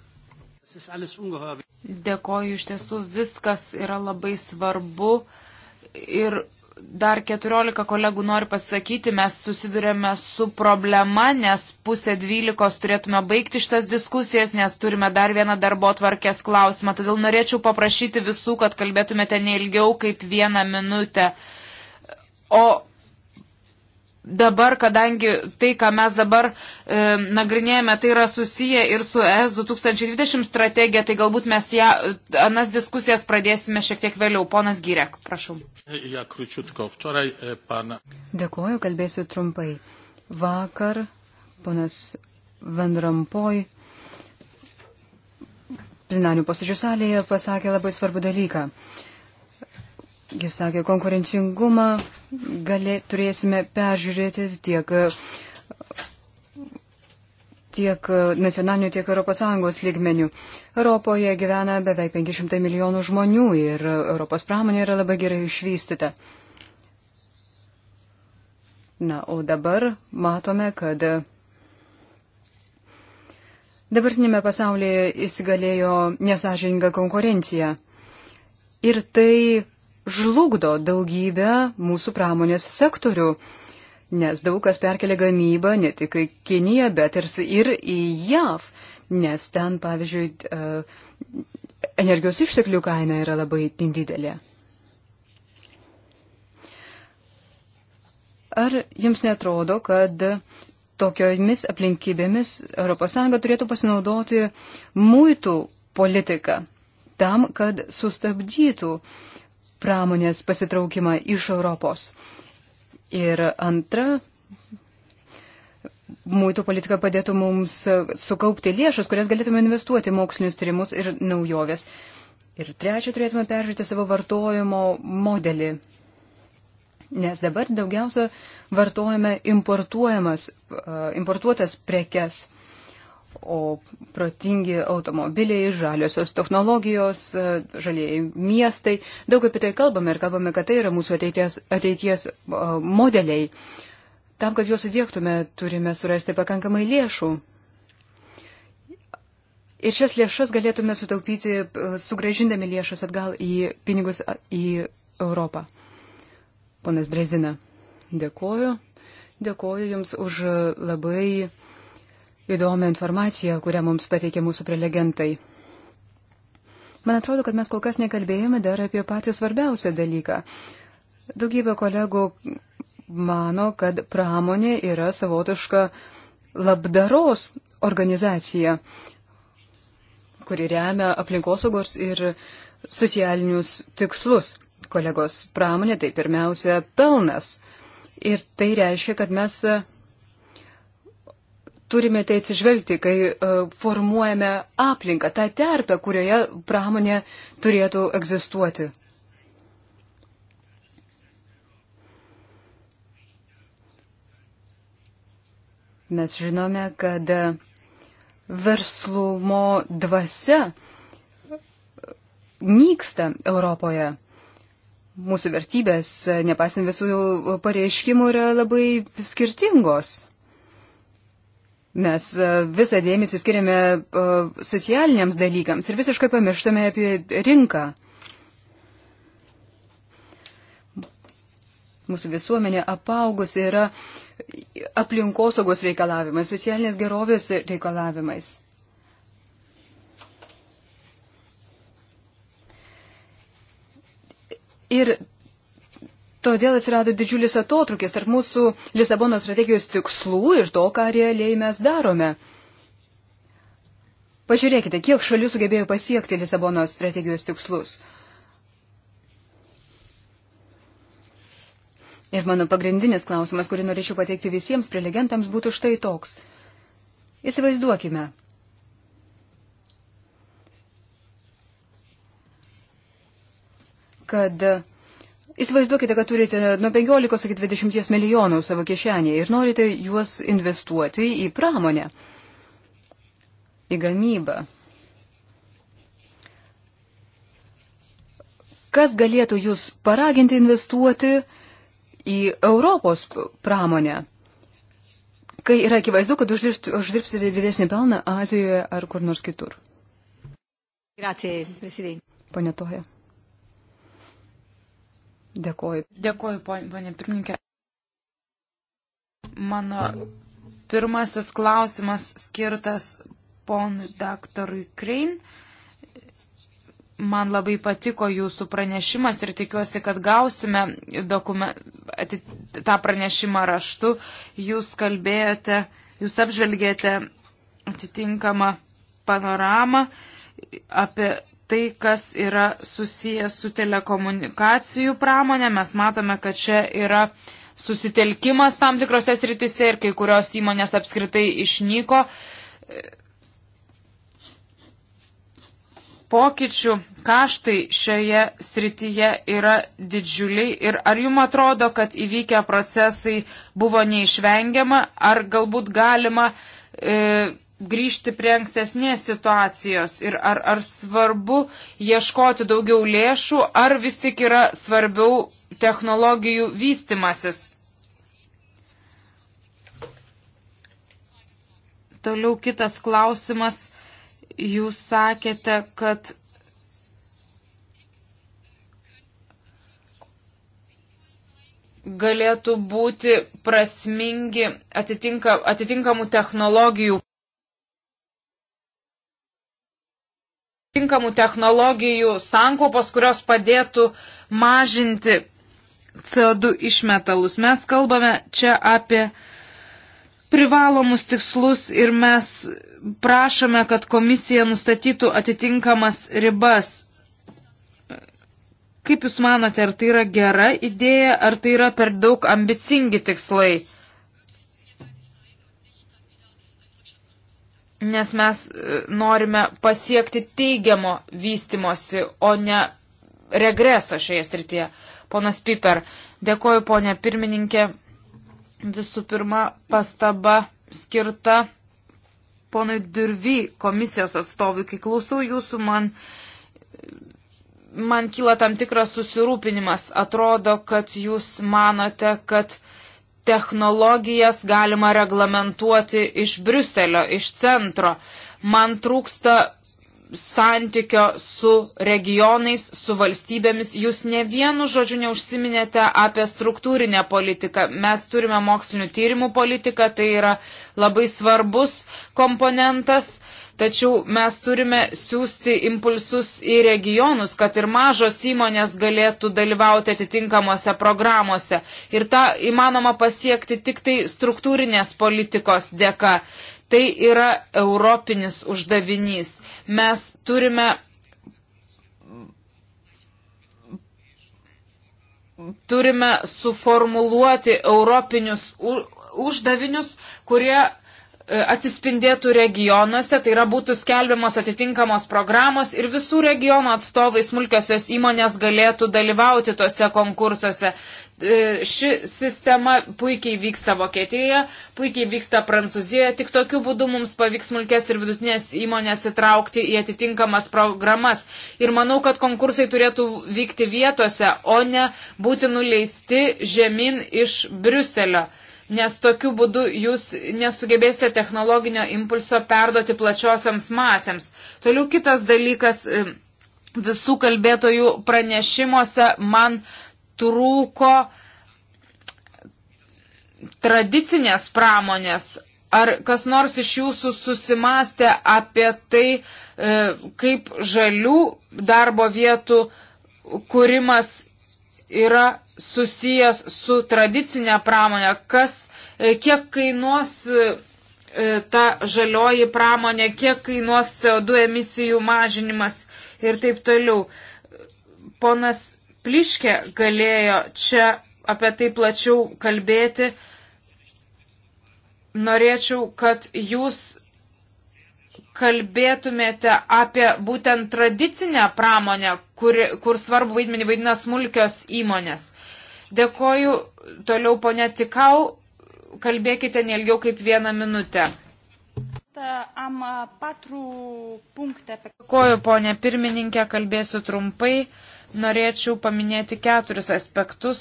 Dėkoju, iš tiesų viskas yra labai svarbu. Ir dar 14 kolegų nori pasakyti, mes susidurėme su problema, nes pusė dvylikos turėtume baigti šitas diskusijas, nes turime dar vieną darbo tvarkės klausimą. Todėl norėčiau paprašyti visų, kad kalbėtumėte neilgiau kaip vieną minutę. O dabar, kadangi tai, ką mes dabar e, nagrinėjame, tai yra susiję ir su ES 2020 strategija, tai galbūt mes ją, e, anas diskusijas pradėsime šiek tiek vėliau. Ponas Girek, prašau. E, Dėkuoju, kalbėsiu trumpai. Vakar ponas Vendrampoj plenarių posėdžių salėje pasakė labai svarbų dalyką. Jis sakė, konkurencingumą galė, turėsime peržiūrėti tiek, tiek nacionalinių, tiek ES lygmenių. Europoje gyvena beveik 500 milijonų žmonių ir Europos pramonė yra labai gerai išvystyta. Na, o dabar matome, kad dabartinėme pasaulyje įsigalėjo nesažininga konkurencija. Ir tai žlugdo daugybę mūsų pramonės sektorių, nes daug kas perkelia gamybą ne tik į Kiniją, bet ir, ir į JAV, nes ten, pavyzdžiui, e, energijos išteklių kaina yra labai didelė. Ar jums netrodo, kad tokiomis aplinkybėmis ES turėtų pasinaudoti muitų politiką tam, kad sustabdytų uh, pramonės pasitraukimą iš Europos. Ir antra, mūtų politika padėtų mums sukaupti lėšas, kurias galėtume investuoti mokslinius tyrimus ir naujoves. Ir trečia, turėtume peržiūrėti savo vartojimo modelį. Nes dabar daugiausia vartojame importuojamas, importuotas prekes o protingi automobiliai, žaliosios technologijos, e, žalieji miestai. Daug apie tai kalbame ir kalbame, kad tai yra mūsų ateities, ateities e, modeliai. Tam, kad juos įdėktume, turime surasti pakankamai lėšų. Ir šias lėšas galėtume sutaupyti, e, sugražindami lėšas atgal į pinigus į Europą. Ponas Drezina, dėkoju. Dėkoju Jums už labai uh, įdomią informaciją, kurią mums pateikė mūsų prelegentai. Man atrodo, kad mes kol kas nekalbėjome dar apie patį svarbiausią dalyką. Daugybė kolegų mano, kad pramonė yra savotiška labdaros organizacija, kuri remia aplinkosaugos ir socialinius tikslus. Kolegos pramonė tai pirmiausia pelnas. Ir tai reiškia, kad mes turime tai atsižvelgti, kai e, formuojame aplinką, tą terpę, kurioje pramonė turėtų egzistuoti. Mes žinome, kad verslumo dvasia nyksta Europoje. Mūsų vertybės, nepasim visų pareiškimų, yra labai skirtingos. Mes e, visą dėmesį skiriame e, socialiniams dalykams ir visiškai pamirštame apie rinką. Mūsų visuomenė apaugus yra aplinkosaugos reikalavimais, socialinės gerovės reikalavimais. Ir Todėl atsirado didžiulis atotrukis tarp mūsų Lisabono strategijos tikslų ir to, ką realiai mes darome. Pažiūrėkite, kiek šalių sugebėjo pasiekti Lisabono strategijos tikslus. Ir mano pagrindinis klausimas, kurį norėčiau pateikti visiems prelegentams, būtų štai toks. Įsivaizduokime. kad Įsivaizduokite, kad turite nuo 15 iki 20 milijonų savo kišenėje ir norite juos investuoti į pramonę, į gamybą. Kas galėtų jūs paraginti investuoti į Europos pramonę, kai yra akivaizdu, kad uždirbsite didesnį pelną Azijoje ar kur nors kitur? Grazie, Pane Toje. Dėkoju. Dėkoju, ponė pirmininkė. Mano pirmasis klausimas skirtas ponui daktarui Krein. Man labai patiko jūsų pranešimas ir tikiuosi, kad gausime dokumen... tą pranešimą raštu. Jūs kalbėjote, jūs apžvelgėte atitinkamą panoramą apie tai, kas yra susijęs su telekomunikacijų pramonė. Mes matome, kad čia yra susitelkimas tam tikrose sritise ir kai kurios įmonės apskritai išnyko. Pokyčių kaštai šioje srityje yra didžiuliai ir ar jums atrodo, kad įvykę procesai buvo neišvengiama, ar galbūt galima e, grįžti prie ankstesnės situacijos ir ar, ar svarbu ieškoti daugiau lėšų, ar vis tik yra svarbiau technologijų vystimasis. Toliau kitas klausimas. Jūs sakėte, kad galėtų būti prasmingi atitinka, atitinkamų technologijų tinkamų technologijų sankopos, kurios padėtų mažinti CO2 išmetalus. Mes kalbame čia apie privalomus tikslus ir mes prašome, kad komisija nustatytų atitinkamas ribas. Kaip Jūs manote, ar tai yra gera idėja, ar tai yra per daug ambicingi tikslai? nes mes e, norime pasiekti teigiamo vystimosi, o ne regreso šioje srityje. Ponas Piper, dėkoju ponė pirmininkė. Visų pirma, pastaba skirta ponui Durvy komisijos atstovui. Kai klausau jūsų, man, man kyla tam tikras susirūpinimas. Atrodo, kad jūs manote, kad technologijas galima reglamentuoti iš Briuselio, iš centro. Man trūksta santykio su regionais, su valstybėmis. Jūs ne vienu žodžiu neužsiminėte apie struktūrinę politiką. Mes turime mokslinių tyrimų politiką, tai yra labai svarbus komponentas tačiau mes turime siūsti impulsus į regionus, kad ir mažos įmonės galėtų dalyvauti atitinkamuose programuose. Ir tą įmanoma pasiekti tik tai struktūrinės politikos dėka. Tai yra europinis uždavinys. Mes turime turime suformuluoti europinius uždavinius, kurie E, atsispindėtų regionuose, tai yra būtų skelbiamos atitinkamos programos ir visų regionų atstovai smulkiosios įmonės galėtų dalyvauti tose konkursuose. E, ši sistema puikiai vyksta Vokietijoje, puikiai vyksta Prancūzijoje, tik tokiu būdu mums pavyks smulkės ir vidutinės įmonės įtraukti į atitinkamas programas. Ir manau, kad konkursai turėtų vykti vietose, o ne būti nuleisti žemyn iš Briuselio nes tokiu būdu jūs nesugebėsite technologinio impulso perduoti plačiosiams masėms. Toliau kitas dalykas, e, visų kalbėtojų pranešimuose man trūko tradicinės pramonės. Ar kas nors iš jūsų susimastė apie tai, e, kaip žalių darbo vietų kūrimas yra susijęs su tradicinė pramonė, kas, e, kiek kainuos e, e, ta žalioji pramonė, kiek kainuos CO2 emisijų mažinimas ir taip toliau. Ponas Pliškė galėjo čia apie tai plačiau kalbėti. Norėčiau, kad jūs kalbėtumėte apie būtent tradicinę pramonę, kur, kur svarbu vaidmenį vaidina smulkios įmonės. Dėkoju, toliau ponė Tikau, kalbėkite nelgiau kaip vieną minutę. Dėkoju, ponė pirmininkė, kalbėsiu trumpai. Norėčiau paminėti keturis aspektus.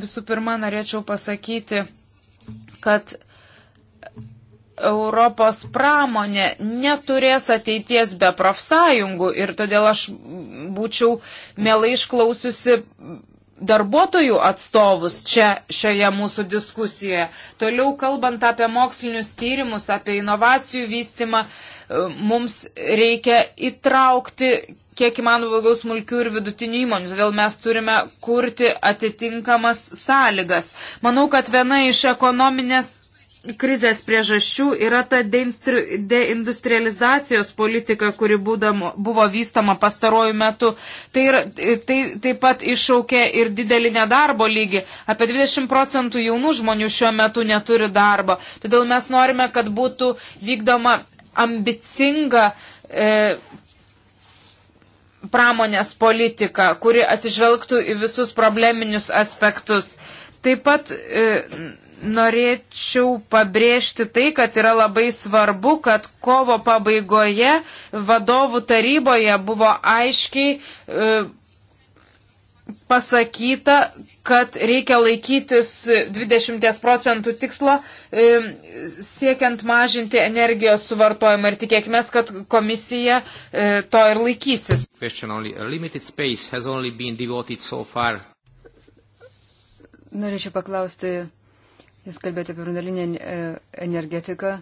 Visų pirma, norėčiau pasakyti, kad Europos pramonė neturės ateities be profsąjungų ir todėl aš būčiau mielai išklausiusi darbuotojų atstovus čia šioje mūsų diskusijoje. Toliau kalbant apie mokslinius tyrimus, apie inovacijų vystimą, mums reikia įtraukti kiek įmanoma daugiau smulkių ir vidutinių įmonių, todėl mes turime kurti atitinkamas sąlygas. Manau, kad viena iš ekonominės krizės priežasčių yra ta deindustrializacijos politika, kuri būdamo, buvo vystoma pastaruoju metu. Tai, yra, tai taip pat iššaukė ir didelį nedarbo lygį. Apie 20 procentų jaunų žmonių šiuo metu neturi darbo. Todėl mes norime, kad būtų vykdoma ambicinga. E, pramonės politika, kuri atsižvelgtų į visus probleminius aspektus. Taip pat e, norėčiau pabrėžti tai, kad yra labai svarbu, kad kovo pabaigoje vadovų taryboje buvo aiškiai e, pasakyta, kad reikia laikytis 20 procentų tikslo e, siekiant mažinti energijos suvartojimą ir tikėkime, kad komisija e, to ir laikysis. Norėčiau paklausti Jūs kalbėjote apie brandalinę e, energetiką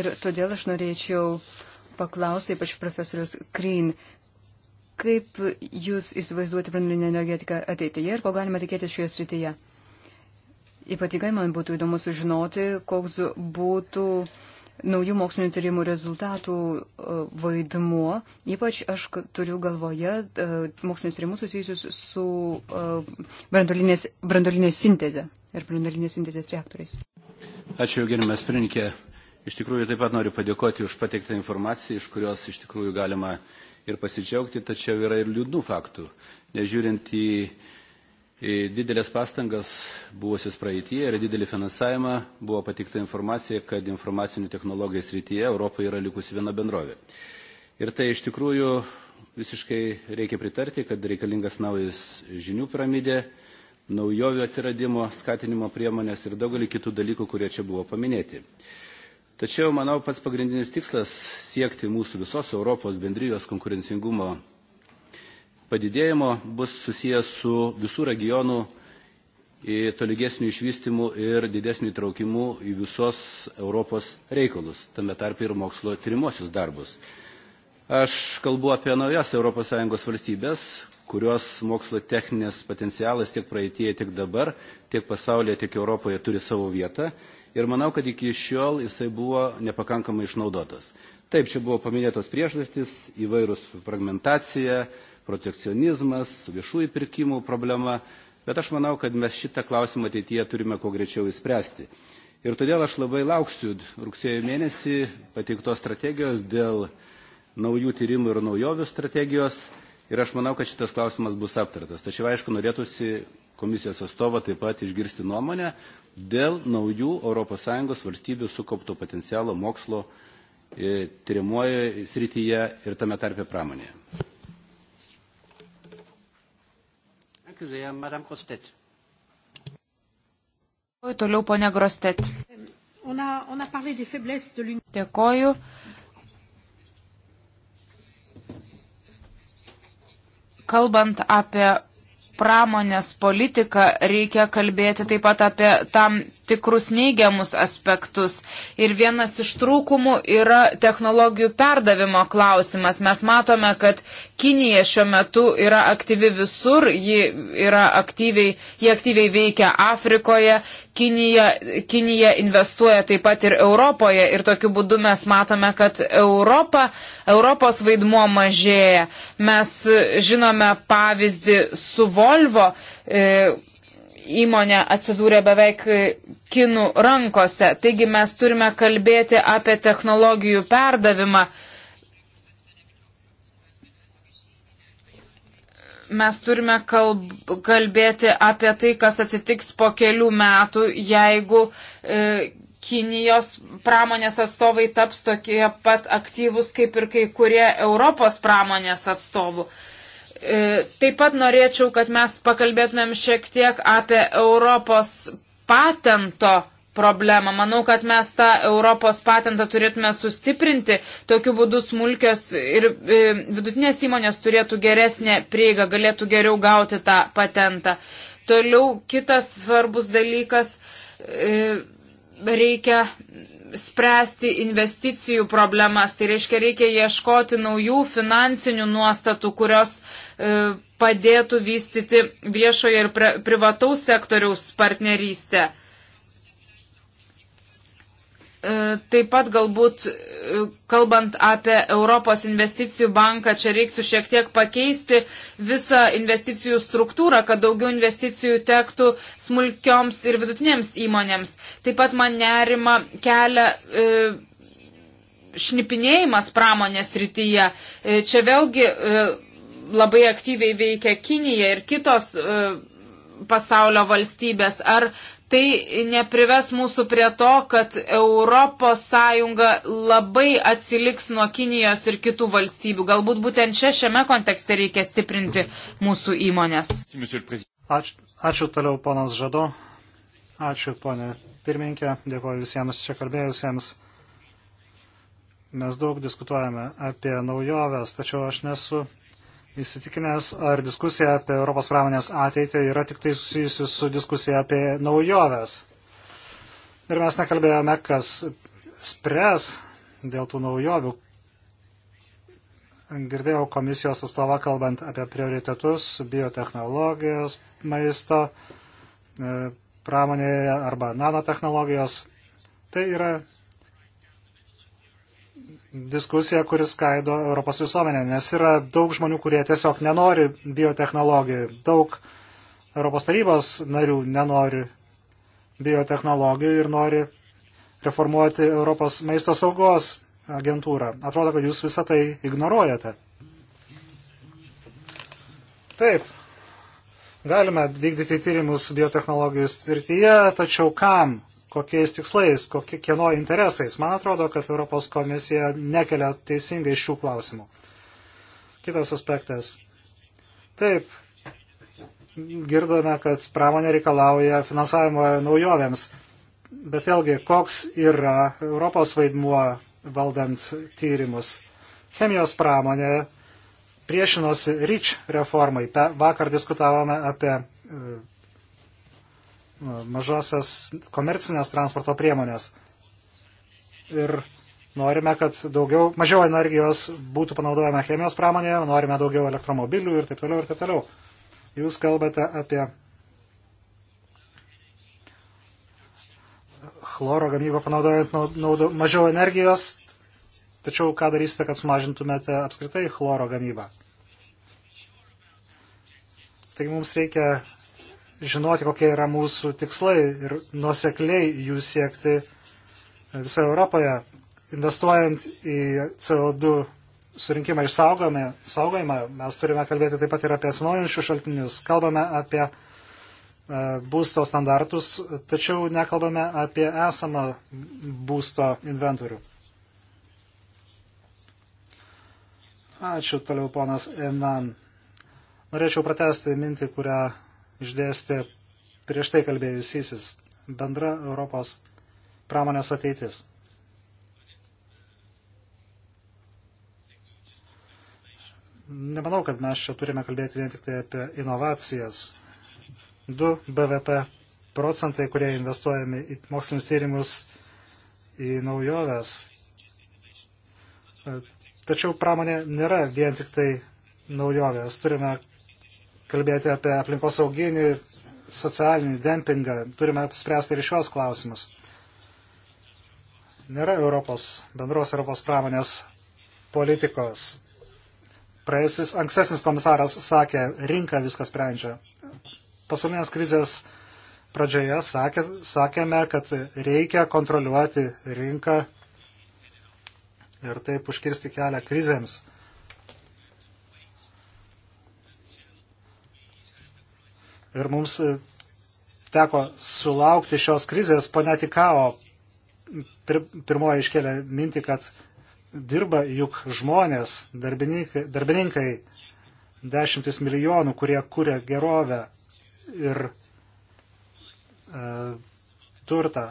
ir todėl aš norėčiau paklausti, ypač profesorius Kryn, kaip jūs įsivaizduojate brandalinę energetiką ateityje ir ko galima tikėtis šioje srityje. Ypatingai man būtų įdomu sužinoti, koks būtų uh, naujų mokslinio tyrimų rezultatų e, vaidmuo, ypač aš turiu galvoje e, mokslinius tyrimus susijusius su e, brandolinės, brandolinės sintezė ir brandolinės sintezės reaktoriais. Ačiū, gerimas pirmininkė. Iš tikrųjų, taip pat noriu padėkoti už pateiktą informaciją, iš kurios iš tikrųjų galima ir pasidžiaugti, tačiau yra ir liūdnų faktų. Nežiūrint į didelės pastangas buvusius praeitie ir didelį finansavimą buvo patikta informacija, kad informacinių technologijų srityje Europoje yra likusi viena bendrovė. Ir tai iš tikrųjų visiškai reikia pritarti, kad reikalingas naujas žinių piramidė, naujovių atsiradimo, skatinimo priemonės ir daugelį kitų dalykų, kurie čia buvo paminėti. Tačiau, manau, pats pagrindinis tikslas siekti mūsų visos Europos bendrijos konkurencingumo padidėjimo bus susijęs su visų regionų tolygesnių išvystimų ir didesnių įtraukimų į visos Europos reikalus, tame tarp ir mokslo tyrimosius darbus. Aš kalbu apie naujas ES valstybės, kurios mokslo techninės potencialas tiek praeitie, tiek dabar, tiek pasaulyje, tiek Europoje turi savo vietą. Ir manau, kad iki šiol jisai buvo nepakankamai išnaudotas. Taip, čia buvo paminėtos priežastys, įvairūs fragmentacija, protekcionizmas, viešųjų pirkimų problema, bet aš manau, kad mes šitą klausimą ateityje turime kuo greičiau įspręsti. Ir todėl aš labai lauksiu rugsėjo mėnesį pateiktos strategijos dėl naujų tyrimų ir naujovių strategijos ir aš manau, kad šitas klausimas bus aptartas. Tačiau aišku, norėtųsi komisijos atstovo taip pat išgirsti nuomonę dėl naujų ES valstybių sukaupto potencialo mokslo e, tyrimuojoje srityje ir tame tarpe pramonėje. Danke sehr, Madame Grostet. Toliau ponia Grostet. Dėkoju. Kalbant apie pramonės politiką, reikia kalbėti taip pat apie tam tikrus neigiamus aspektus. Ir vienas iš trūkumų yra technologijų perdavimo klausimas. Mes matome, kad Kinija šiuo metu yra aktyvi visur, ji, yra aktyviai, ji aktyviai veikia Afrikoje, Kinija, Kinija investuoja taip pat ir Europoje ir tokiu būdu mes matome, kad Europa, Europos vaidmuo mažėja. Mes žinome pavyzdį su Volvo. E, įmonė atsidūrė beveik kinų rankose. Taigi mes turime kalbėti apie technologijų perdavimą. Mes turime kalb, kalbėti apie tai, kas atsitiks po kelių metų, jeigu e, Kinijos pramonės atstovai taps tokie pat aktyvus kaip ir kai kurie Europos pramonės atstovų. E, taip pat norėčiau, kad mes pakalbėtumėm šiek tiek apie Europos patento problemą. Manau, kad mes tą Europos patentą turėtume sustiprinti. Tokiu būdu smulkios ir e, vidutinės įmonės turėtų geresnę prieigą, galėtų geriau gauti tą patentą. Toliau kitas svarbus dalykas e, reikia spręsti investicijų problemas. Tai reiškia, reikia ieškoti naujų finansinių nuostatų, kurios uh, E, padėtų vystyti viešojo ir privataus sektoriaus partnerystę. E, taip pat galbūt, e, kalbant apie Europos investicijų banką, čia reiktų šiek tiek pakeisti visą investicijų struktūrą, kad daugiau investicijų tektų smulkioms ir vidutinėms įmonėms. Taip pat man nerima kelia e, šnipinėjimas pramonės rytyje. E, čia vėlgi. E, labai aktyviai veikia Kinija ir kitos e, pasaulio valstybės, ar tai neprives mūsų prie to, kad Europos Sąjunga labai atsiliks nuo Kinijos ir kitų valstybių. Galbūt būtent čia šiame kontekste reikia stiprinti mūsų įmonės. Ačiū, ačiū toliau, ponas Žado. Ačiū, ponė pirmininkė. Dėkuoju visiems čia kalbėjusiems. Mes daug diskutuojame apie naujoves, tačiau aš nesu įsitikinęs, ar diskusija apie Europos pramonės ateitį yra tik tai susijusi su diskusija apie naujoves. Ir mes nekalbėjome, kas spres dėl tų naujovių. Girdėjau komisijos atstovą kalbant apie prioritetus, biotehnologijos, maisto e, pramonėje arba nanotehnologijos. Tai yra diskusija, kuris skaido Europos visuomenę, nes yra daug žmonių, kurie tiesiog nenori biotehnologijų, daug Europos tarybos narių nenori biotehnologijų ir nori reformuoti Europos maisto saugos agentūrą. Atrodo, kad jūs visą tai ignoruojate. Taip, galime vykdyti tyrimus biotehnologijų srityje, tačiau kam? kokiais tikslais, kokie, kieno interesais. Man atrodo, kad Europos komisija nekelia teisingai šių klausimų. Kitas aspektas. Taip, girdome, kad pramonė reikalauja finansavimo naujovėms. Bet vėlgi, koks yra Europos vaidmuo valdant tyrimus? Chemijos pramonė priešinosi REACH reformai. Vakar diskutavome apie e, mažasias komercinės transporto priemonės. Ir norime, kad daugiau, mažiau energijos būtų panaudojama chemijos pramonėje, norime daugiau elektromobilių ir taip toliau ir taip toliau. Jūs kalbate apie chloro gamybą panaudojant naudo, mažiau energijos, tačiau ką darysite, kad sumažintumėte apskritai chloro gamybą? Taigi mums reikia žinoti, kokie yra mūsų tikslai ir nuosekliai jų siekti visoje Europoje, investuojant į CO2 surinkimą ir saugojimą, mes turime kalbėti taip pat ir apie atsinaujančius šaltinius. Kalbame apie e, būsto standartus, tačiau nekalbame apie esamą būsto inventorių. Ačiū toliau ponas Enan. Norėčiau pratesti mintį, kurią išdėstė prieš tai kalbėjusysis bendra Europos pramonės ateitis. Nemanau, kad mes čia turime kalbėti vien tik tai apie inovacijas. 2 BVP procentai, kurie investuojami į mokslinius tyrimus, į naujoves. Tačiau pramonė nėra vien tik tai naujovės. Turime kalbėti apie aplinkosauginį socialinį dempingą, turime spręsti ir šios klausimus. Nėra Europos, bendros Europos pramonės politikos. Praėjusis ankstesnis komisaras sakė, rinka viską sprendžia. Pasaulinės krizės pradžioje sakė, sakėme, kad reikia kontroliuoti rinką ir taip užkirsti kelią krizėms. Ir mums e, teko sulaukti šios krizės. Pone Tikao pir, pirmoji iškėlė mintį, kad dirba juk žmonės, darbininkai, darbininkai dešimtis milijonų, kurie kūrė gerovę ir e, turtą.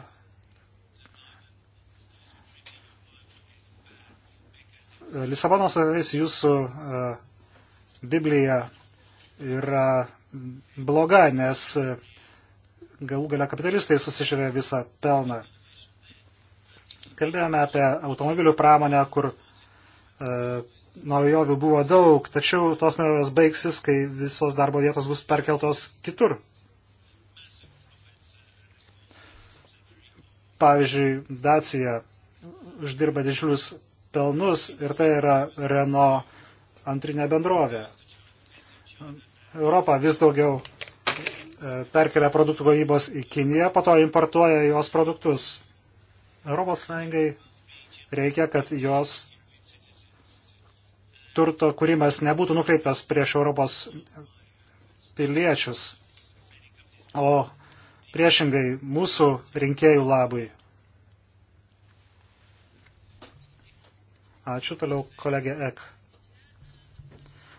Lisabonos avis jūsų e, Biblija yra bloga, nes e, galų galia kapitalistai susižiūrė visą pelną. Kalbėjome apie automobilių pramonę, kur e, naujovių buvo daug, tačiau tos naujovės baigsis, kai visos darbo vietos bus perkeltos kitur. Pavyzdžiui, Dacia uždirba didžiulius pelnus ir tai yra Renault antrinė bendrovė. Europa vis daugiau e, perkelia produktų gamybos į Kiniją, po to importuoja jos produktus. Europos Sąjungai reikia, kad jos turto kūrimas nebūtų nukreiptas prieš Europos piliečius, o priešingai mūsų rinkėjų labui. Ačiū toliau kolegė Ek.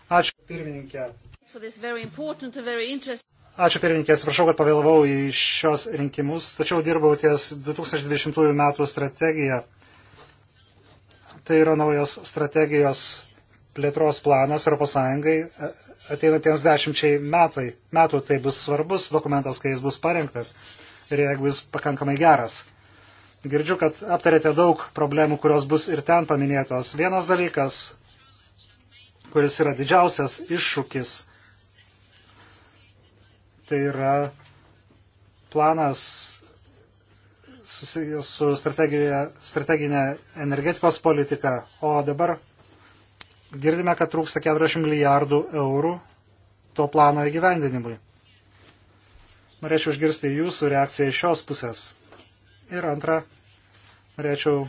Ačiū pirmininkė. Ačiū pirmininkė, atsiprašau, kad pavėlavau į šios rinkimus, tačiau dirbau ties 2020 m. strategija. Tai yra naujas strategijos plėtros planas Europos Sąjungai e, ateinatiems dešimčiai metai, metų. Tai bus svarbus dokumentas, kai jis bus parengtas ir jeigu jis pakankamai geras. Girdžiu, kad aptarėte daug problemų, kurios bus ir ten paminėtos. Vienas dalykas, kuris yra didžiausias iššūkis tai yra planas susijęs su strateginė energetikos politika. O dabar girdime, kad trūksta 40 milijardų eurų to plano įgyvendinimui. Norėčiau išgirsti jūsų reakciją iš šios pusės. Ir antra, norėčiau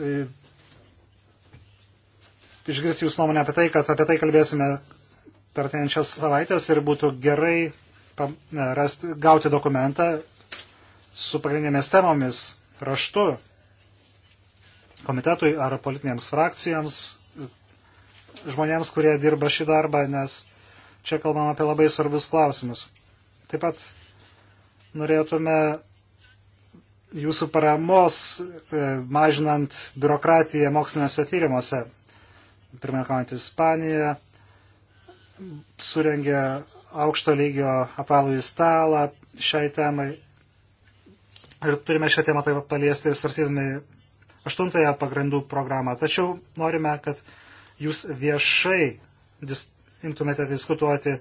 e, išgirsti jūsų nuomonę apie tai, kad apie tai kalbėsime per tenčias savaitės ir būtų gerai e, rast, gauti dokumentą su pagrindinėmis temomis raštu komitetui ar politinėms frakcijams, žmonėms, kurie dirba šį darbą, nes čia kalbam apie labai svarbius klausimus. Taip pat norėtume jūsų paramos e, mažinant biurokratiją moksliniuose tyrimuose, pirmininkaujant Ispaniją, surengė aukšto lygio apalų į stalą šiai temai. Ir turime šią temą taip paliesti svarstydami aštuntąją pagrindų programą. Tačiau norime, kad jūs viešai dis imtumėte diskutuoti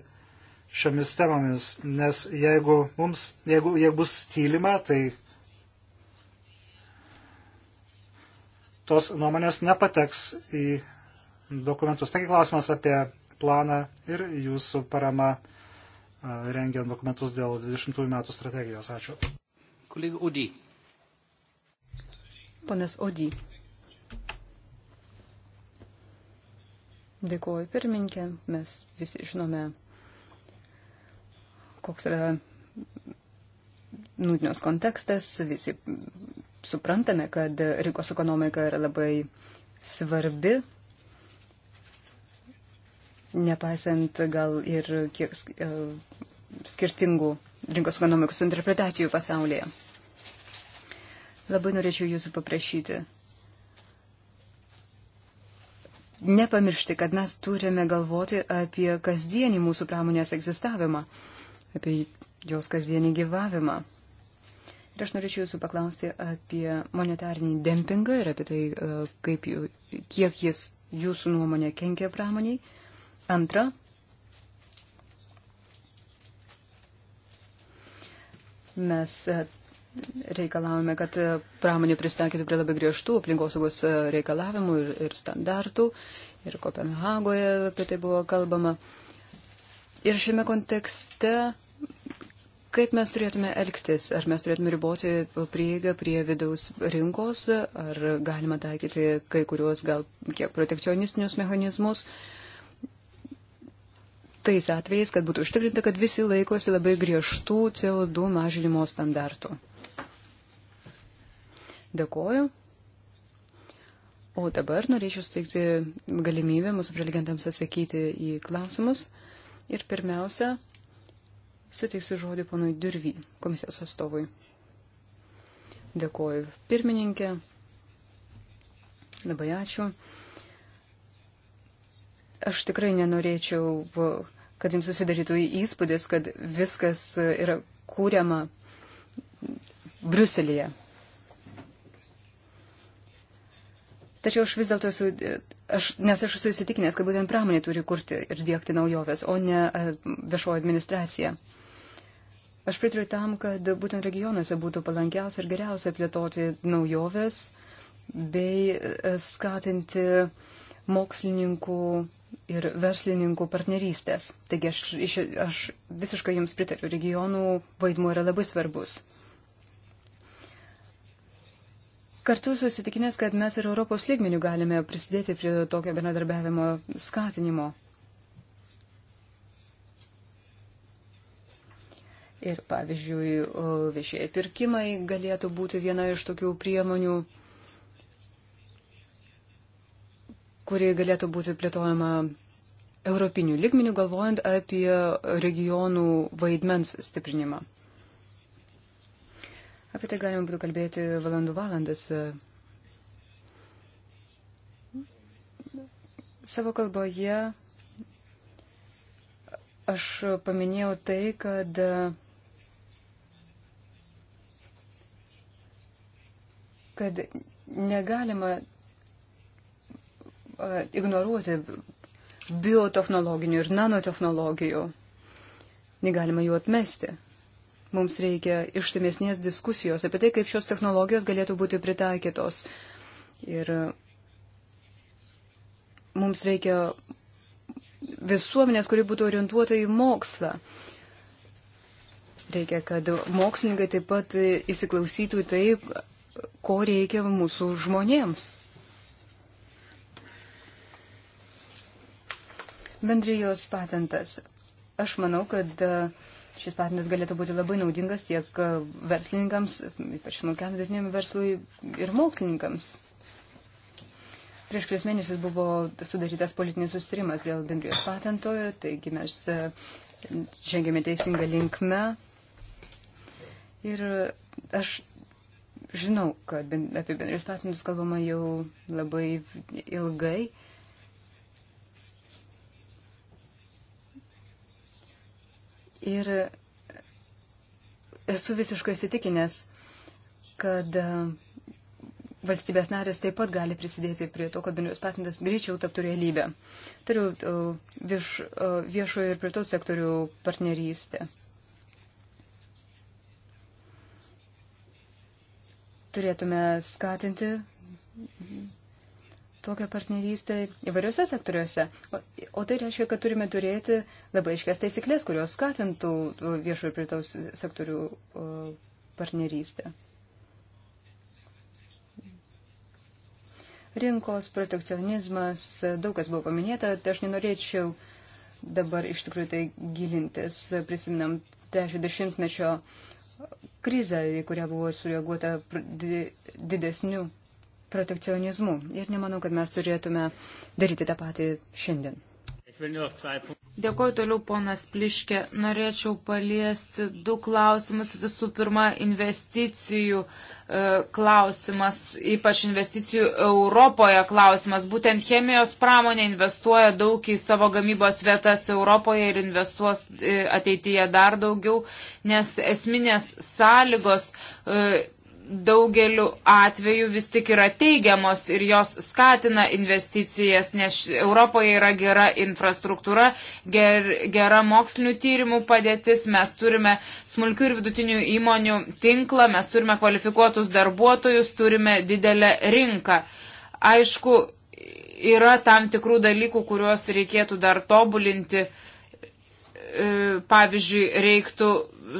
šiomis temomis, nes jeigu, mums, jeigu, jeigu bus tylima, tai tos nuomonės nepateks į dokumentus. Taigi klausimas apie planą ir jūsų parama rengiant dokumentus dėl 20 metų strategijos. Ačiū. Kolega Odi. Ponas Odi. Dėkuoju pirmininkė, mes visi žinome, koks yra nūdienos kontekstas, visi suprantame, kad rinkos ekonomika yra labai svarbi nepaisant gal ir kiek e, skirtingų rinkos ekonomikos interpretacijų pasaulyje. Labai norėčiau jūsų paprašyti. Nepamiršti, kad mes turime galvoti apie kasdienį mūsų pramonės egzistavimą, apie jos kasdienį gyvavimą. Ir aš norėčiau jūsų paklausti apie monetarinį dempingą ir apie tai, e, kaip, kiek jis jūsų nuomonė kenkia pramoniai. Antra. Mes e, reikalavome, kad e, pramonė pristakytų prie labai griežtų aplinkosaugos e, reikalavimų ir, ir standartų. Ir Kopenhagoje apie tai buvo kalbama. Ir šiame kontekste, kaip mes turėtume elgtis? Ar mes turėtume riboti prieigą prie vidaus rinkos, ar galima taikyti kai kuriuos gal kiek protekcionistinius mechanizmus? Uh, tais atvejais, kad būtų užtikrinta, kad visi laikosi labai griežtų CO2 mažinimo standartų. Dėkoju. O dabar norėčiau suteikti galimybę mūsų prelegentams atsakyti į klausimus. Ir pirmiausia, suteiksiu žodį ponui Dirvy, komisijos atstovui. Dėkoju pirmininkė. Labai ačiū. Aš tikrai nenorėčiau, kad jums susidarytų įspūdis, kad viskas yra kūriama Bruselėje. Tačiau aš vis dėlto esu, aš, nes aš esu įsitikinęs, kad būtent pramonė turi kurti ir dėkti naujoves, o ne e, viešoji administracija. Aš pritariu tam, kad būtent regionuose būtų palankiausia ir geriausia plėtoti naujoves bei e, skatinti mokslininkų ir verslininkų partnerystės. Taigi aš, aš visiškai jums pritariu, regionų vaidmuo yra labai svarbus. Kartu susitikinęs, kad mes ir Europos lygmenių galime prisidėti prie tokio bendradarbiavimo skatinimo. Ir pavyzdžiui, viešieji pirkimai galėtų būti viena iš tokių priemonių kuri galėtų būti plėtojama europinių ligminių, galvojant apie regionų vaidmens stiprinimą. Apie tai galima būtų kalbėti valandų valandas. Savo kalboje aš paminėjau tai, kad kad negalima E, ignoruoti biotechnologinių ir nanotehnologijų. Negalima jų atmesti. Mums reikia išsamesnės diskusijos apie tai, kaip šios technologijos galėtų būti pritaikytos. Ir e, mums reikia visuomenės, kuri būtų orientuota į mokslą. Reikia, kad mokslininkai taip pat įsiklausytų tai, ko reikia mūsų žmonėms. bendrijos patentas. Aš manau, kad e, šis patentas galėtų būti labai naudingas tiek e, verslininkams, ypač smulkiam vidutiniam verslui ir mokslininkams. Prieš kelias mėnesius buvo sudarytas politinis sustarimas dėl bendrijos patentojo, taigi mes e, žengėme teisingą linkmę. Ir aš žinau, kad apie bendrijos patentus kalbama jau labai ilgai. Ir esu visiškai įsitikinęs, kad e, valstybės narės taip pat gali prisidėti prie to, kad bendrijos patentas greičiau taptų realybę. Turiu tai e, vieš, e, viešojo ir prietos sektorių partnerystę. Turėtume skatinti tokią partnerystę įvairiuose sektoriuose. O, o tai reiškia, kad turime turėti labai aiškias taisyklės, kurios skatintų viešo ir pritaus sektorių partnerystę. Rinkos, protekcionizmas, daug kas buvo paminėta, tai aš nenorėčiau dabar iš tikrųjų tai gilintis. Prisiminam trečio dešimtmečio krizę, į kurią buvo sureaguota didesnių protekcionizmu. Ir nemanau, kad mes turėtume daryti tą patį šiandien. Dėkuoju toliau, ponas Pliškė. Norėčiau paliesti du klausimus. Visų pirma, investicijų e, klausimas, ypač investicijų Europoje klausimas. Būtent chemijos pramonė investuoja daug į savo gamybos vietas Europoje ir investuos e, ateityje dar daugiau, nes esminės sąlygos e, daugeliu atveju vis tik yra teigiamos ir jos skatina investicijas, nes Europoje yra gera infrastruktūra, ger, gera mokslinių tyrimų padėtis, mes turime smulkių ir vidutinių įmonių tinklą, mes turime kvalifikuotus darbuotojus, turime didelę rinką. Aišku, yra tam tikrų dalykų, kuriuos reikėtų dar tobulinti. E, pavyzdžiui, reiktų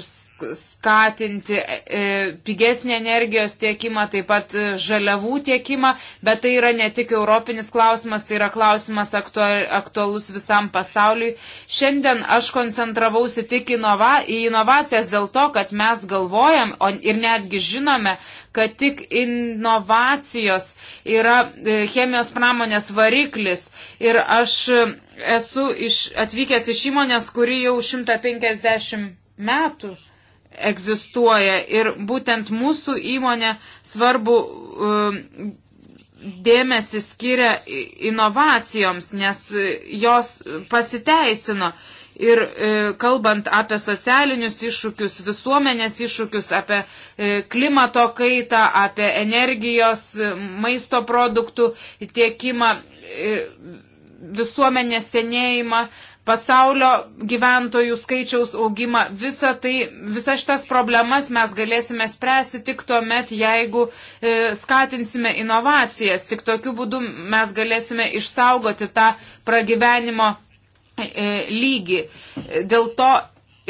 skatinti e, e, pigesnį energijos tiekimą, taip pat e, žaliavų tiekimą, bet tai yra ne tik europinis klausimas, tai yra klausimas aktualus visam pasauliui. Šiandien aš koncentravausi tik inova, į inovacijas dėl to, kad mes galvojam ir netgi žinome, kad tik inovacijos yra chemijos pramonės variklis. Ir aš esu iš, atvykęs iš įmonės, kuri jau 150 metų egzistuoja ir būtent mūsų įmonė svarbu um, dėmesį skiria inovacijoms, nes e, jos pasiteisino. Ir e, kalbant apie socialinius iššūkius, visuomenės iššūkius, apie e, klimato kaitą, apie energijos, e, maisto produktų tiekimą, e, visuomenės senėjimą, e, pasaulio gyventojų skaičiaus augimą, visa tai, visas šitas problemas mes galėsime spręsti tik tuo met, jeigu e, skatinsime inovacijas. Tik tokiu būdu mes galėsime išsaugoti tą pragyvenimo e, e lygį. Dėl to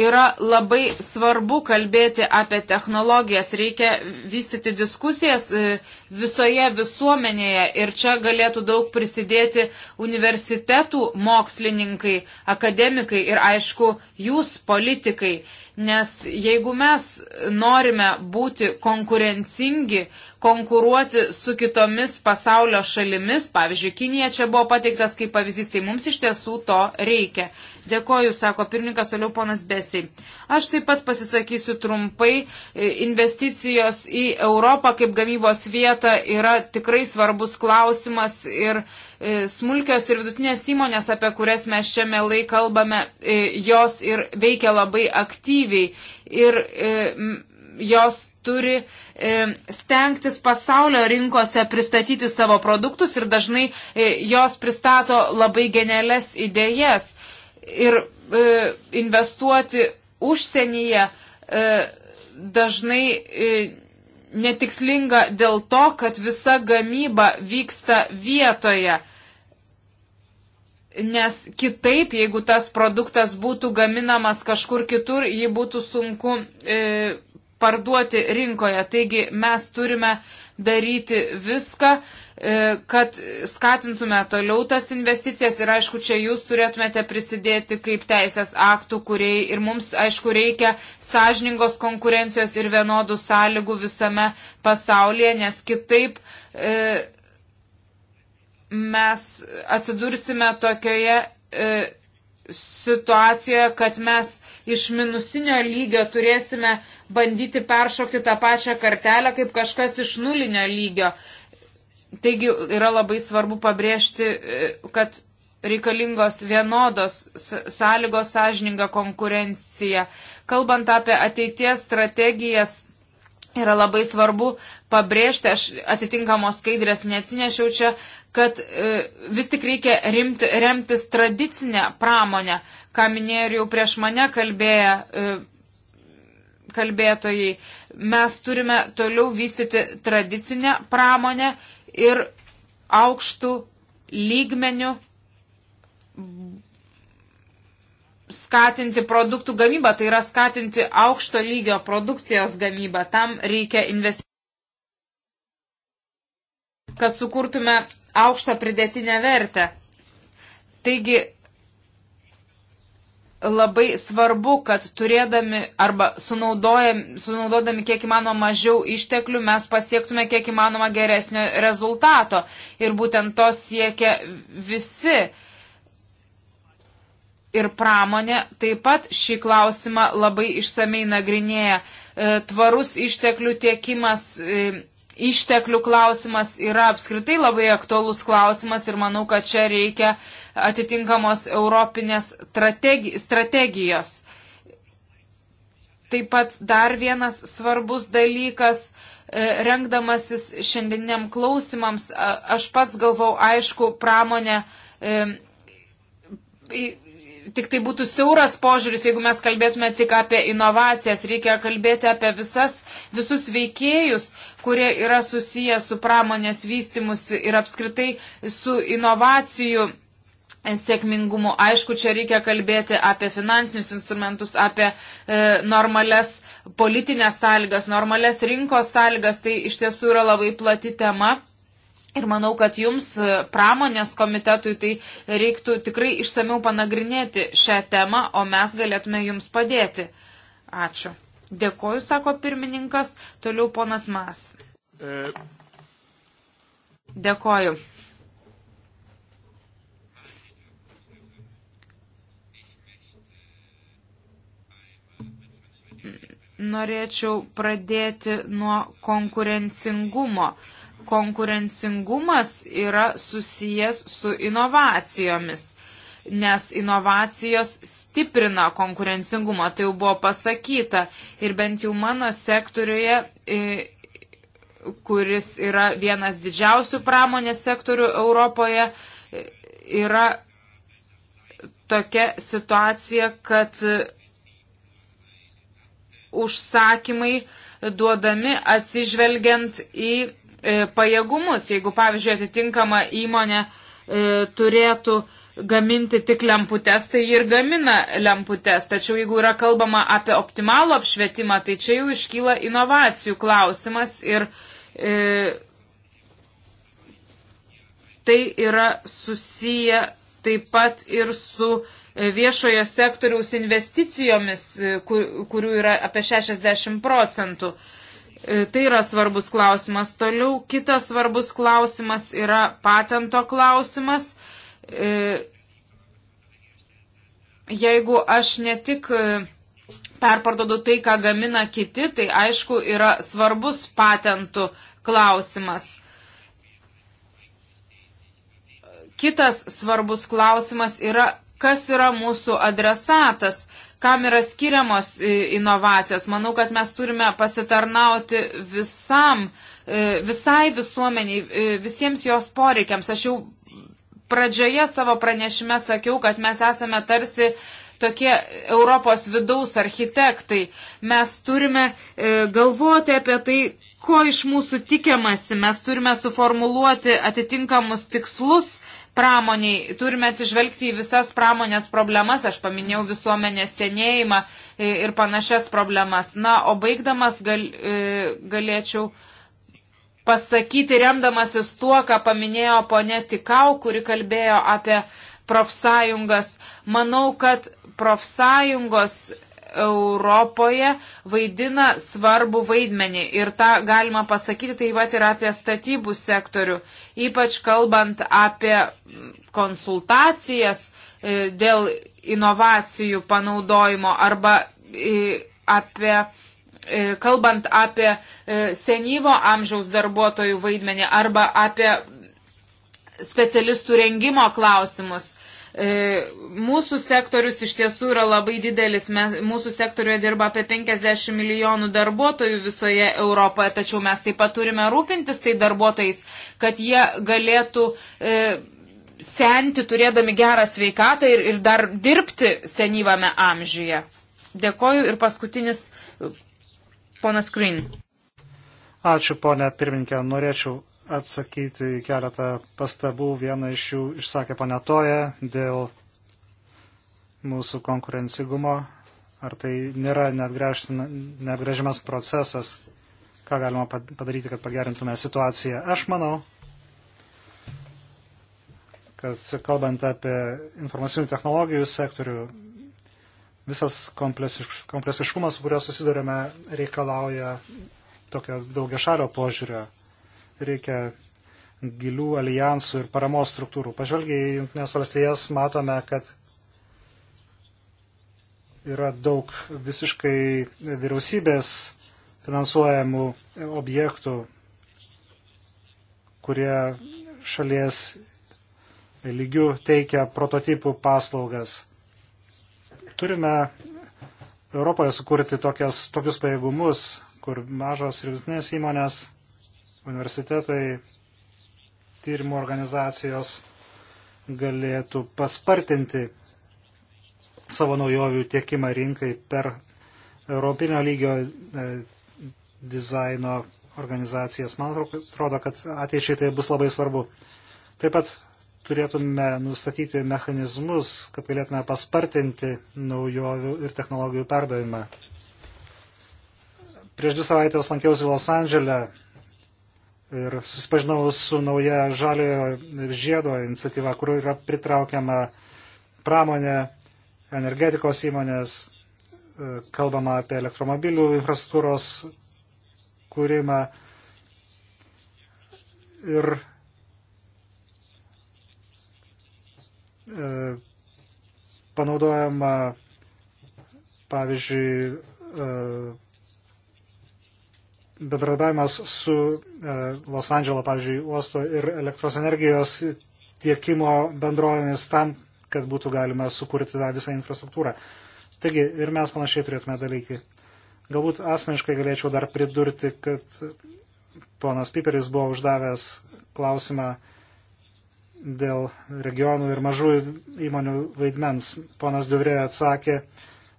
yra labai svarbu kalbėti apie technologijas, reikia vystyti diskusijas e, visoje visuomenėje ir čia galėtų daug prisidėti universitetų mokslininkai, akademikai ir aišku jūs politikai. Nes jeigu mes norime būti konkurencingi, konkuruoti su kitomis pasaulio šalimis, pavyzdžiui, Kinija čia buvo pateiktas kaip pavyzdys, tai mums iš tiesų to reikia. Dėkoju, sako pirmininkas, toliau ponas Besiai. Aš taip pat pasisakysiu trumpai. E, investicijos į Europą kaip gamybos vietą yra tikrai svarbus klausimas ir e, smulkios ir vidutinės įmonės, apie kurias mes čia melai kalbame, e, jos ir veikia labai aktyviai. Ir jos turi stengtis pasaulio rinkose pristatyti savo produktus ir dažnai jos pristato labai genelės idėjas ir e, investuoti užsienyje e, dažnai e, netikslinga dėl to, kad visa gamyba vyksta vietoje. Nes kitaip, jeigu tas produktas būtų gaminamas kažkur kitur, jį būtų sunku e, parduoti rinkoje. Taigi mes turime daryti viską, e, E, kad skatintume toliau tas investicijas ir aišku, čia jūs turėtumėte prisidėti kaip teisės aktų, kuriai ir mums aišku reikia sąžiningos konkurencijos ir vienodų sąlygų visame pasaulyje, nes kitaip e, mes atsidursime tokioje e, situacijoje, kad mes iš minusinio lygio turėsime bandyti peršokti tą pačią kartelę kaip kažkas iš nulinio lygio. E, Taigi yra labai svarbu pabrėžti, e, kad reikalingos vienodos sąlygos sąžininga konkurencija. Kalbant apie ateities strategijas, yra labai svarbu pabrėžti, aš atitinkamos skaidrės neatsinešiau čia, kad e, vis tik reikia rimti, remtis tradicinę pramonę, ką minėjo ir jau prieš mane kalbėję e, kalbėtojai. Mes turime toliau vystyti tradicinę pramonę ir aukštų lygmenių skatinti produktų gamybą, tai yra skatinti aukšto lygio produkcijos gamybą. Tam reikia investicijų, kad sukurtume aukštą pridėtinę vertę. Taigi labai svarbu, kad turėdami arba sunaudodami kiek įmanoma mažiau išteklių mes pasiektume kiek įmanoma geresnio rezultato. Ir būtent to siekia visi. Ir pramonė taip pat šį klausimą labai išsamei nagrinėja. E, tvarus išteklių tiekimas e, išteklių klausimas yra apskritai labai aktuolus klausimas ir manau, kad čia reikia atitinkamos europinės strategijos. Taip pat dar vienas svarbus dalykas e, rengdamasis šiandieniam klausimams, aš pats galvau, aišku, pramonė, e, tik tai būtų siauras požiūris, jeigu mes kalbėtume tik apie inovacijas, reikia kalbėti apie visas, visus veikėjus, kurie yra susiję su pramonės vystimus ir apskritai su inovacijų sėkmingumu. Aišku, čia reikia kalbėti apie finansinius instrumentus, apie e, normales politinės sąlygas, normales rinkos sąlygas. Tai iš tiesų yra labai plati tema. Ir manau, kad jums e, pramonės komitetui tai reiktų tikrai išsameu panagrinėti šią temą, o mes galėtume jums padėti. Ačiū. Dėkoju, sako pirmininkas. Toliau ponas Mas. E. Dėkoju. norėčiau pradėti nuo konkurencingumo. Konkurencingumas yra susijęs su inovacijomis, nes inovacijos stiprina konkurencingumą, tai jau buvo pasakyta. Ir bent jau mano sektoriuje, e, kuris yra vienas didžiausių pramonės sektorių Europoje, e, yra tokia situacija, kad užsakymai duodami atsižvelgiant į e, pajėgumus. Jeigu, pavyzdžiui, atitinkama įmonė e, turėtų gaminti tik lemputes, tai ir gamina lemputes. Tačiau jeigu yra kalbama apie optimalų apšvietimą, tai čia jau iškyla inovacijų klausimas ir e, tai yra susiję taip pat ir su viešojo sektoriaus investicijomis, e, kurių yra apie 60 procentų. E, tai yra svarbus klausimas. Toliau kitas svarbus klausimas yra patento klausimas. E, jeigu aš ne tik perparduodu tai, ką gamina kiti, tai aišku yra svarbus patentų klausimas. Kitas svarbus klausimas yra kas yra mūsų adresatas, kam yra skiriamos e, inovacijos. Manau, kad mes turime pasitarnauti visam, e, visai visuomeniai, e, visiems jos poreikiams. Aš jau pradžioje savo pranešime sakiau, kad mes esame tarsi tokie Europos vidaus architektai. Mes turime galvoti apie tai, ko iš mūsų tikiamasi. Mes turime suformuluoti atitinkamus tikslus pramoniai. Turime atsižvelgti į visas pramonės problemas, aš paminėjau visuomenės senėjimą ir panašias problemas. Na, o baigdamas gal, galėčiau pasakyti, remdamasis tuo, ką paminėjo ponė Tikau, kuri kalbėjo apie profsąjungas. Manau, kad profsąjungos Europoje vaidina svarbu vaidmenį. Ir tą galima pasakyti taip pat ir apie statybų sektorių, ypač kalbant apie konsultacijas e, dėl inovacijų panaudojimo arba e, apie e, kalbant apie senyvo amžiaus darbuotojų vaidmenį arba apie specialistų rengimo klausimus. E, mūsų sektorius iš tiesų yra labai didelis. Mes, mūsų sektoriuje dirba apie 50 milijonų darbuotojų visoje Europoje, tačiau mes taip pat turime rūpintis tai darbuotojais, kad jie galėtų e, senti turėdami gerą sveikatą ir, ir dar dirbti senyvame amžiuje. Dėkoju ir paskutinis e, ponas Green. Ačiū, ponė pirmininkė. Norėčiau atsakyti į keletą pastabų. Vieną iš jų išsakė panetoja dėl mūsų konkurencigumo. Ar tai nėra neapgrėžimas procesas, ką galima padaryti, kad pagerintume situaciją? Aš manau, kad kalbant apie informacinių technologijų sektorių, visas kompleksiškumas, su kurio susidurėme, reikalauja tokio daugia šalio požiūrio reikia gilių alijansų ir paramos struktūrų. Pažvelgiai į Junktinės valstijas matome, kad yra daug visiškai vyriausybės finansuojamų objektų, kurie šalies lygių teikia prototipų paslaugas. Turime Europoje sukurti tokias, tokius pajėgumus, kur mažos ir vidutinės įmonės universitetai, tyrimų organizacijos galėtų paspartinti savo naujovių tiekimą rinkai per Europinio lygio e, dizaino organizacijas. Man atrodo, kad ateičiai tai bus labai svarbu. Taip pat turėtume nustatyti mechanizmus, kad galėtume paspartinti naujovių ir technologijų perdavimą. Prieš dvi savaitės lankiausi Los Andželę ir susipažinau su nauja žaliojo žiedo iniciatyva, kur yra pritraukiama pramonė, energetikos įmonės, e, kalbama apie elektromobilių infrastruktūros kūrimą ir e, panaudojama, pavyzdžiui, e, bendradarbiavimas su e, Los Andželo, pavyzdžiui, uosto ir elektros energijos tiekimo bendrovėmis tam, kad būtų galima sukurti tą visą infrastruktūrą. Taigi ir mes panašiai turėtume dalykai. Galbūt asmeniškai galėčiau dar pridurti, kad ponas Piperis buvo uždavęs klausimą dėl regionų ir mažųjų įmonių vaidmens. Ponas Duvrė atsakė,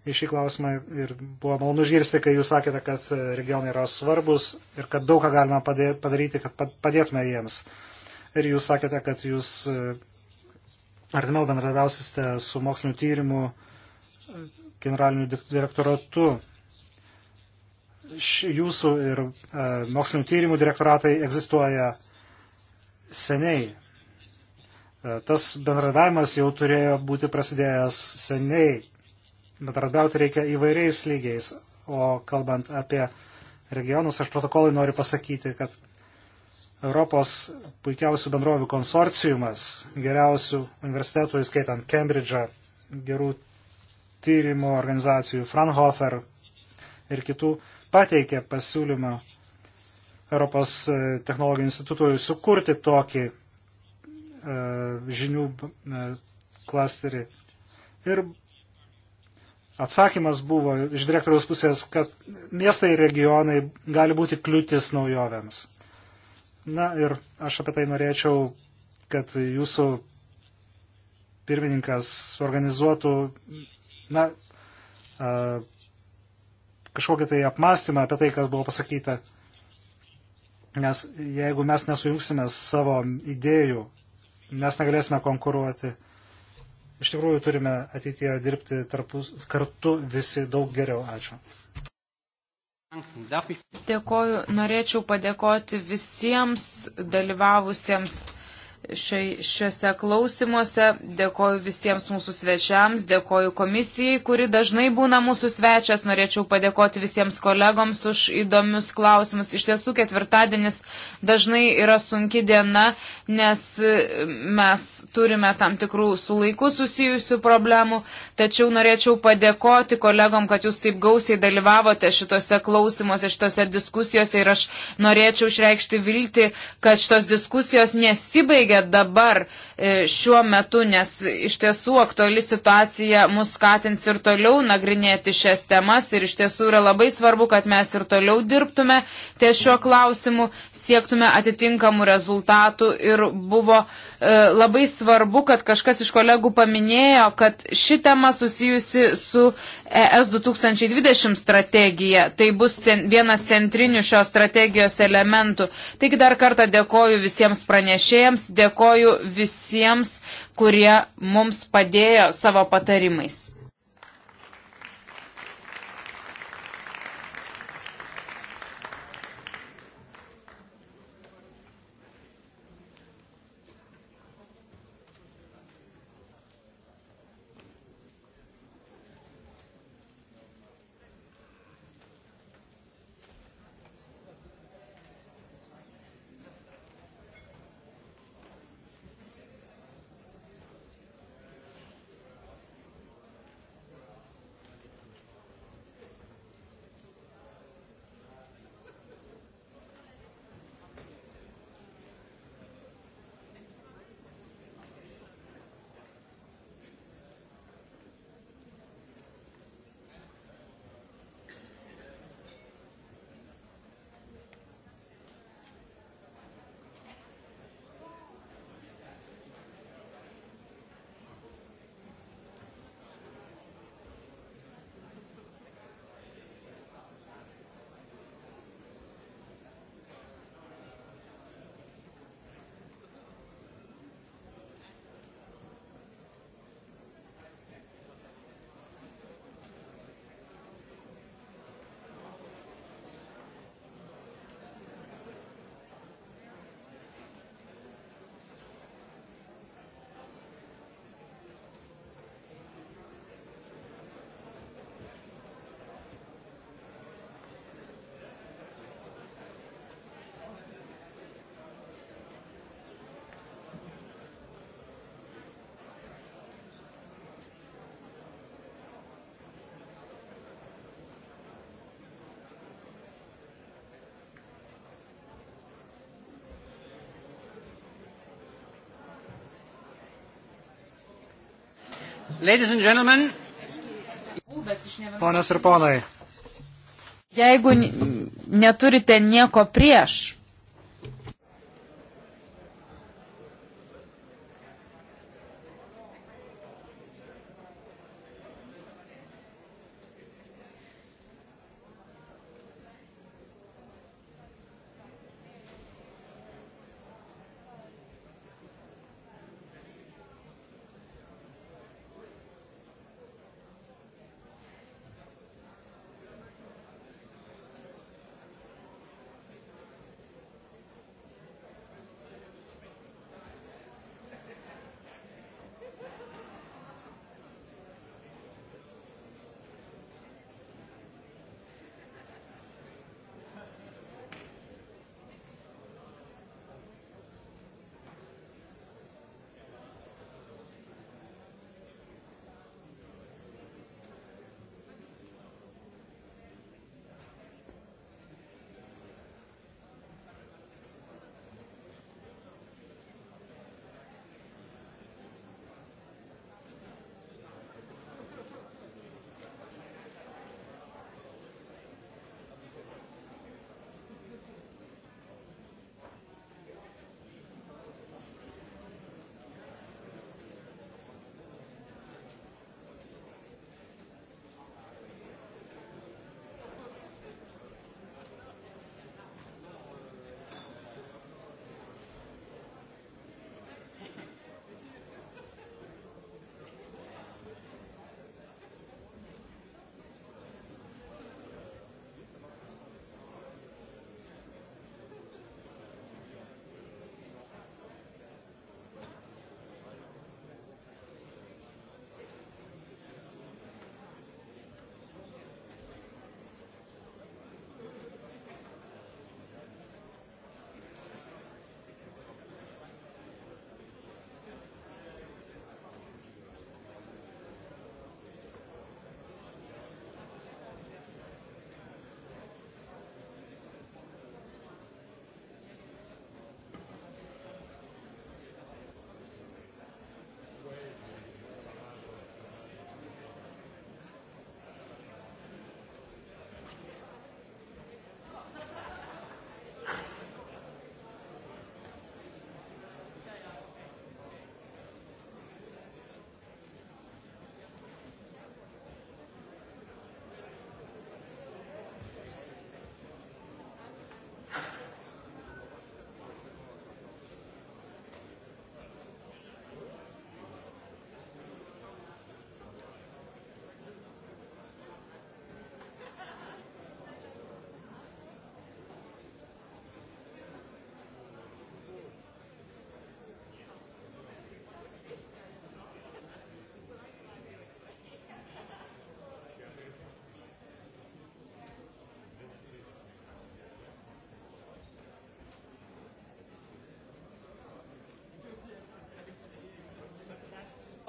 į šį klausimą ir buvo malonu išgirsti, kai jūs sakėte, kad regionai yra svarbus ir kad daug ką galima padaryti, kad padėtume jiems. Ir jūs sakėte, kad jūs e, artimiau bendradarbiausite su mokslinio tyrimų e, generaliniu direktoratu. Jūsų ir e, mokslinio tyrimų direktoratai egzistuoja seniai. Tas bendradavimas jau turėjo būti prasidėjęs seniai bendradarbiauti reikia įvairiais lygiais. O kalbant apie regionus, aš protokolai noriu pasakyti, kad Europos puikiausių bendrovių konsorciumas, geriausių universitetų, įskaitant Cambridge'ą, gerų tyrimų organizacijų, Fraunhofer ir kitų, pateikė pasiūlymą Europos e, technologijų institutui sukurti tokį e, žinių e, klasterį. Ir atsakymas buvo iš direktoriaus pusės, kad miestai ir regionai gali būti kliūtis naujovėms. Na ir aš apie tai norėčiau, kad jūsų pirmininkas organizuotų, na, kažkokį tai apmąstymą apie tai, kas buvo pasakyta. Nes jeigu mes nesujungsime savo idėjų, mes negalėsime konkuruoti iš tikrųjų turime ateityje dirbti tarpus, kartu visi daug geriau. Ačiū. Dėkoju, norėčiau padėkoti visiems dalyvavusiems šiuose klausimuose. Dėkoju visiems mūsų svečiams, dėkoju komisijai, kuri dažnai būna mūsų svečias. Norėčiau padėkoti visiems kolegoms už įdomius klausimus. Iš tiesų, ketvirtadienis dažnai yra sunki diena, nes mes turime tam tikrų su laiku susijusių problemų. Tačiau norėčiau padėkoti kolegom, kad jūs taip gausiai dalyvavote šitose klausimuose, šitose diskusijose ir aš norėčiau išreikšti viltį, kad šitos diskusijos nesibaigia reikia dabar e, šiuo metu, nes iš tiesų aktuali situacija mus skatins ir toliau nagrinėti šias temas ir iš tiesų yra labai svarbu, kad mes ir toliau dirbtume ties šiuo klausimu siektume atitinkamų rezultatų ir buvo e, labai svarbu, kad kažkas iš kolegų paminėjo, kad ši tema susijusi su ES 2020 strategija. Tai bus cen, vienas centrinių šios strategijos elementų. Taigi dar kartą dėkoju visiems pranešėjams, dėkoju visiems, kurie mums padėjo savo patarimais. Ladies and gentlemen. Ponas ir ponai. Jeigu neturite nieko prieš,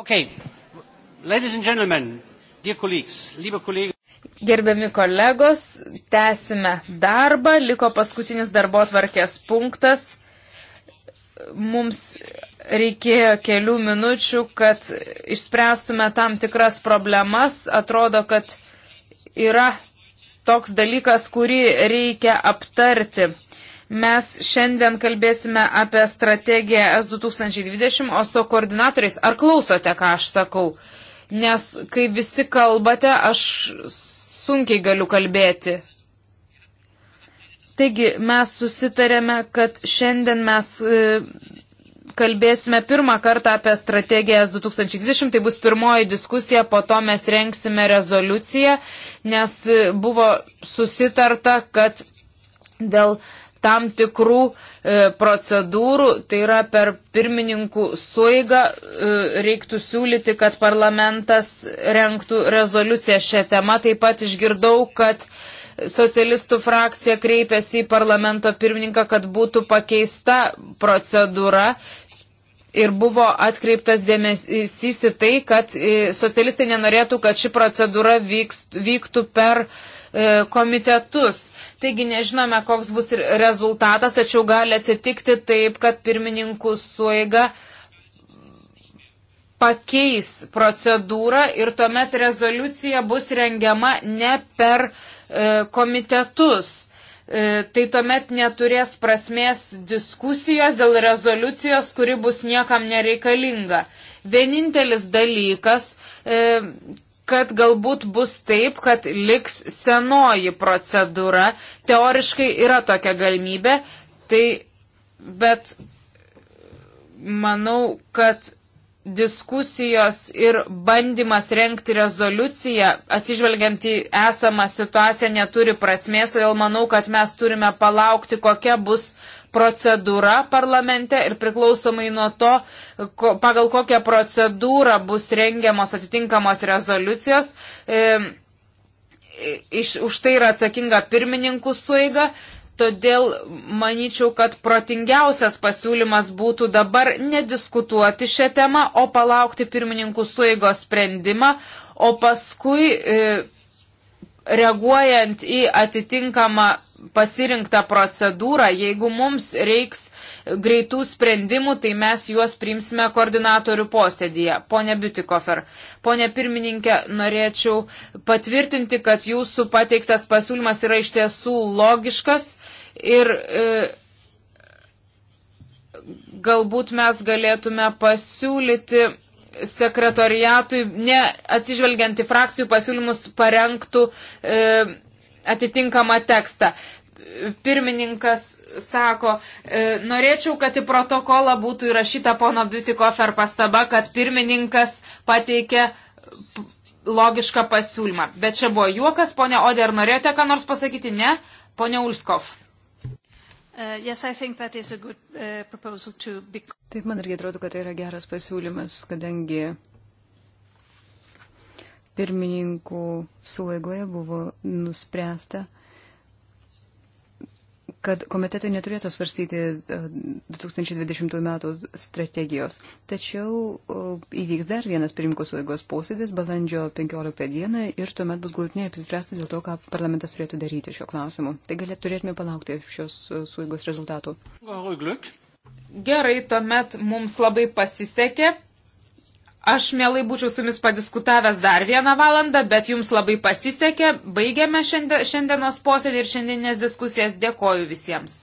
Okay. Ladies and gentlemen, dear colleagues, liebe Kollegen. Gerbiami kolegos, tęsime darbą. Liko paskutinis darbo tvarkės punktas. Mums reikėjo kelių minučių, kad išspręstume tam tikras problemas. Atrodo, kad yra toks dalykas, kurį reikia aptarti. Mes šiandien kalbėsime apie strategiją S2020, o su koordinatoriais, ar klausote, ką aš sakau? Nes kai visi kalbate, aš sunkiai galiu kalbėti. Taigi mes susitarėme, kad šiandien mes e, kalbėsime pirmą kartą apie strategiją S2020, tai bus pirmoji diskusija, po to mes renksime rezoliuciją, nes e, buvo susitarta, kad dėl uh, tam tikrų e, procedūrų, tai yra per pirmininkų suigą e, reiktų siūlyti, kad parlamentas renktų rezoliuciją šią temą. Taip pat išgirdau, kad socialistų frakcija kreipėsi į parlamento pirmininką, kad būtų pakeista procedūra. Ir buvo atkreiptas dėmesys į tai, kad e, socialistai nenorėtų, kad ši procedūra vyks, vyktų per uh, E, komitetus. Taigi nežinome, koks bus rezultatas, tačiau gali atsitikti taip, kad pirmininkų suiga pakeis procedūrą ir tuomet rezoliucija bus rengiama ne per e, komitetus. E, tai tuomet neturės prasmės diskusijos dėl rezoliucijos, kuri bus niekam nereikalinga. Vienintelis dalykas, e, kad galbūt bus taip, kad liks senoji procedūra. Teoriškai yra tokia galimybė, tai bet manau, kad diskusijos ir bandymas renkti rezoliuciją, atsižvelgiant į esamą situaciją, neturi prasmės, todėl manau, kad mes turime palaukti, kokia bus procedūra parlamente ir priklausomai nuo to, ko, pagal kokią procedūrą bus rengiamos atitinkamos rezoliucijos. E, Iš, už tai yra atsakinga pirmininkų suiga, Todėl manyčiau, kad protingiausias pasiūlymas būtų dabar nediskutuoti šią temą, o palaukti pirmininkų sueigos sprendimą, o paskui e, reaguojant į atitinkamą pasirinktą procedūrą, jeigu mums reiks greitų sprendimų, tai mes juos priimsime koordinatorių posėdėje. Pone Biutikofer, pone pirmininkė, norėčiau patvirtinti, kad jūsų pateiktas pasiūlymas yra iš tiesų logiškas ir e, galbūt mes galėtume pasiūlyti sekretoriatui, neatsižvelgiant į frakcijų pasiūlymus, parengtų e, atitinkamą tekstą. Pirmininkas sako, e, norėčiau, kad į protokolą būtų įrašyta pono Biutikofer pastaba, kad pirmininkas pateikė logišką pasiūlymą. Bet čia buvo juokas, ponia Odė, ar norėjote ką nors pasakyti? Ne, ponia Ulskov. Uh, yes, good, uh, be... Taip, man irgi atrodo, kad tai yra geras pasiūlymas, kadangi pirmininkų suvaigoje buvo nuspręsta, uh, kad komitetai neturėtų svarstyti 2020 e, metų strategijos. Tačiau e, įvyks dar vienas pirmininkos sueigos posėdis balandžio 15 dieną ir tuomet bus galutinai apsispręsta dėl to, ką parlamentas turėtų daryti šiuo klausimu. Tai galėt turėtume palaukti šios e, sueigos rezultatų. Gerai, tuomet mums labai pasisekė. Aš mielai būčiau su jumis padiskutavęs dar vieną valandą, bet jums labai pasisekė. Baigiame šiandienos posėdį ir šiandienės diskusijas. Dėkoju visiems.